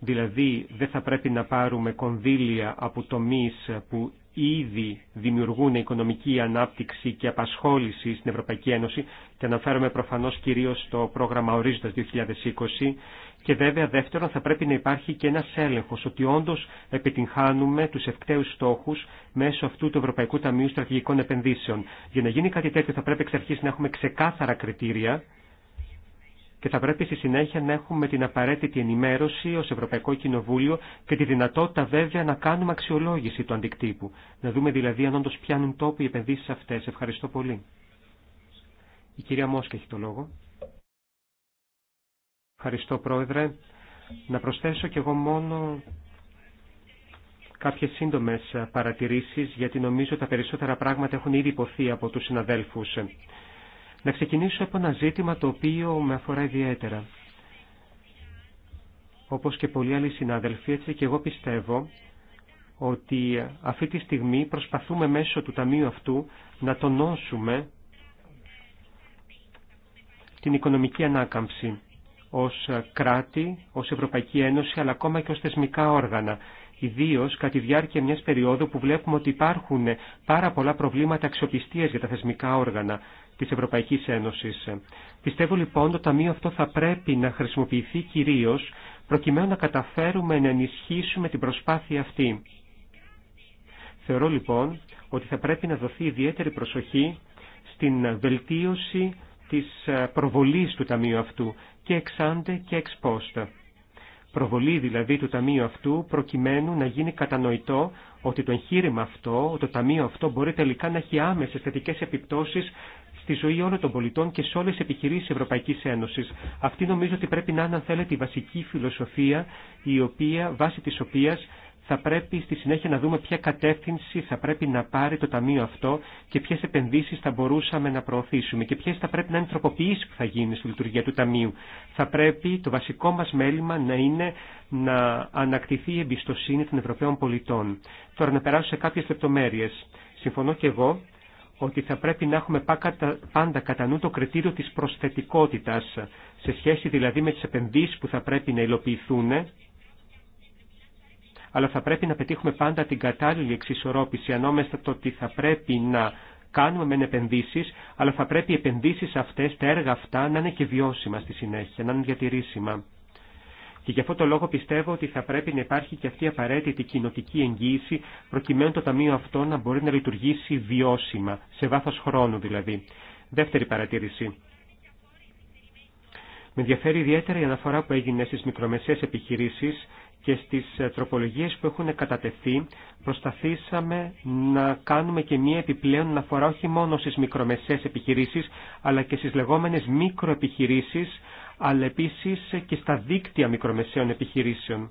Δηλαδή δεν θα πρέπει να πάρουμε κονδύλια από τομείς που ήδη δημιουργούν οικονομική ανάπτυξη και απασχόληση στην Ευρωπαϊκή Ένωση και αναφέρομαι προφανώς κυρίως στο πρόγραμμα Ορίζοντας 2020 και βέβαια δεύτερον θα πρέπει να υπάρχει και ένας έλεγχος ότι όντως επιτυγχάνουμε τους ευκταίους στόχους μέσω αυτού του Ευρωπαϊκού Ταμείου Στρατηγικών Επενδύσεων. Για να γίνει κάτι τέτοιο θα πρέπει εξ αρχής να έχουμε ξεκάθαρα κριτήρια και θα πρέπει στη συνέχεια να έχουμε την απαραίτητη ενημέρωση ως Ευρωπαϊκό Κοινοβούλιο και τη δυνατότητα βέβαια να κάνουμε αξιολόγηση του αντικτύπου. Να δούμε δηλαδή αν όντως πιάνουν τόπο οι επενδύσεις αυτές. Ευχαριστώ πολύ. Η κυρία Μόσκα έχει το λόγο. Ευχαριστώ Πρόεδρε. Να προσθέσω κι εγώ μόνο κάποιες σύντομες παρατηρήσεις γιατί νομίζω τα περισσότερα πράγματα έχουν ήδη υποθεί από τους συναδέλφους. Να ξεκινήσω από ένα ζήτημα το οποίο με αφορά ιδιαίτερα. Όπως και πολλοί άλλοι συνάδελφοι, έτσι και εγώ πιστεύω ότι αυτή τη στιγμή προσπαθούμε μέσω του Ταμείου αυτού να τονώσουμε την οικονομική ανάκαμψη ως κράτη, ως Ευρωπαϊκή Ένωση, αλλά ακόμα και ως θεσμικά όργανα. Ιδίω κατά τη διάρκεια μιας περίοδου που βλέπουμε ότι υπάρχουν πάρα πολλά προβλήματα αξιοπιστία για τα θεσμικά όργανα της Ευρωπαϊκής Ένωσης. Πιστεύω λοιπόν το Ταμείο αυτό θα πρέπει να χρησιμοποιηθεί κυρίως προκειμένου να καταφέρουμε να ενισχύσουμε την προσπάθεια αυτή. Θεωρώ λοιπόν ότι θα πρέπει να δοθεί ιδιαίτερη προσοχή στην βελτίωση της προβολής του Ταμείου αυτού και εξάντε και εξπόστα. Προβολή δηλαδή του Ταμείου αυτού προκειμένου να γίνει κατανοητό ότι το εγχείρημα αυτό, το Ταμείο αυτό μπορεί τελικά να έχει άμεσες θετικές επιπτώσεις στη ζωή όλων των πολιτών και σε όλε τι επιχειρήσει Ευρωπαϊκή Ένωση. Αυτή νομίζω ότι πρέπει να είναι, αν θέλετε, η βασική φιλοσοφία η οποία, βάσει τη οποία θα πρέπει στη συνέχεια να δούμε ποια κατεύθυνση θα πρέπει να πάρει το ταμείο αυτό και ποιε επενδύσει θα μπορούσαμε να προωθήσουμε και ποιε θα πρέπει να είναι τροποποιήσει που θα γίνουν στη λειτουργία του ταμείου. Θα πρέπει το βασικό μα μέλημα να είναι να ανακτηθεί η εμπιστοσύνη των Ευρωπαίων πολιτών. Τώρα να περάσω σε κάποιε λεπτομέρειε. Συμφωνώ και εγώ ότι θα πρέπει να έχουμε πάντα κατά νου το κριτήριο της προσθετικότητας, σε σχέση δηλαδή με τις επενδύσεις που θα πρέπει να υλοποιηθούν, αλλά θα πρέπει να πετύχουμε πάντα την κατάλληλη εξισορρόπηση ανάμεσα το ότι θα πρέπει να κάνουμε μεν επενδύσεις, αλλά θα πρέπει οι επενδύσεις αυτές, τα έργα αυτά να είναι και βιώσιμα στη συνέχεια, να είναι διατηρήσιμα. Και γι' αυτό το λόγο πιστεύω ότι θα πρέπει να υπάρχει και αυτή η απαραίτητη κοινοτική εγγύηση προκειμένου το Ταμείο αυτό να μπορεί να λειτουργήσει βιώσιμα, σε βάθος χρόνου δηλαδή. Δεύτερη παρατήρηση. Με ενδιαφέρει ιδιαίτερα η αναφορά που έγινε στις μικρομεσαίες επιχειρήσεις και στις ε, τροπολογίες που έχουν κατατεθεί προσταθήσαμε να κάνουμε και μία επιπλέον αναφορά όχι μόνο στις μικρομεσαίες επιχειρήσεις αλλά και στις λεγόμενες μικροεπιχειρήσεις αλλά επίσης και στα δίκτυα μικρομεσαίων επιχειρήσεων.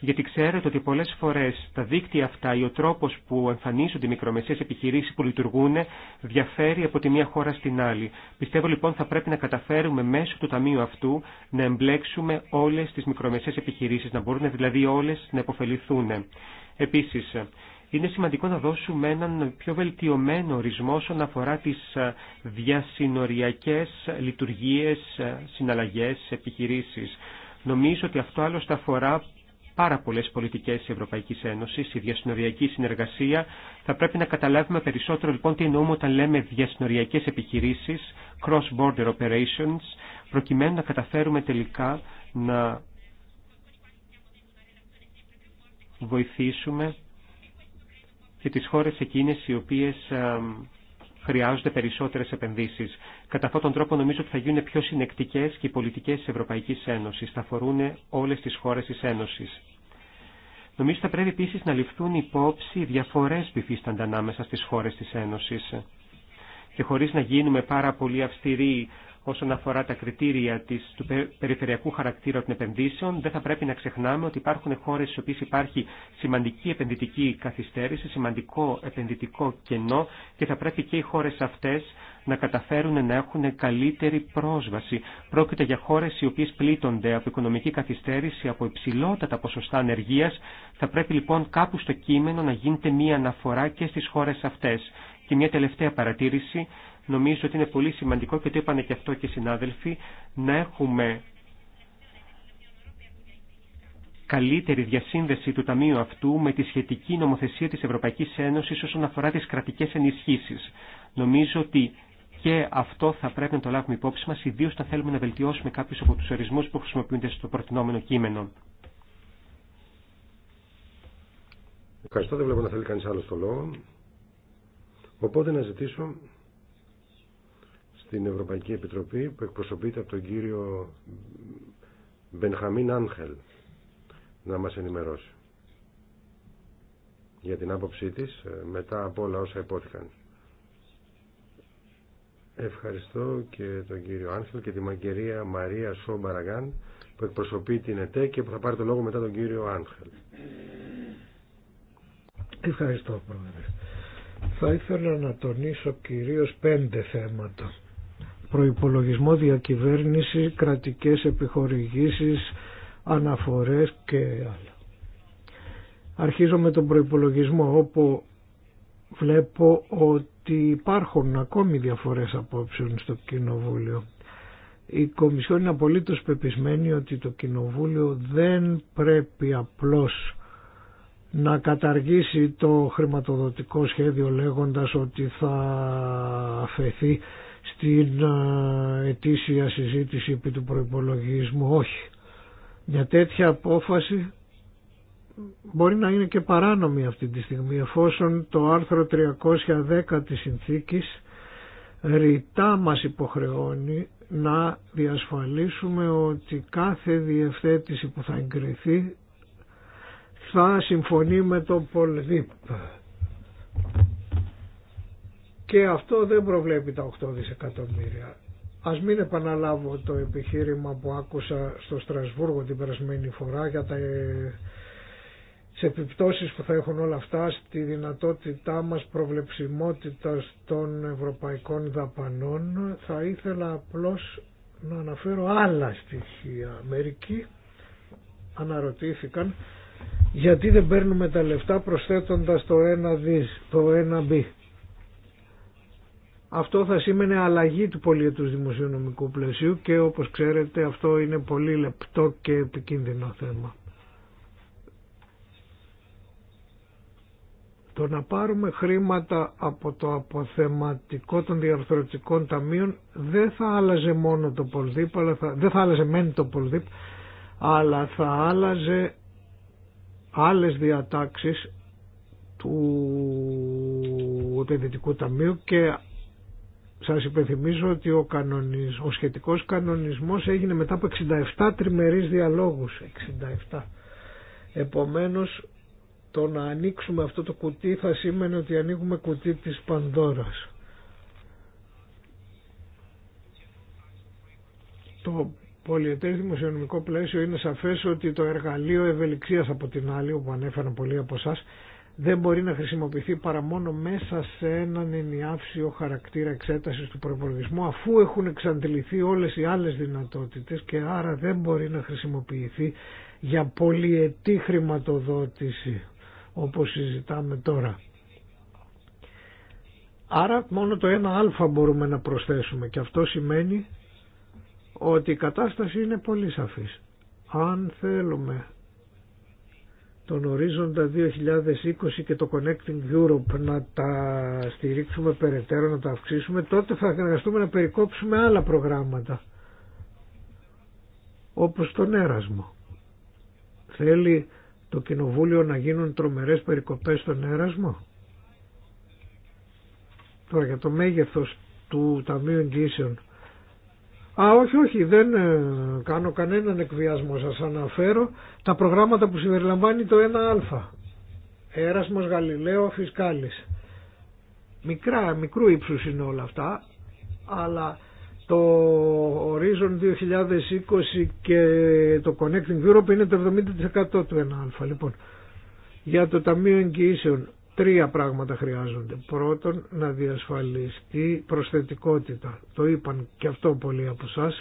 Γιατί ξέρετε ότι πολλές φορές τα δίκτυα αυτά ή ο τρόπος που εμφανίζονται οι μικρομεσαίες επιχειρήσεις που λειτουργούν διαφέρει από τη μία χώρα στην άλλη. Πιστεύω λοιπόν θα πρέπει να καταφέρουμε μέσω του ταμείου αυτού να εμπλέξουμε όλες τις μικρομεσαίες επιχειρήσεις, να μπορούν δηλαδή όλες να υποφεληθούν. Επίσης, είναι σημαντικό να δώσουμε έναν πιο βελτιωμένο ορισμό όσον αφορά τις ε, διασυνοριακές λειτουργίες, ε, συναλλαγές, επιχειρήσεις. Νομίζω ότι αυτό άλλωστε αφορά πάρα πολλέ πολιτικέ τη Ευρωπαϊκή Ένωση, η διασυνοριακή συνεργασία. Θα πρέπει να καταλάβουμε περισσότερο λοιπόν τι εννοούμε όταν λέμε διασυνοριακέ επιχειρήσει, cross-border operations, προκειμένου να καταφέρουμε τελικά να βοηθήσουμε και τις χώρες εκείνες οι οποίες ε, χρειάζονται περισσότερες επενδύσεις. Κατά αυτόν τον τρόπο νομίζω ότι θα γίνουν πιο συνεκτικές και οι πολιτικές της Ευρωπαϊκής Ένωσης. Θα αφορούν όλες τις χώρες της Ένωσης. Νομίζω θα πρέπει επίσης να ληφθούν υπόψη οι διαφορές που υφίστανται ανάμεσα στις χώρες της Ένωσης. Και χωρίς να γίνουμε πάρα πολύ αυστηροί όσον αφορά τα κριτήρια της, του περιφερειακού χαρακτήρα των επενδύσεων, δεν θα πρέπει να ξεχνάμε ότι υπάρχουν χώρε στι οποίε υπάρχει σημαντική επενδυτική καθυστέρηση, σημαντικό επενδυτικό κενό και θα πρέπει και οι χώρε αυτέ να καταφέρουν να έχουν καλύτερη πρόσβαση. Πρόκειται για χώρε οι οποίε πλήττονται από οικονομική καθυστέρηση, από υψηλότατα ποσοστά ανεργία. Θα πρέπει λοιπόν κάπου στο κείμενο να γίνεται μία αναφορά και στι χώρε αυτέ. Και μια τελευταία παρατήρηση νομίζω ότι είναι πολύ σημαντικό και το είπανε και αυτό και οι συνάδελφοι, να έχουμε καλύτερη διασύνδεση του Ταμείου αυτού με τη σχετική νομοθεσία της Ευρωπαϊκής Ένωσης όσον αφορά τις κρατικές ενισχύσεις. Νομίζω ότι και αυτό θα πρέπει να το λάβουμε υπόψη μας, ιδίως θα θέλουμε να βελτιώσουμε κάποιους από τους ορισμούς που χρησιμοποιούνται στο προτινόμενο κείμενο. Ευχαριστώ, δεν βλέπω να θέλει κανείς άλλο το λόγο. Οπότε να ζητήσω την Ευρωπαϊκή Επιτροπή που εκπροσωπείται από τον κύριο Μπενχαμίν Άνχελ να μας ενημερώσει για την άποψή της ε, μετά από όλα όσα υπόθηκαν. Ευχαριστώ και τον κύριο Άνχελ και τη μαγκερία Μαρία Σόμπαραγκάν που εκπροσωπεί την ΕΤΕ και που θα πάρει το λόγο μετά τον κύριο Άνχελ. Ευχαριστώ πρόεδρε. Θα ήθελα να τονίσω κυρίως πέντε θέματα προϋπολογισμό, διακυβέρνηση, κρατικές επιχορηγήσεις, αναφορές και άλλα. Αρχίζω με τον προϋπολογισμό όπου βλέπω ότι υπάρχουν ακόμη διαφορές απόψεων στο Κοινοβούλιο. Η Κομισιόν είναι απολύτως πεπισμένη ότι το Κοινοβούλιο δεν πρέπει απλώς να καταργήσει το χρηματοδοτικό σχέδιο λέγοντας ότι θα αφαιθεί στην ετήσια συζήτηση επί του προϋπολογισμού. Όχι. Μια τέτοια απόφαση μπορεί να είναι και παράνομη αυτή τη στιγμή εφόσον το άρθρο 310 της συνθήκης ρητά μας υποχρεώνει να διασφαλίσουμε ότι κάθε διευθέτηση που θα εγκριθεί θα συμφωνεί με το ΠολΔΙΠ και αυτό δεν προβλέπει τα 8 δισεκατομμύρια. Ας μην επαναλάβω το επιχείρημα που άκουσα στο Στρασβούργο την περασμένη φορά για τα, τις επιπτώσεις που θα έχουν όλα αυτά στη δυνατότητά μας προβλεψιμότητας των ευρωπαϊκών δαπανών θα ήθελα απλώς να αναφέρω άλλα στοιχεία. Μερικοί αναρωτήθηκαν γιατί δεν παίρνουμε τα λεφτά προσθέτοντας το 1 δις, το 1 αυτό θα σήμαινε αλλαγή του πολιετούς δημοσιονομικού πλαισίου και όπως ξέρετε αυτό είναι πολύ λεπτό και επικίνδυνο θέμα. Το να πάρουμε χρήματα από το αποθεματικό των διαρθρωτικών ταμείων δεν θα άλλαζε μόνο το πολδίπ, αλλά θα, δεν θα άλλαζε μεν το πολδίπ, αλλά θα άλλαζε άλλες διατάξεις του επενδυτικού ταμείου και σας υπενθυμίζω ότι ο, κανονισ... ο σχετικός κανονισμός έγινε μετά από 67 τριμερείς διαλόγους. 67. Επομένως το να ανοίξουμε αυτό το κουτί θα σήμαινε ότι ανοίγουμε κουτί της Πανδώρας. Το πολιετές δημοσιονομικό πλαίσιο είναι σαφές ότι το εργαλείο ευελιξίας από την άλλη, όπου ανέφεραν πολλοί από εσά, δεν μπορεί να χρησιμοποιηθεί παρά μόνο μέσα σε έναν ενιάυσιο χαρακτήρα εξέτασης του προπολογισμού αφού έχουν εξαντληθεί όλες οι άλλες δυνατότητες και άρα δεν μπορεί να χρησιμοποιηθεί για πολυετή χρηματοδότηση όπως συζητάμε τώρα. Άρα μόνο το ένα α μπορούμε να προσθέσουμε και αυτό σημαίνει ότι η κατάσταση είναι πολύ σαφής. Αν θέλουμε τον ορίζοντα 2020 και το Connecting Europe να τα στηρίξουμε περαιτέρω, να τα αυξήσουμε, τότε θα εργαστούμε να περικόψουμε άλλα προγράμματα, όπως τον έρασμο. Θέλει το Κοινοβούλιο να γίνουν τρομερές περικοπές στον έρασμο. Τώρα για το μέγεθος του Ταμείου Εγγύσεων Α, όχι, όχι, δεν ε, κάνω κανέναν εκβιασμό. Σας αναφέρω τα προγράμματα που συμπεριλαμβάνει το 1α. Έρασμος Γαλιλαίο Φισκάλη. Μικρά, μικρού ύψου είναι όλα αυτά, αλλά το Horizon 2020 και το Connecting Europe είναι το 70% του 1α. Λοιπόν, για το Ταμείο Εγγυήσεων Τρία πράγματα χρειάζονται. Πρώτον, να διασφαλιστεί προσθετικότητα. Το είπαν και αυτό πολλοί από εσά.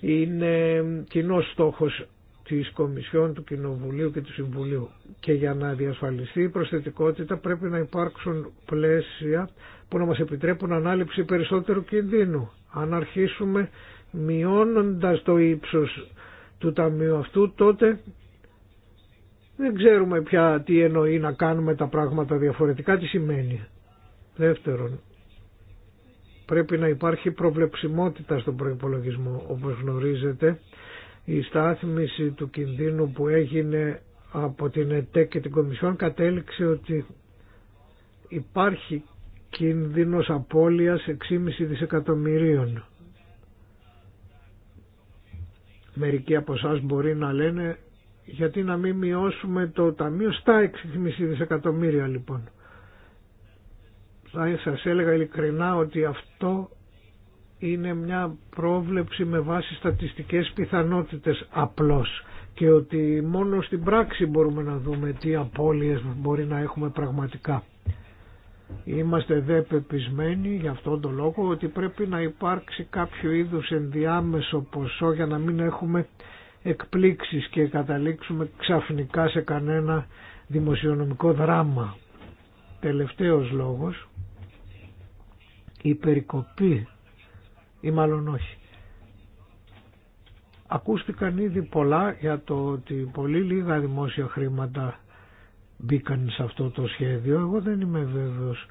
Είναι κοινό στόχος της Κομισιόν του Κοινοβουλίου και του Συμβουλίου. Και για να διασφαλιστεί η προσθετικότητα πρέπει να υπάρξουν πλαίσια που να μας επιτρέπουν ανάληψη περισσότερου κινδύνου. Αν αρχίσουμε μειώνοντας το ύψος του ταμείου αυτού τότε δεν ξέρουμε πια τι εννοεί να κάνουμε τα πράγματα διαφορετικά, τι σημαίνει. Δεύτερον, πρέπει να υπάρχει προβλεψιμότητα στον προϋπολογισμό. Όπως γνωρίζετε, η στάθμιση του κινδύνου που έγινε από την ΕΤΕ και την Κομισιόν κατέληξε ότι υπάρχει κίνδυνος απώλειας 6,5 δισεκατομμυρίων. Μερικοί από εσά μπορεί να λένε γιατί να μην μειώσουμε το ταμείο στα 6,5 δισεκατομμύρια λοιπόν. Θα σας έλεγα ειλικρινά ότι αυτό είναι μια πρόβλεψη με βάση στατιστικές πιθανότητες απλώς και ότι μόνο στην πράξη μπορούμε να δούμε τι απώλειες μπορεί να έχουμε πραγματικά. Είμαστε δε πεπισμένοι για αυτόν τον λόγο ότι πρέπει να υπάρξει κάποιο είδους ενδιάμεσο ποσό για να μην έχουμε εκπλήξεις και καταλήξουμε ξαφνικά σε κανένα δημοσιονομικό δράμα. Τελευταίος λόγος, η περικοπή ή μάλλον όχι. Ακούστηκαν ήδη πολλά για το ότι πολύ λίγα δημόσια χρήματα μπήκαν σε αυτό το σχέδιο. Εγώ δεν είμαι βέβαιος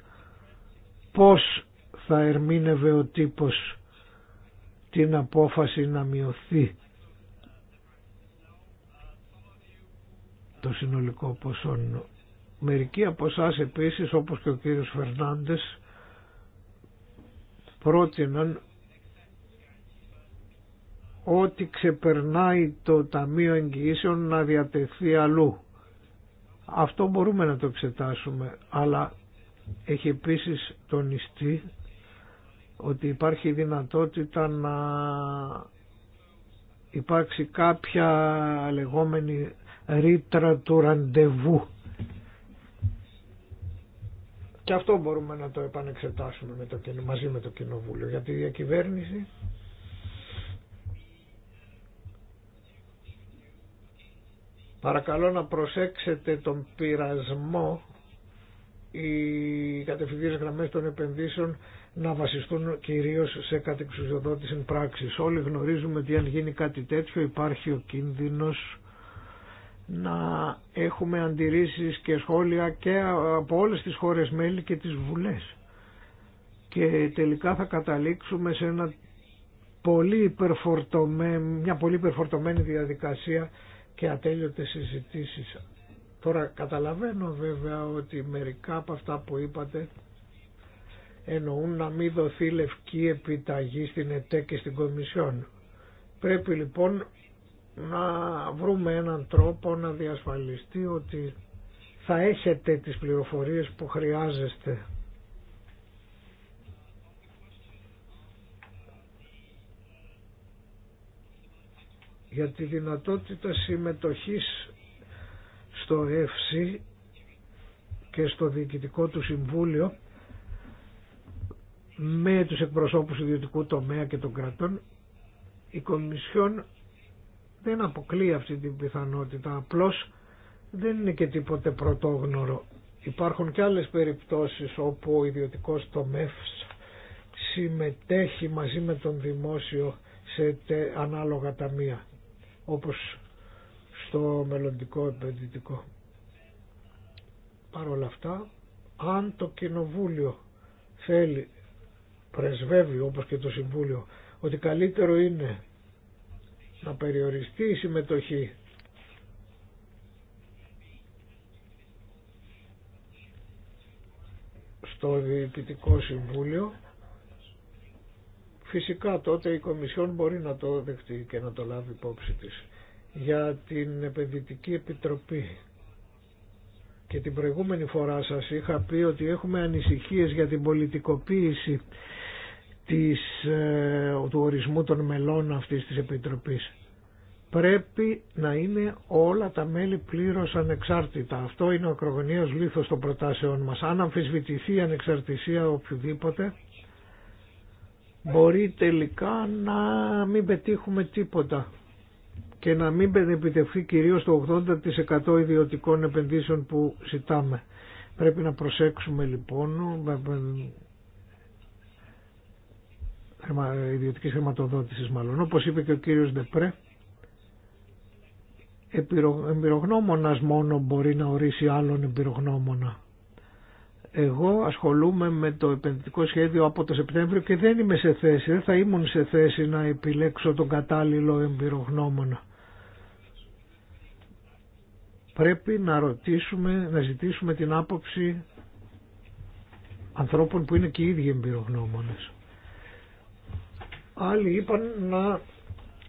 πώς θα ερμήνευε ο τύπος την απόφαση να μειωθεί το συνολικό ποσό. Μερικοί από εσά επίσης όπως και ο κύριος Φερνάντες πρότειναν ότι ξεπερνάει το Ταμείο Εγγυήσεων να διατεθεί αλλού. Αυτό μπορούμε να το εξετάσουμε, αλλά έχει επίσης τονιστεί ότι υπάρχει δυνατότητα να υπάρξει κάποια λεγόμενη ρήτρα του ραντεβού. Και αυτό μπορούμε να το επανεξετάσουμε με το, μαζί με το Κοινοβούλιο. Για τη διακυβέρνηση παρακαλώ να προσέξετε τον πειρασμό οι κατευθυντήρες γραμμές των επενδύσεων να βασιστούν κυρίως σε κατεξουσιοδότηση πράξης. Όλοι γνωρίζουμε ότι αν γίνει κάτι τέτοιο υπάρχει ο κίνδυνος να έχουμε αντιρρήσεις και σχόλια και από όλες τις χώρες μέλη και τις βουλές. Και τελικά θα καταλήξουμε σε ένα πολύ μια πολύ υπερφορτωμένη διαδικασία και ατέλειωτες συζητήσεις. Τώρα καταλαβαίνω βέβαια ότι μερικά από αυτά που είπατε εννοούν να μην δοθεί λευκή επιταγή στην ΕΤΕ και στην Κομισιόν. Πρέπει λοιπόν να βρούμε έναν τρόπο να διασφαλιστεί ότι θα έχετε τις πληροφορίες που χρειάζεστε. Για τη δυνατότητα συμμετοχής στο ΕΦΣΥ και στο Διοικητικό του Συμβούλιο με τους εκπροσώπους ιδιωτικού τομέα και των κρατών η Κομισιόν δεν αποκλεί αυτή την πιθανότητα, απλώς δεν είναι και τίποτε πρωτόγνωρο. Υπάρχουν και άλλες περιπτώσεις όπου ο ιδιωτικός τομέας συμμετέχει μαζί με τον δημόσιο σε τε, ανάλογα ταμεία, όπως στο μελλοντικό επενδυτικό. Παρ' όλα αυτά, αν το Κοινοβούλιο θέλει, πρεσβεύει όπως και το Συμβούλιο, ότι καλύτερο είναι να περιοριστεί η συμμετοχή στο Διοικητικό Συμβούλιο φυσικά τότε η Κομισιόν μπορεί να το δεχτεί και να το λάβει υπόψη της για την Επενδυτική Επιτροπή και την προηγούμενη φορά σας είχα πει ότι έχουμε ανησυχίες για την πολιτικοποίηση της, ε, του ορισμού των μελών αυτής της Επιτροπής. Πρέπει να είναι όλα τα μέλη πλήρως ανεξάρτητα. Αυτό είναι ο ακρογωνίος λήθος των προτάσεών μας. Αν αμφισβητηθεί η ανεξαρτησία οποιοδήποτε, μπορεί τελικά να μην πετύχουμε τίποτα και να μην επιτευχθεί κυρίως το 80% ιδιωτικών επενδύσεων που ζητάμε. Πρέπει να προσέξουμε λοιπόν ιδιωτικής χρηματοδότησης μάλλον. Όπως είπε και ο κύριος Ντεπρέ, εμπειρογνώμονας μόνο μπορεί να ορίσει άλλον εμπειρογνώμονα. Εγώ ασχολούμαι με το επενδυτικό σχέδιο από το Σεπτέμβριο και δεν είμαι σε θέση, δεν θα ήμουν σε θέση να επιλέξω τον κατάλληλο εμπειρογνώμονα. Πρέπει να ρωτήσουμε, να ζητήσουμε την άποψη ανθρώπων που είναι και οι ίδιοι εμπειρογνώμονες. Άλλοι είπαν να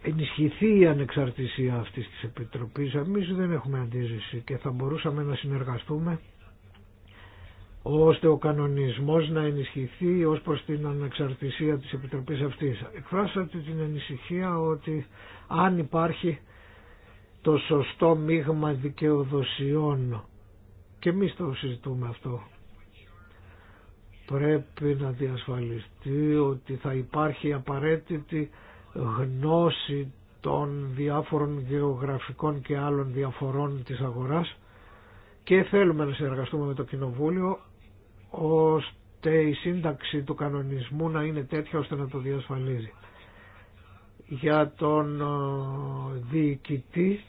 ενισχυθεί η ανεξαρτησία αυτής της Επιτροπής. Εμείς δεν έχουμε αντίρρηση και θα μπορούσαμε να συνεργαστούμε ώστε ο κανονισμός να ενισχυθεί ως προς την ανεξαρτησία της Επιτροπής αυτής. Εκφράσατε την ανησυχία ότι αν υπάρχει το σωστό μείγμα δικαιοδοσιών και εμείς το συζητούμε αυτό πρέπει να διασφαλιστεί ότι θα υπάρχει απαραίτητη γνώση των διάφορων γεωγραφικών και άλλων διαφορών της αγοράς και θέλουμε να συνεργαστούμε με το Κοινοβούλιο ώστε η σύνταξη του κανονισμού να είναι τέτοια ώστε να το διασφαλίζει. Για τον ε, διοικητή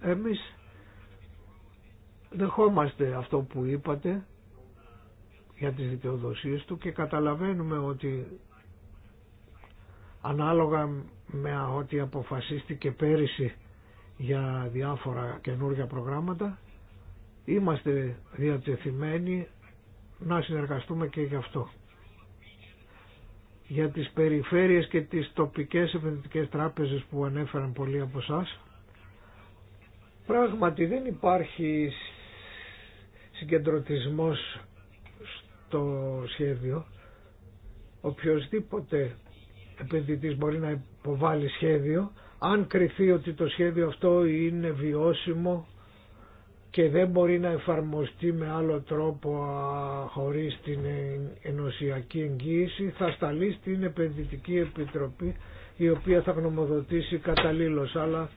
εμείς δεχόμαστε αυτό που είπατε για τις δικαιοδοσίες του και καταλαβαίνουμε ότι ανάλογα με ό,τι αποφασίστηκε πέρυσι για διάφορα καινούργια προγράμματα είμαστε διατεθειμένοι να συνεργαστούμε και γι' αυτό. Για τις περιφέρειες και τις τοπικές επενδυτικές τράπεζες που ανέφεραν πολλοί από εσά. πράγματι δεν υπάρχει συγκεντρωτισμός το σχέδιο. Οποιοςδήποτε επενδυτής μπορεί να υποβάλει σχέδιο αν κριθεί ότι το σχέδιο αυτό είναι βιώσιμο και δεν μπορεί να εφαρμοστεί με άλλο τρόπο χωρίς την ενωσιακή εγγύηση θα σταλεί στην Επενδυτική Επιτροπή η οποία θα γνωμοδοτήσει καταλήλως αλλά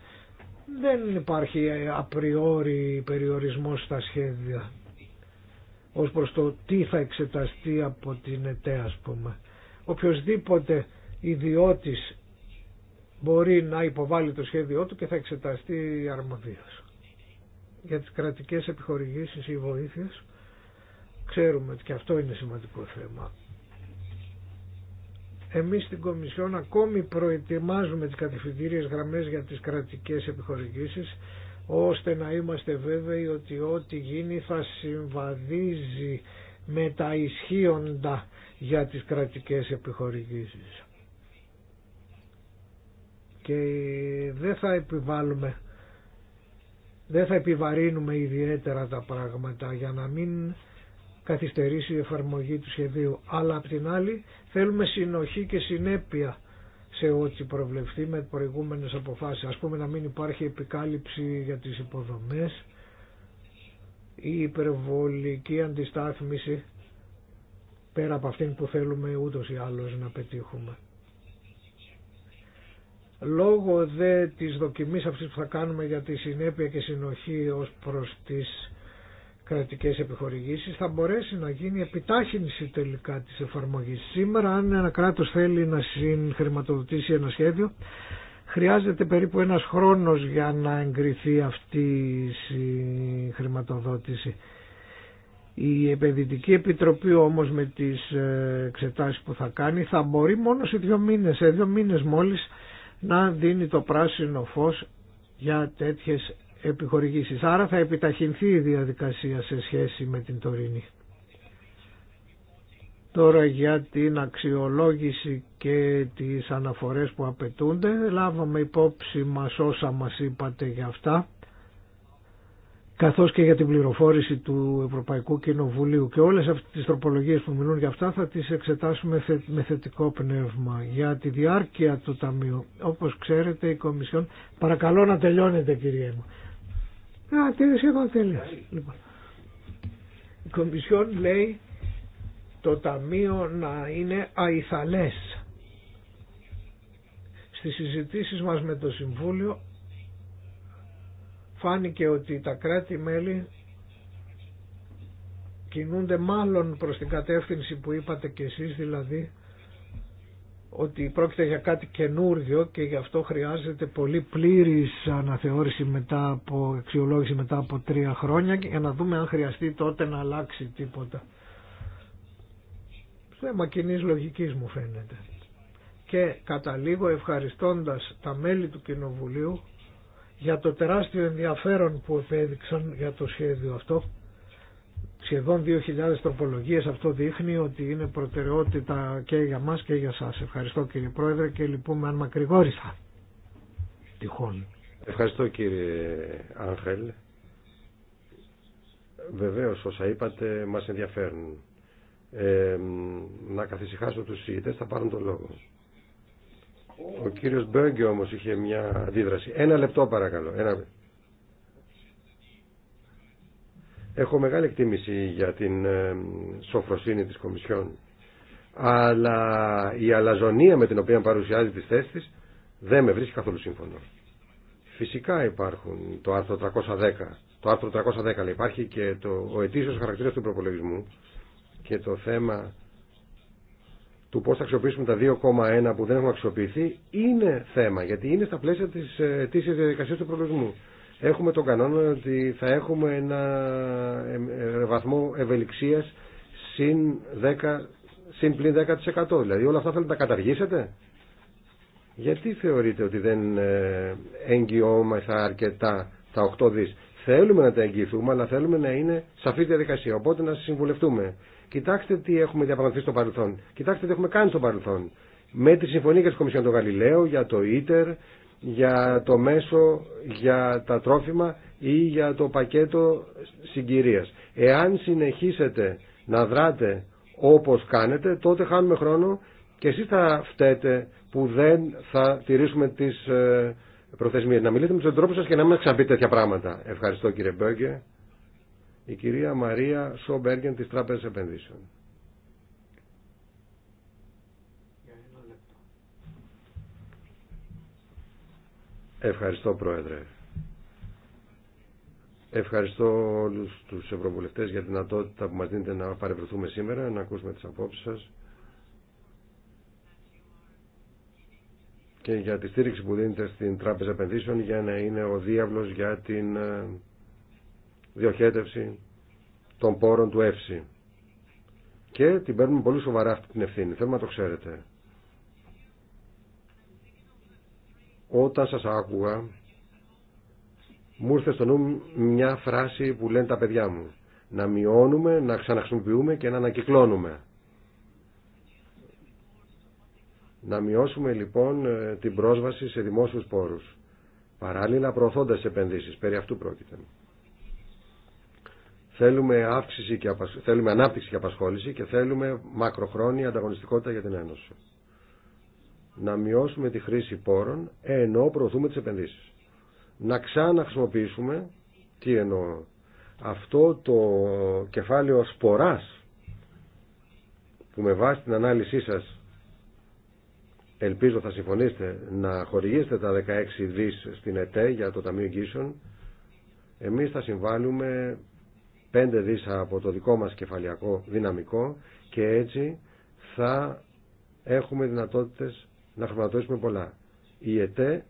δεν υπάρχει απριόρι περιορισμός στα σχέδια ως προς το τι θα εξεταστεί από την ΕΤΕ ας πούμε. Οποιοςδήποτε ιδιώτης μπορεί να υποβάλει το σχέδιό του και θα εξεταστεί αρμοδίως. Για τις κρατικές επιχορηγήσεις ή βοήθειες ξέρουμε ότι και αυτό είναι σημαντικό θέμα. Εμείς στην Κομισιόν ακόμη προετοιμάζουμε τις κατευθυντήριες γραμμές για τις κρατικές επιχορηγήσεις ώστε να είμαστε βέβαιοι ότι ό,τι γίνει θα συμβαδίζει με τα ισχύοντα για τις κρατικές επιχορηγήσεις. Και δεν θα επιβάλλουμε, δεν θα επιβαρύνουμε ιδιαίτερα τα πράγματα για να μην καθυστερήσει η εφαρμογή του σχεδίου. Αλλά απ' την άλλη θέλουμε συνοχή και συνέπεια σε ό,τι προβλεφθεί με προηγούμενες αποφάσεις. Ας πούμε να μην υπάρχει επικάλυψη για τις υποδομές ή υπερβολική αντιστάθμιση πέρα από αυτήν που θέλουμε ούτως ή άλλως να πετύχουμε. Λόγω δε της δοκιμής αυτής που θα κάνουμε για τη συνέπεια και συνοχή ως προς τις κρατικές επιχορηγήσεις θα μπορέσει να γίνει επιτάχυνση τελικά της εφαρμογής. Σήμερα αν ένα κράτος θέλει να συγχρηματοδοτήσει ένα σχέδιο χρειάζεται περίπου ένας χρόνος για να εγκριθεί αυτή η συγχρηματοδότηση. Η Επενδυτική Επιτροπή όμως με τις ε, εξετάσεις που θα κάνει θα μπορεί μόνο σε δύο μήνες, σε δύο μήνες μόλις να δίνει το πράσινο φως για τέτοιες επιχορηγήσεις. Άρα θα επιταχυνθεί η διαδικασία σε σχέση με την τωρινή. Τώρα για την αξιολόγηση και τις αναφορές που απαιτούνται, λάβαμε υπόψη μας όσα μας είπατε για αυτά, καθώς και για την πληροφόρηση του Ευρωπαϊκού Κοινοβουλίου και όλες αυτές τις τροπολογίες που μιλούν για αυτά θα τις εξετάσουμε με θετικό πνεύμα. Για τη διάρκεια του Ταμείου, όπως ξέρετε η Κομισιόν, παρακαλώ να τελειώνετε κυρία μου, Α, τέλειωσε εγώ λοιπόν. Η Κομισιόν λέει το Ταμείο να είναι αϊθαλές. Στις συζητήσεις μας με το Συμβούλιο φάνηκε ότι τα κράτη-μέλη κινούνται μάλλον προς την κατεύθυνση που είπατε και εσείς δηλαδή ότι πρόκειται για κάτι καινούργιο και γι' αυτό χρειάζεται πολύ πλήρης αναθεώρηση μετά από, αξιολόγηση μετά από τρία χρόνια για να δούμε αν χρειαστεί τότε να αλλάξει τίποτα. Θέμα κοινή λογικής μου φαίνεται. Και καταλήγω ευχαριστώντας τα μέλη του Κοινοβουλίου για το τεράστιο ενδιαφέρον που επέδειξαν για το σχέδιο αυτό σχεδόν 2.000 τροπολογίες αυτό δείχνει ότι είναι προτεραιότητα και για μας και για σας. Ευχαριστώ κύριε Πρόεδρε και λυπούμε αν μακρηγόρησα τυχόν. Ευχαριστώ κύριε Άγχελ. Βεβαίως όσα είπατε μας ενδιαφέρουν. Ε, να καθησυχάσω τους συζητητές θα πάρουν τον λόγο. Ο κύριος Μπέγκε όμως είχε μια αντίδραση. Ένα λεπτό παρακαλώ. Ένα... Έχω μεγάλη εκτίμηση για την ε, σοφροσύνη της Κομισιόν. Αλλά η αλαζονία με την οποία παρουσιάζει τις θέσει δεν με βρίσκει καθόλου σύμφωνο. Φυσικά υπάρχουν το άρθρο 310. Το άρθρο 310 υπάρχει και το, ο ετήσιος χαρακτήρας του προπολογισμού και το θέμα του πώς θα αξιοποιήσουμε τα 2,1 που δεν έχουν αξιοποιηθεί είναι θέμα, γιατί είναι στα πλαίσια της ε, ετήσιας διαδικασίας του προπολογισμού έχουμε τον κανόνα ότι θα έχουμε ένα ε, βαθμό ευελιξίας συν, 10, πλην 10%. Δηλαδή όλα αυτά θέλετε να τα καταργήσετε. Γιατί θεωρείτε ότι δεν ε, εγγυόμαστε αρκετά τα 8 δις. Θέλουμε να τα εγγυηθούμε, αλλά θέλουμε να είναι σαφή διαδικασία. Οπότε να συμβουλευτούμε. Κοιτάξτε τι έχουμε διαπραγματευτεί στο παρελθόν. Κοιτάξτε τι έχουμε κάνει στο παρελθόν με τη συμφωνία και της Κομισιόν του Γαλιλαίων, για το ΊΤΕΡ, για το μέσο, για τα τρόφιμα ή για το πακέτο συγκυρίας. Εάν συνεχίσετε να δράτε όπως κάνετε, τότε χάνουμε χρόνο και εσείς θα φταίτε που δεν θα τηρήσουμε τις ε, προθεσμίες. Να μιλείτε με τον τρόπο σας και να μην ξαναπείτε τέτοια πράγματα. Ευχαριστώ κύριε Μπέγκε. Η κυρία Μαρία Σομπέργεν της Τράπεζας Επενδύσεων. Ευχαριστώ Πρόεδρε. Ευχαριστώ όλους τους Ευρωβουλευτές για τη δυνατότητα που μας δίνετε να παρευρεθούμε σήμερα, να ακούσουμε τις απόψεις σας και για τη στήριξη που δίνετε στην Τράπεζα Επενδύσεων για να είναι ο διάβλος για την ε, διοχέτευση των πόρων του ΕΦΣΥ. Και την παίρνουμε πολύ σοβαρά αυτή την ευθύνη. Θέλουμε να το ξέρετε. Όταν σας άκουγα, μου ήρθε στο νου μια φράση που λένε τα παιδιά μου. Να μειώνουμε, να ξαναχρησιμοποιούμε και να ανακυκλώνουμε. Να μειώσουμε λοιπόν ε, την πρόσβαση σε δημόσιους πόρους. Παράλληλα προωθώντας επενδύσεις. Περί αυτού πρόκειται. Θέλουμε, αύξηση και θέλουμε ανάπτυξη και απασχόληση και θέλουμε μακροχρόνια ανταγωνιστικότητα για την Ένωση να μειώσουμε τη χρήση πόρων ε, ενώ προωθούμε τις επενδύσεις. Να ξαναχρησιμοποιήσουμε, τι εννοώ, αυτό το κεφάλαιο σποράς που με βάση την ανάλυση σας ελπίζω θα συμφωνήσετε να χορηγήσετε τα 16 δις στην ΕΤΕ για το Ταμείο Εγγύσεων εμείς θα συμβάλλουμε 5 δις από το δικό μας κεφαλιακό δυναμικό και έτσι θα έχουμε δυνατότητες να χρηματοδοτήσουμε πολλά. Η ΕΤΕ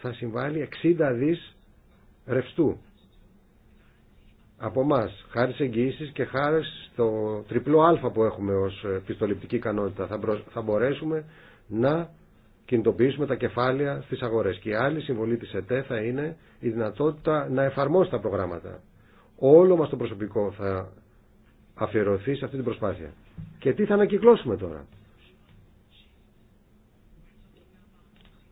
θα συμβάλλει 60 δις ρευστού από εμά, χάρη σε εγγυήσει και χάρη στο τριπλό Α που έχουμε ω πιστοληπτική ικανότητα, θα, θα μπορέσουμε να κινητοποιήσουμε τα κεφάλαια στι αγορέ. Και η άλλη συμβολή τη ΕΤΕ θα είναι η δυνατότητα να εφαρμόσει τα προγράμματα. Όλο μα το προσωπικό θα αφιερωθεί σε αυτή την προσπάθεια. Και τι θα ανακυκλώσουμε τώρα.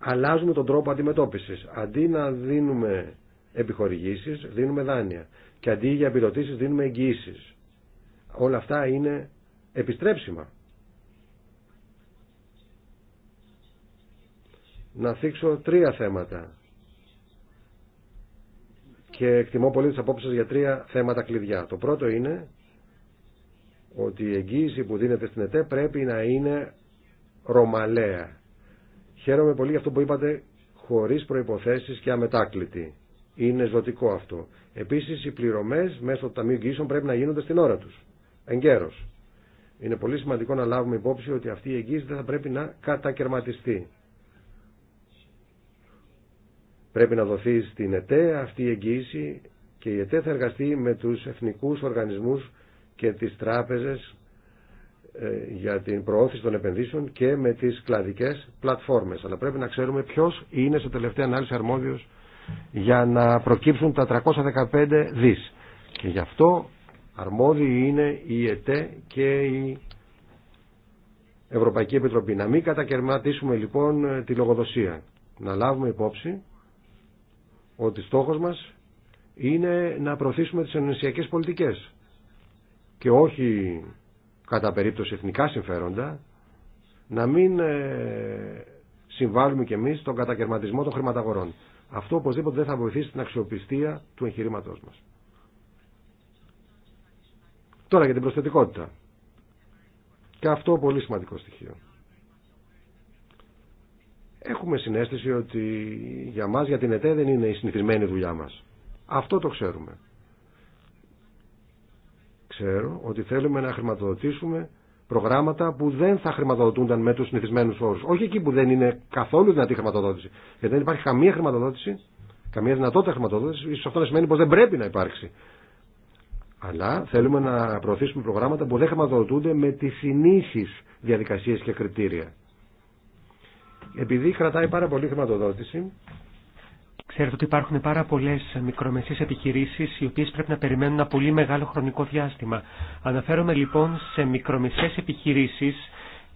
αλλάζουμε τον τρόπο αντιμετώπισης. Αντί να δίνουμε επιχορηγήσεις, δίνουμε δάνεια. Και αντί για επιδοτήσει, δίνουμε εγγυήσει. Όλα αυτά είναι επιστρέψιμα. Να θίξω τρία θέματα. Και εκτιμώ πολύ τις απόψεις για τρία θέματα κλειδιά. Το πρώτο είναι ότι η εγγύηση που δίνεται στην ΕΤΕ πρέπει να είναι ρωμαλαία Χαίρομαι πολύ για αυτό που είπατε, χωρίς προϋποθέσεις και αμετάκλητη. Είναι ζωτικό αυτό. Επίσης, οι πληρωμέ μέσω του Ταμείου Εγγύσεων πρέπει να γίνονται στην ώρα τους. Εγκαίρως. Είναι πολύ σημαντικό να λάβουμε υπόψη ότι αυτή η εγγύηση δεν θα πρέπει να κατακαιρματιστεί. Πρέπει να δοθεί στην ΕΤΕ αυτή η εγγύηση και η ΕΤΕ θα εργαστεί με του εθνικού οργανισμού και τις τράπεζες ε, για την προώθηση των επενδύσεων και με τις κλαδικές πλατφόρμες. Αλλά πρέπει να ξέρουμε ποιος είναι σε τελευταία ανάλυση αρμόδιος για να προκύψουν τα 315 δις. Και γι' αυτό αρμόδιοι είναι η ΕΤΕ και η Ευρωπαϊκή Επιτροπή. Να μην κατακαιρματίσουμε λοιπόν ε, τη λογοδοσία. Να λάβουμε υπόψη ότι στόχος μας είναι να προωθήσουμε τις ενωσιακές πολιτικές και όχι κατά περίπτωση εθνικά συμφέροντα, να μην ε, συμβάλλουμε κι εμείς στον κατακαιρματισμό των χρηματαγορών. Αυτό οπωσδήποτε δεν θα βοηθήσει την αξιοπιστία του εγχειρήματός μας. Τώρα για την προσθετικότητα. Και αυτό πολύ σημαντικό στοιχείο. Έχουμε συνέστηση ότι για μας, για την ΕΤΕ δεν είναι η συνηθισμένη δουλειά μας. Αυτό το ξέρουμε ξέρω ότι θέλουμε να χρηματοδοτήσουμε προγράμματα που δεν θα χρηματοδοτούνταν με του συνηθισμένου όρου. Όχι εκεί που δεν είναι καθόλου δυνατή χρηματοδότηση. Γιατί δεν υπάρχει καμία χρηματοδότηση, καμία δυνατότητα χρηματοδότηση. ίσω αυτό να σημαίνει πω δεν πρέπει να υπάρξει. Αλλά θέλουμε να προωθήσουμε προγράμματα που δεν χρηματοδοτούνται με τι συνήθει διαδικασίε και κριτήρια. Επειδή κρατάει πάρα πολύ χρηματοδότηση, Ξέρετε ότι υπάρχουν πάρα πολλέ μικρομεσαίε επιχειρήσει οι οποίε πρέπει να περιμένουν ένα πολύ μεγάλο χρονικό διάστημα. Αναφέρομαι λοιπόν σε μικρομεσαίε επιχειρήσει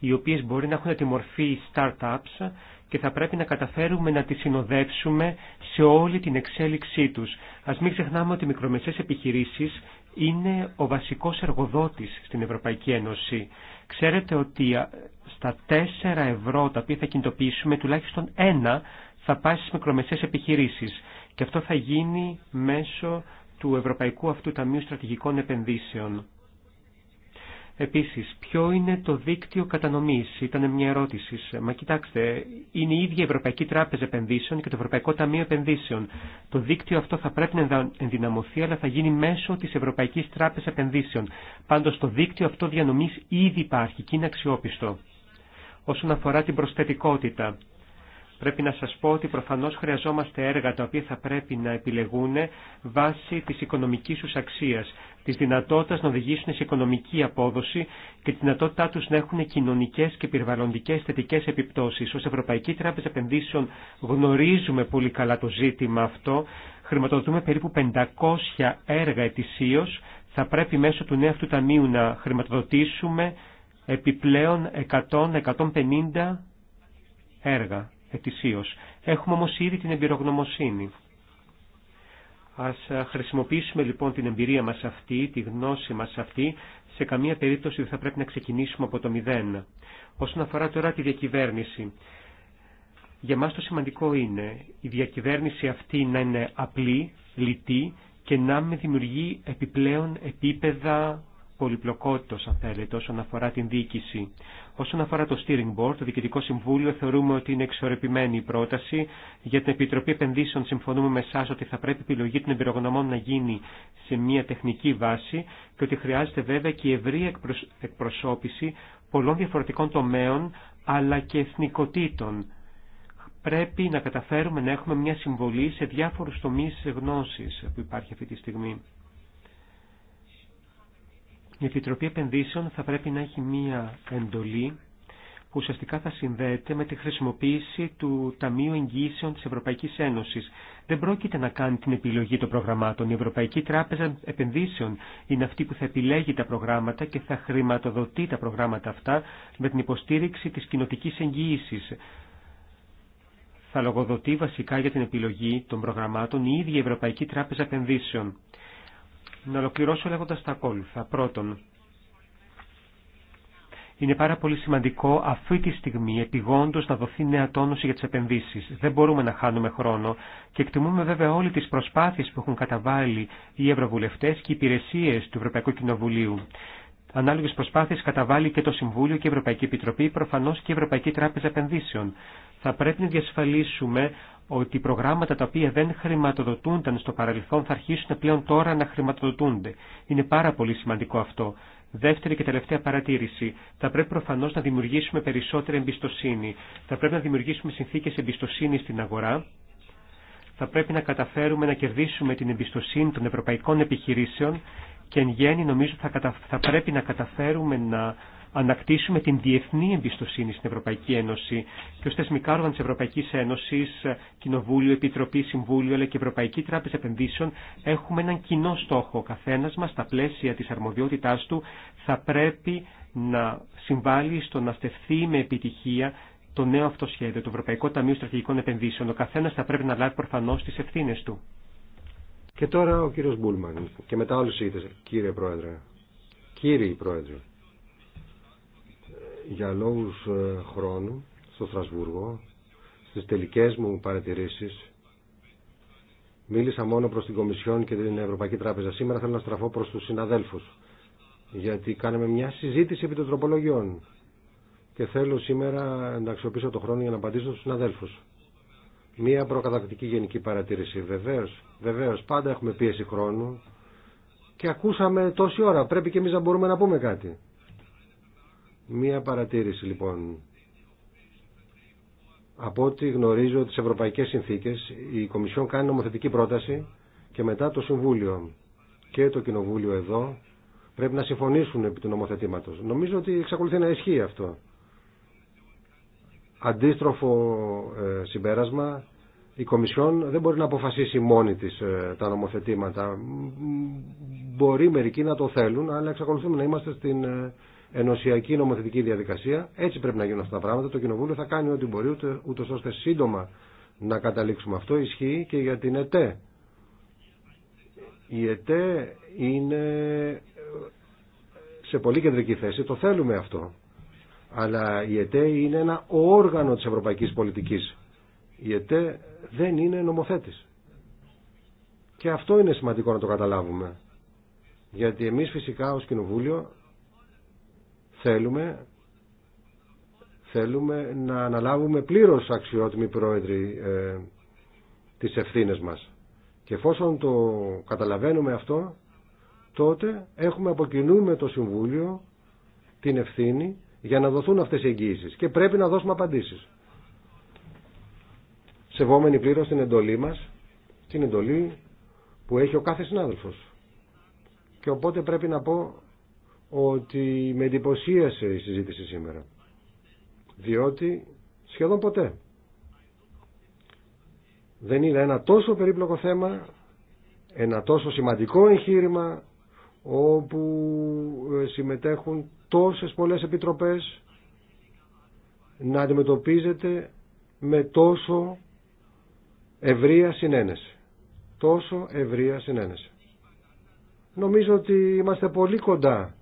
οι οποίε μπορεί να έχουν τη μορφή startups και θα πρέπει να καταφέρουμε να τι συνοδεύσουμε σε όλη την εξέλιξή του. Α μην ξεχνάμε ότι οι μικρομεσαίε επιχειρήσει είναι ο βασικό εργοδότη στην Ευρωπαϊκή Ένωση. Ξέρετε ότι ε, στα 4 ευρώ τα οποία θα κινητοποιήσουμε τουλάχιστον ένα θα πάει στι μικρομεσαίε επιχειρήσεις και αυτό θα γίνει μέσω του Ευρωπαϊκού Αυτού Ταμείου Στρατηγικών Επενδύσεων. Επίσης, ποιο είναι το δίκτυο κατανομής, ήταν μια ερώτηση. Μα κοιτάξτε, είναι η ίδια η Ευρωπαϊκή Τράπεζα Επενδύσεων και το Ευρωπαϊκό Ταμείο Επενδύσεων. Το δίκτυο αυτό θα πρέπει να ενδυναμωθεί, αλλά θα γίνει μέσω της Ευρωπαϊκής Τράπεζας Επενδύσεων. Πάντως το δίκτυο αυτό διανομής ήδη υπάρχει και είναι αξιόπιστο. Όσον αφορά την προσθετικότητα, Πρέπει να σας πω ότι προφανώς χρειαζόμαστε έργα τα οποία θα πρέπει να επιλεγούν βάσει της οικονομικής τους αξίας, της δυνατότητας να οδηγήσουν σε οικονομική απόδοση και τη δυνατότητά τους να έχουν κοινωνικές και περιβαλλοντικές θετικές επιπτώσεις. Ως Ευρωπαϊκή Τράπεζα Επενδύσεων γνωρίζουμε πολύ καλά το ζήτημα αυτό. Χρηματοδοτούμε περίπου 500 έργα ετησίως. Θα πρέπει μέσω του νέου αυτού ταμείου να χρηματοδοτήσουμε επιπλέον 100-150 έργα. Έχουμε όμως ήδη την εμπειρογνωμοσύνη. Ας ε, χρησιμοποιήσουμε λοιπόν την εμπειρία μας αυτή, τη γνώση μας αυτή, σε καμία περίπτωση δεν θα πρέπει να ξεκινήσουμε από το μηδέν. Όσον αφορά τώρα τη διακυβέρνηση, για μας το σημαντικό είναι η διακυβέρνηση αυτή να είναι απλή, λιτή και να μην δημιουργεί επιπλέον επίπεδα πολυπλοκότητος, αν θέλετε, όσον αφορά την διοίκηση. Όσον αφορά το Steering Board, το Διοικητικό Συμβούλιο, θεωρούμε ότι είναι εξορρεπημένη η πρόταση. Για την Επιτροπή Επενδύσεων συμφωνούμε με εσά ότι θα πρέπει η επιλογή των εμπειρογνωμών να γίνει σε μια τεχνική βάση και ότι χρειάζεται βέβαια και ευρύ εκπροσώπηση πολλών διαφορετικών τομέων αλλά και εθνικοτήτων. Πρέπει να καταφέρουμε να έχουμε μια συμβολή σε διάφορους τομείς γνώσης που υπάρχει αυτή τη στιγμή η Επιτροπή Επενδύσεων θα πρέπει να έχει μία εντολή που ουσιαστικά θα συνδέεται με τη χρησιμοποίηση του Ταμείου Εγγύσεων της Ευρωπαϊκής Ένωσης. Δεν πρόκειται να κάνει την επιλογή των προγραμμάτων. Η Ευρωπαϊκή Τράπεζα Επενδύσεων είναι αυτή που θα επιλέγει τα προγράμματα και θα χρηματοδοτεί τα προγράμματα αυτά με την υποστήριξη της κοινοτική εγγύησης. Θα λογοδοτεί βασικά για την επιλογή των προγραμμάτων η ίδια η Ευρωπαϊκή Τράπεζα Επενδύσεων να ολοκληρώσω λέγοντα τα ακόλουθα. Πρώτον, είναι πάρα πολύ σημαντικό αυτή τη στιγμή επιγόντω να δοθεί νέα τόνωση για τι επενδύσει. Δεν μπορούμε να χάνουμε χρόνο και εκτιμούμε βέβαια όλε τι προσπάθειε που έχουν καταβάλει οι Ευρωβουλευτέ και οι υπηρεσίε του Ευρωπαϊκού Κοινοβουλίου. Ανάλογε προσπάθειε καταβάλει και το Συμβούλιο και η Ευρωπαϊκή Επιτροπή, προφανώ και η Ευρωπαϊκή Τράπεζα Επενδύσεων. Θα πρέπει να διασφαλίσουμε ότι προγράμματα τα οποία δεν χρηματοδοτούνταν στο παρελθόν θα αρχίσουν πλέον τώρα να χρηματοδοτούνται. Είναι πάρα πολύ σημαντικό αυτό. Δεύτερη και τελευταία παρατήρηση. Θα πρέπει προφανώς να δημιουργήσουμε περισσότερη εμπιστοσύνη. Θα πρέπει να δημιουργήσουμε συνθήκες εμπιστοσύνη στην αγορά. Θα πρέπει να καταφέρουμε να κερδίσουμε την εμπιστοσύνη των ευρωπαϊκών επιχειρήσεων και εν γέννη νομίζω θα, κατα... θα πρέπει να καταφέρουμε να ανακτήσουμε την διεθνή εμπιστοσύνη στην Ευρωπαϊκή Ένωση και ω θεσμικά όργανα τη Ευρωπαϊκή Ένωση, Κοινοβούλιο, Επιτροπή, Συμβούλιο αλλά και Ευρωπαϊκή Τράπεζα Επενδύσεων έχουμε έναν κοινό στόχο. Ο καθένα μα στα πλαίσια τη αρμοδιότητά του θα πρέπει να συμβάλλει στο να στεφθεί με επιτυχία το νέο αυτό σχέδιο, το Ευρωπαϊκό Ταμείο Στρατηγικών Επενδύσεων. Ο καθένα θα πρέπει να λάβει προφανώ τι ευθύνε του. Και τώρα ο κύριο Μπούλμαν και μετά όλου οι Κύριε Πρόεδρε. Πρόεδρε για λόγους ε, χρόνου στο Στρασβούργο στις τελικές μου παρατηρήσεις μίλησα μόνο προς την Κομισιόν και την Ευρωπαϊκή Τράπεζα. Σήμερα θέλω να στραφώ προς τους συναδέλφους γιατί κάναμε μια συζήτηση επί των τροπολογιών και θέλω σήμερα να αξιοποιήσω το χρόνο για να απαντήσω στους συναδέλφους. Μία προκατακτική γενική παρατήρηση. Βεβαίως, βεβαίως, πάντα έχουμε πίεση χρόνου και ακούσαμε τόση ώρα. Πρέπει και εμεί να μπορούμε να πούμε κάτι. Μία παρατήρηση λοιπόν. Από ό,τι γνωρίζω τις ευρωπαϊκές συνθήκες, η Κομισιόν κάνει νομοθετική πρόταση και μετά το Συμβούλιο και το Κοινοβούλιο εδώ πρέπει να συμφωνήσουν επί του νομοθετήματος. Νομίζω ότι εξακολουθεί να ισχύει αυτό. Αντίστροφο ε, συμπέρασμα, η Κομισιόν δεν μπορεί να αποφασίσει μόνη της ε, τα νομοθετήματα. Μπορεί μερικοί να το θέλουν, αλλά εξακολουθούμε να είμαστε στην ε, ενωσιακή νομοθετική διαδικασία. Έτσι πρέπει να γίνουν αυτά τα πράγματα. Το Κοινοβούλιο θα κάνει ό,τι μπορεί, ούτω ώστε σύντομα να καταλήξουμε. Αυτό ισχύει και για την ΕΤΕ. Η ΕΤΕ είναι ε, σε πολύ κεντρική θέση. Το θέλουμε αυτό. Αλλά η ΕΤΕ είναι ένα όργανο της ευρωπαϊκής πολιτικής. Η ΕΤΕ δεν είναι νομοθέτης. Και αυτό είναι σημαντικό να το καταλάβουμε. Γιατί εμείς φυσικά ως Κοινοβούλιο Θέλουμε, θέλουμε να αναλάβουμε πλήρως αξιότιμοι πρόεδροι ε, τις ευθύνες μας. Και εφόσον το καταλαβαίνουμε αυτό, τότε έχουμε από το Συμβούλιο την ευθύνη για να δοθούν αυτές οι εγγύησεις και πρέπει να δώσουμε απαντήσεις. Σεβόμενοι πλήρως την εντολή μας, την εντολή που έχει ο κάθε συνάδελφος. Και οπότε πρέπει να πω ότι με εντυπωσίασε η συζήτηση σήμερα. Διότι σχεδόν ποτέ δεν είναι ένα τόσο περίπλοκο θέμα, ένα τόσο σημαντικό εγχείρημα, όπου ε, συμμετέχουν τόσες πολλές επιτροπές να αντιμετωπίζεται με τόσο ευρεία συνένεση. Τόσο ευρεία συνένεση. Νομίζω ότι είμαστε πολύ κοντά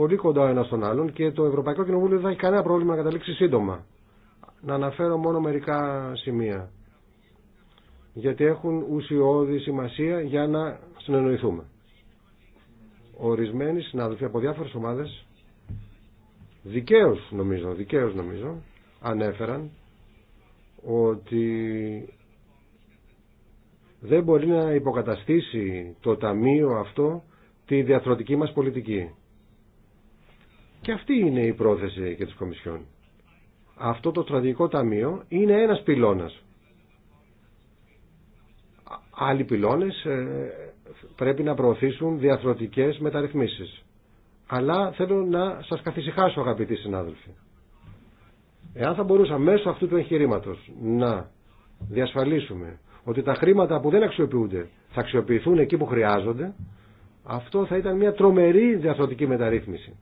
πολύ κοντά ο στον άλλον και το Ευρωπαϊκό Κοινοβούλιο δεν θα έχει κανένα πρόβλημα να καταλήξει σύντομα. Να αναφέρω μόνο μερικά σημεία. Γιατί έχουν ουσιώδη σημασία για να συνεννοηθούμε. Ορισμένοι συνάδελφοι από διάφορε ομάδε, δικαίω, νομίζω, δικαίως νομίζω ανέφεραν ότι δεν μπορεί να υποκαταστήσει το ταμείο αυτό τη διαθροτική μας πολιτική. Και αυτή είναι η πρόθεση και της Κομισιόν. Αυτό το στρατηγικό ταμείο είναι ένας πυλώνας. Άλλοι πυλώνες ε, πρέπει να προωθήσουν διαθροτικές μεταρρυθμίσεις. Αλλά θέλω να σας καθησυχάσω αγαπητοί συνάδελφοι. Εάν θα μπορούσα μέσω αυτού του εγχειρήματο να διασφαλίσουμε ότι τα χρήματα που δεν αξιοποιούνται θα αξιοποιηθούν εκεί που χρειάζονται, αυτό θα ήταν μια τρομερή διαθροτική μεταρρύθμιση.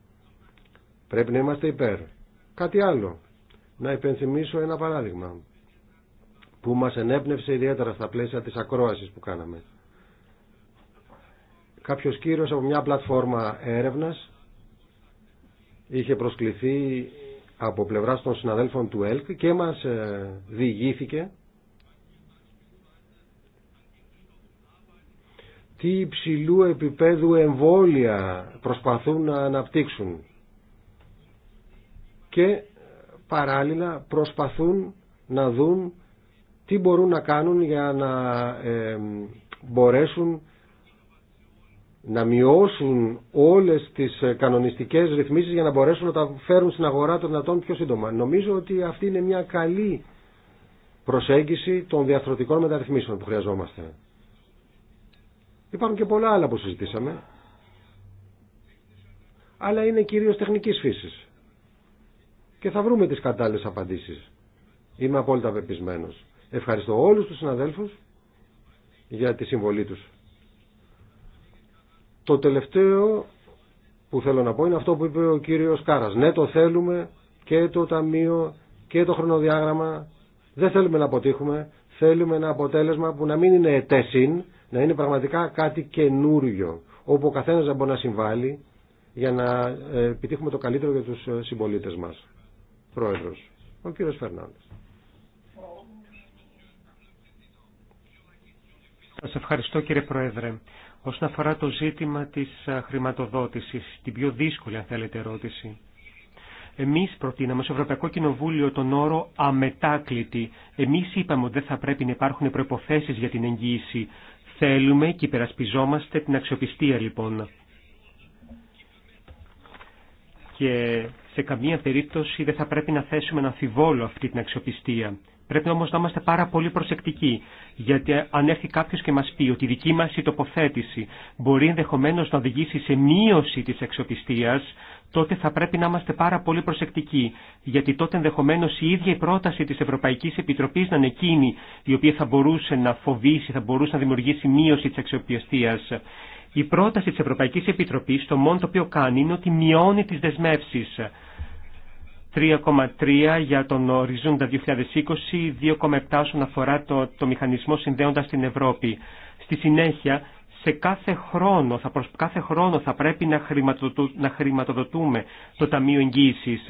Πρέπει να είμαστε υπέρ. Κάτι άλλο. Να υπενθυμίσω ένα παράδειγμα που μας ενέπνευσε ιδιαίτερα στα πλαίσια της ακρόασης που κάναμε. Κάποιος κύριος από μια πλατφόρμα έρευνας είχε προσκληθεί από πλευρά των συναδέλφων του ΕΛΚ και μας ε, διηγήθηκε τι υψηλού επίπεδου εμβόλια προσπαθούν να αναπτύξουν και παράλληλα προσπαθούν να δουν τι μπορούν να κάνουν για να ε, μπορέσουν να μειώσουν όλες τις ε, κανονιστικές ρυθμίσεις για να μπορέσουν να τα φέρουν στην αγορά των δυνατών πιο σύντομα. Νομίζω ότι αυτή είναι μια καλή προσέγγιση των διαθροτικών μεταρρυθμίσεων που χρειαζόμαστε. Υπάρχουν και πολλά άλλα που συζητήσαμε, αλλά είναι κυρίως τεχνικής φύσης και θα βρούμε τις κατάλληλες απαντήσεις. Είμαι απόλυτα πεπισμένος. Ευχαριστώ όλους τους συναδέλφους για τη συμβολή τους. Το τελευταίο που θέλω να πω είναι αυτό που είπε ο κύριος Κάρας. Ναι, το θέλουμε και το ταμείο και το χρονοδιάγραμμα. Δεν θέλουμε να αποτύχουμε. Θέλουμε ένα αποτέλεσμα που να μην είναι ετέσιν, να είναι πραγματικά κάτι καινούριο, όπου ο καθένας να μπορεί να συμβάλλει για να ε, επιτύχουμε το καλύτερο για τους ε, συμπολίτες μας. Πρόεδρος, ο κύριος Φερνάνδης. Σας ευχαριστώ κύριε Πρόεδρε. Όσον αφορά το ζήτημα της χρηματοδότησης, την πιο δύσκολη αν θέλετε ερώτηση. Εμείς προτείναμε στο Ευρωπαϊκό Κοινοβούλιο τον όρο αμετάκλητη. Εμείς είπαμε ότι δεν θα πρέπει να υπάρχουν προϋποθέσεις για την εγγύηση. Θέλουμε και υπερασπιζόμαστε την αξιοπιστία λοιπόν. Και σε καμία περίπτωση δεν θα πρέπει να θέσουμε να αμφιβόλο αυτή την αξιοπιστία. Πρέπει όμως να είμαστε πάρα πολύ προσεκτικοί, γιατί αν έρθει κάποιος και μας πει ότι η δική μας η τοποθέτηση μπορεί ενδεχομένω να οδηγήσει σε μείωση της αξιοπιστίας, τότε θα πρέπει να είμαστε πάρα πολύ προσεκτικοί, γιατί τότε ενδεχομένω η ίδια η πρόταση της Ευρωπαϊκής Επιτροπής να είναι εκείνη η οποία θα μπορούσε να φοβήσει, θα μπορούσε να δημιουργήσει μείωση της αξιοπιστίας. Η πρόταση της Ευρωπαϊκής Επιτροπής, το μόνο το οποίο κάνει είναι ότι μειώνει τις δεσμεύσεις. 3,3 για τον οριζόντα 2020, 2,7 όσον αφορά το, το μηχανισμό συνδέοντας την Ευρώπη. Στη συνέχεια, σε κάθε χρόνο, θα κάθε χρόνο θα πρέπει να, να χρηματοδοτούμε το Ταμείο Εγγύησης.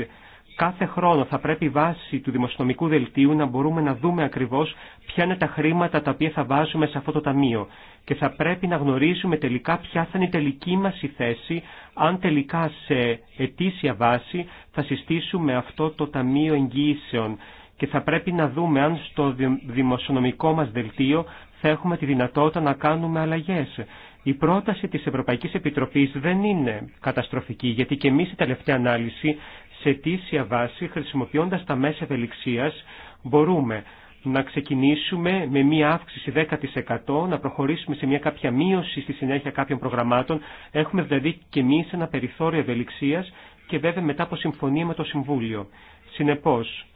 Κάθε χρόνο θα πρέπει βάση του δημοσιονομικού δελτίου να μπορούμε να δούμε ακριβώς ποια είναι τα χρήματα τα οποία θα βάζουμε σε αυτό το ταμείο και θα πρέπει να γνωρίζουμε τελικά ποια θα είναι η τελική μας η θέση αν τελικά σε ετήσια βάση θα συστήσουμε αυτό το ταμείο εγγυήσεων και θα πρέπει να δούμε αν στο δημοσιονομικό μας δελτίο θα έχουμε τη δυνατότητα να κάνουμε αλλαγές. Η πρόταση της Ευρωπαϊκής Επιτροπής δεν είναι καταστροφική, γιατί και εμείς η τελευταία ανάλυση σε τήσια βάση, χρησιμοποιώντας τα μέσα ευελιξίας, μπορούμε να ξεκινήσουμε με μία αύξηση 10%, να προχωρήσουμε σε μία κάποια μείωση στη συνέχεια κάποιων προγραμμάτων. Έχουμε δηλαδή και εμεί ένα περιθώριο ευελιξίας και βέβαια μετά από συμφωνία με το Συμβούλιο. Συνεπώς,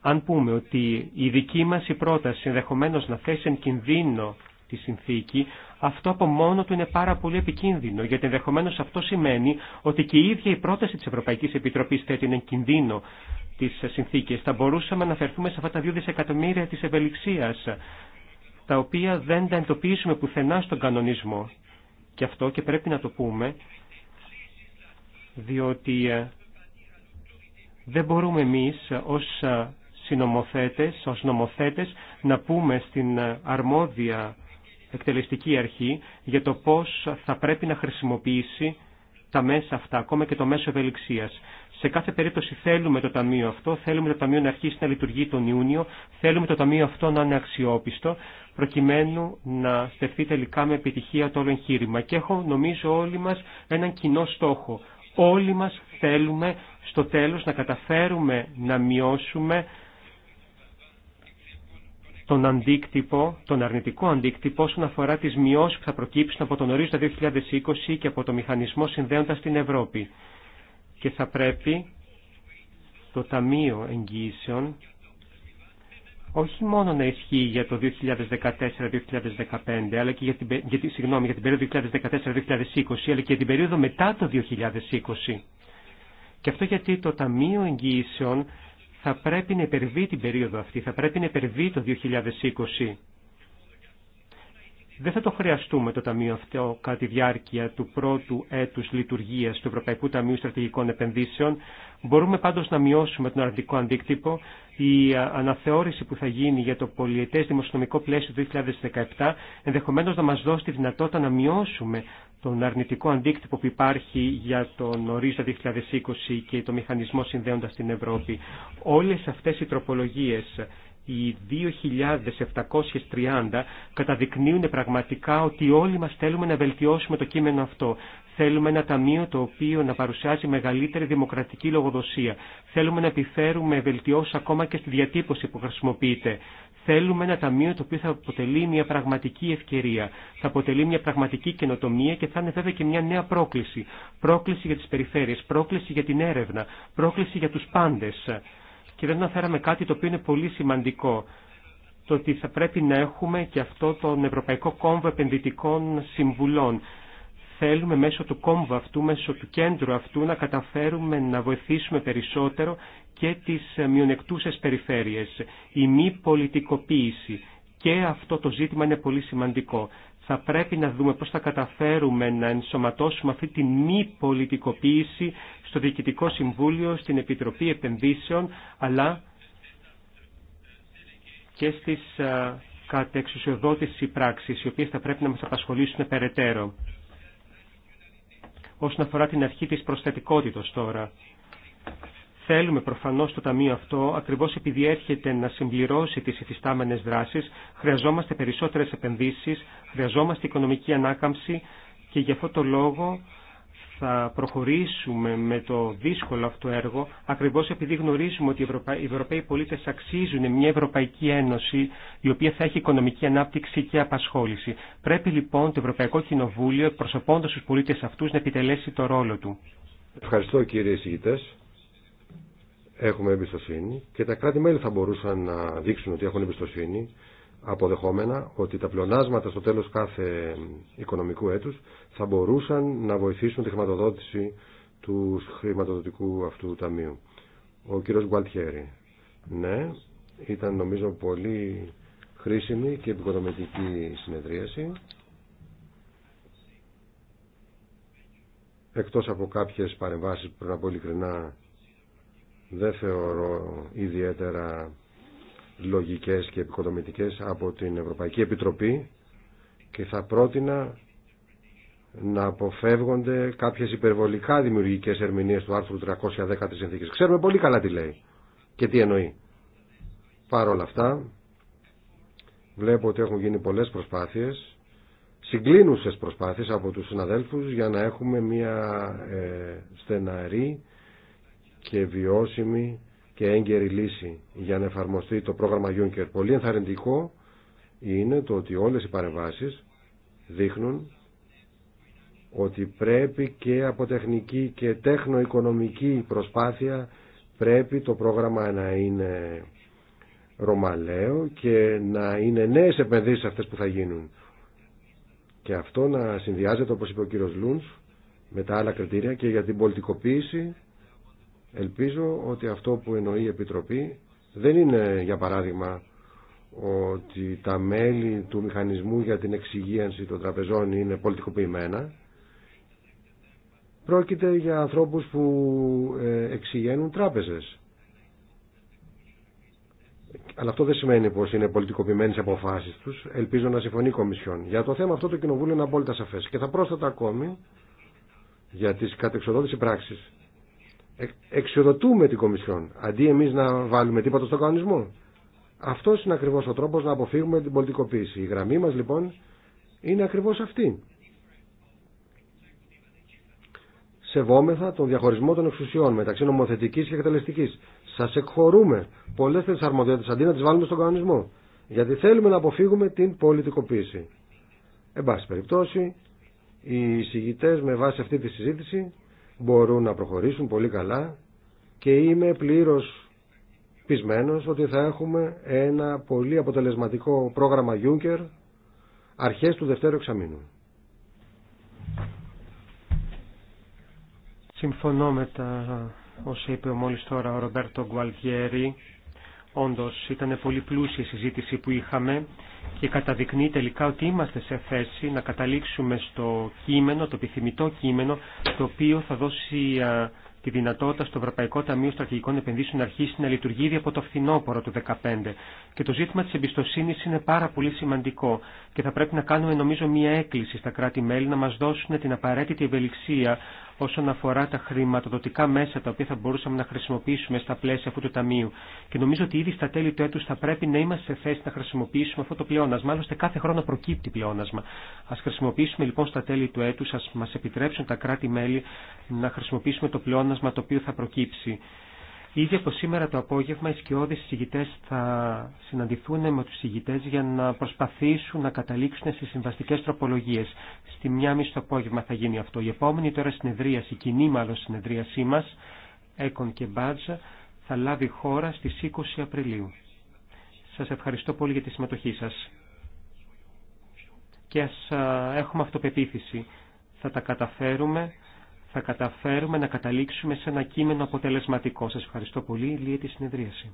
αν πούμε ότι η δική μας η πρόταση ενδεχομένω να θέσει εν κινδύνο στη συνθήκη, αυτό από μόνο του είναι πάρα πολύ επικίνδυνο, γιατί ενδεχομένω αυτό σημαίνει ότι και η ίδια η πρόταση τη Ευρωπαϊκή Επιτροπή θέτει έναν κινδύνο τι συνθήκε. Θα μπορούσαμε να αναφερθούμε σε αυτά τα δύο δισεκατομμύρια τη ευελιξία, τα οποία δεν τα εντοπίσουμε πουθενά στον κανονισμό. Και αυτό και πρέπει να το πούμε, διότι ε, δεν μπορούμε εμείς ως ε, συνομοθέτες, ως νομοθέτες να πούμε στην ε, αρμόδια εκτελεστική αρχή για το πώς θα πρέπει να χρησιμοποιήσει τα μέσα αυτά, ακόμα και το μέσο ευελιξία. Σε κάθε περίπτωση θέλουμε το Ταμείο αυτό, θέλουμε το Ταμείο να αρχίσει να λειτουργεί τον Ιούνιο, θέλουμε το Ταμείο αυτό να είναι αξιόπιστο, προκειμένου να στεφθεί τελικά με επιτυχία το όλο εγχείρημα. Και έχω, νομίζω, όλοι μας έναν κοινό στόχο. Όλοι μας θέλουμε στο τέλος να καταφέρουμε να μειώσουμε τον αντίκτυπο, τον αρνητικό αντίκτυπο όσον αφορά τις μειώσεις που θα προκύψουν από τον ορίζοντα 2020 και από το μηχανισμό συνδέοντας την Ευρώπη. Και θα πρέπει το Ταμείο Εγγυήσεων όχι μόνο να ισχύει για το 2014-2015, αλλά και για την, για, για την περίοδο 2014-2020, αλλά και για την περίοδο μετά το 2020. Και αυτό γιατί το Ταμείο Εγγυήσεων θα πρέπει να υπερβεί την περίοδο αυτή, θα πρέπει να υπερβεί το 2020. Δεν θα το χρειαστούμε το Ταμείο αυτό κατά τη διάρκεια του πρώτου έτους λειτουργίας του Ευρωπαϊκού Ταμείου Στρατηγικών Επενδύσεων. Μπορούμε πάντως να μειώσουμε τον αρνητικό αντίκτυπο. Η ε, αναθεώρηση που θα γίνει για το πολιετές δημοσιονομικό πλαίσιο 2017 ενδεχομένως να μας δώσει τη δυνατότητα να μειώσουμε τον αρνητικό αντίκτυπο που υπάρχει για τον ορίζοντα 2020 και το μηχανισμό συνδέοντας την Ευρώπη. Όλες αυτές οι τροπολογίες οι 2.730 καταδεικνύουν πραγματικά ότι όλοι μας θέλουμε να βελτιώσουμε το κείμενο αυτό. Θέλουμε ένα ταμείο το οποίο να παρουσιάζει μεγαλύτερη δημοκρατική λογοδοσία. Θέλουμε να επιφέρουμε βελτιώσεις ακόμα και στη διατύπωση που χρησιμοποιείται. Θέλουμε ένα ταμείο το οποίο θα αποτελεί μια πραγματική ευκαιρία, θα αποτελεί μια πραγματική καινοτομία και θα είναι βέβαια και μια νέα πρόκληση. Πρόκληση για τις περιφέρειες, πρόκληση για την έρευνα, πρόκληση για τους πάντες και δεν αναφέραμε κάτι το οποίο είναι πολύ σημαντικό. Το ότι θα πρέπει να έχουμε και αυτό τον Ευρωπαϊκό Κόμβο Επενδυτικών Συμβουλών. Θέλουμε μέσω του κόμβου αυτού, μέσω του κέντρου αυτού να καταφέρουμε να βοηθήσουμε περισσότερο και τις μειονεκτούσες περιφέρειες. Η μη πολιτικοποίηση. Και αυτό το ζήτημα είναι πολύ σημαντικό θα πρέπει να δούμε πώς θα καταφέρουμε να ενσωματώσουμε αυτή τη μη πολιτικοποίηση στο Διοικητικό Συμβούλιο, στην Επιτροπή Επενδύσεων, αλλά και στις κατεξουσιοδότηση πράξεις, οι οποίες θα πρέπει να μας απασχολήσουν περαιτέρω. Όσον αφορά την αρχή της προσθετικότητας τώρα, Θέλουμε προφανώς το Ταμείο αυτό, ακριβώς επειδή έρχεται να συμπληρώσει τις υφιστάμενες δράσεις, χρειαζόμαστε περισσότερες επενδύσεις, χρειαζόμαστε οικονομική ανάκαμψη και γι' αυτό το λόγο θα προχωρήσουμε με το δύσκολο αυτό έργο, ακριβώς επειδή γνωρίζουμε ότι οι Ευρωπαίοι πολίτες αξίζουν μια Ευρωπαϊκή Ένωση η οποία θα έχει οικονομική ανάπτυξη και απασχόληση. Πρέπει λοιπόν το Ευρωπαϊκό Κοινοβούλιο, προσωπώντας τους πολίτες αυτούς, να επιτελέσει το ρόλο του. Ευχαριστώ κύριε Σιγητές έχουμε εμπιστοσύνη και τα κράτη-μέλη θα μπορούσαν να δείξουν ότι έχουν εμπιστοσύνη αποδεχόμενα ότι τα πλεονάσματα στο τέλος κάθε οικονομικού έτους θα μπορούσαν να βοηθήσουν τη χρηματοδότηση του χρηματοδοτικού αυτού ταμείου. Ο κύριος Γκουαλτιέρη. Ναι, ήταν νομίζω πολύ χρήσιμη και επικοδομητική συνεδρίαση. Εκτός από κάποιες παρεμβάσεις που πρέπει να πω ειλικρινά δεν θεωρώ ιδιαίτερα λογικές και επικοδομητικές από την Ευρωπαϊκή Επιτροπή και θα πρότεινα να αποφεύγονται κάποιες υπερβολικά δημιουργικές ερμηνείες του άρθρου 310 της συνθήκης. Ξέρουμε πολύ καλά τι λέει και τι εννοεί. Παρ' όλα αυτά, βλέπω ότι έχουν γίνει πολλές προσπάθειες, συγκλίνουσες προσπάθειες από τους συναδέλφους για να έχουμε μια ε, στεναρή και βιώσιμη και έγκαιρη λύση για να εφαρμοστεί το πρόγραμμα Juncker. Πολύ ενθαρρυντικό είναι το ότι όλες οι παρεμβάσεις δείχνουν ότι πρέπει και από τεχνική και τεχνοοικονομική προσπάθεια πρέπει το πρόγραμμα να είναι ρωμαλαίο και να είναι νέες επενδύσεις αυτές που θα γίνουν. Και αυτό να συνδυάζεται, όπως είπε ο κύριος με τα άλλα κριτήρια και για την πολιτικοποίηση Ελπίζω ότι αυτό που εννοεί η Επιτροπή δεν είναι, για παράδειγμα, ότι τα μέλη του μηχανισμού για την εξυγίανση των τραπεζών είναι πολιτικοποιημένα. Πρόκειται για ανθρώπους που ε, εξηγαίνουν τράπεζες. Αλλά αυτό δεν σημαίνει πως είναι πολιτικοποιημένες αποφάσεις τους. Ελπίζω να συμφωνεί η Κομισιόν. Για το θέμα αυτό το Κοινοβούλιο είναι απόλυτα σαφές. Και θα πρόσθετα ακόμη για τις κατεξοδότηση πράξεις εξοδοτούμε την Κομισιόν, αντί εμεί να βάλουμε τίποτα στον κανονισμό. Αυτό είναι ακριβώ ο τρόπο να αποφύγουμε την πολιτικοποίηση. Η γραμμή μα λοιπόν είναι ακριβώ αυτή. Σεβόμεθα τον διαχωρισμό των εξουσιών μεταξύ νομοθετική και εκτελεστική. Σα εκχωρούμε πολλέ τις αρμοδιότητες αντί να τι βάλουμε στον κανονισμό. Γιατί θέλουμε να αποφύγουμε την πολιτικοποίηση. Εν πάση περιπτώσει, οι συγητές με βάση αυτή τη συζήτηση μπορούν να προχωρήσουν πολύ καλά και είμαι πλήρως πισμένος ότι θα έχουμε ένα πολύ αποτελεσματικό πρόγραμμα Juncker αρχές του δευτέρου εξαμήνου. Συμφωνώ με τα όσα είπε μόλις τώρα ο Ρομπέρτο Γκουαλτιέρη Όντως ήταν πολύ πλούσια η συζήτηση που είχαμε και καταδεικνύει τελικά ότι είμαστε σε θέση να καταλήξουμε στο κείμενο, το επιθυμητό κείμενο, το οποίο θα δώσει τη δυνατότητα στο Ευρωπαϊκό Ταμείο Στρατηγικών Επενδύσεων να αρχίσει να λειτουργεί ήδη από το φθινόπωρο του 2015. Και το ζήτημα της εμπιστοσύνης είναι πάρα πολύ σημαντικό και θα πρέπει να κάνουμε νομίζω μία έκκληση στα κράτη-μέλη να μας δώσουν την απαραίτητη ευελιξία όσον αφορά τα χρηματοδοτικά μέσα τα οποία θα μπορούσαμε να χρησιμοποιήσουμε στα πλαίσια αυτού του Ταμείου. Και νομίζω ότι ήδη στα τέλη του έτου θα πρέπει να είμαστε σε θέση να χρησιμοποιήσουμε αυτό το πλεόνασμα. Άλλωστε κάθε χρόνο προκύπτει πλεόνασμα. Α χρησιμοποιήσουμε λοιπόν στα τέλη του έτου, α μα επιτρέψουν τα κράτη-μέλη να χρησιμοποιήσουμε το πλεόνασμα το οποίο θα προκύψει. Ήδη από σήμερα το απόγευμα οι σκιώδεις συγητές θα συναντηθούν με τους συγητές για να προσπαθήσουν να καταλήξουν στις συμβαστικές τροπολογίες. Στη μία μισή το απόγευμα θα γίνει αυτό. Η επόμενη τώρα συνεδρίαση, η κοινή μάλλον συνεδρίασή μας, Έκον και Μπάτζ, θα λάβει χώρα στις 20 Απριλίου. Σας ευχαριστώ πολύ για τη συμμετοχή σας. Και ας έχουμε αυτοπεποίθηση. Θα τα καταφέρουμε θα καταφέρουμε να καταλήξουμε σε ένα κείμενο αποτελεσματικό. Σας ευχαριστώ πολύ. Λύε τη συνεδρίαση.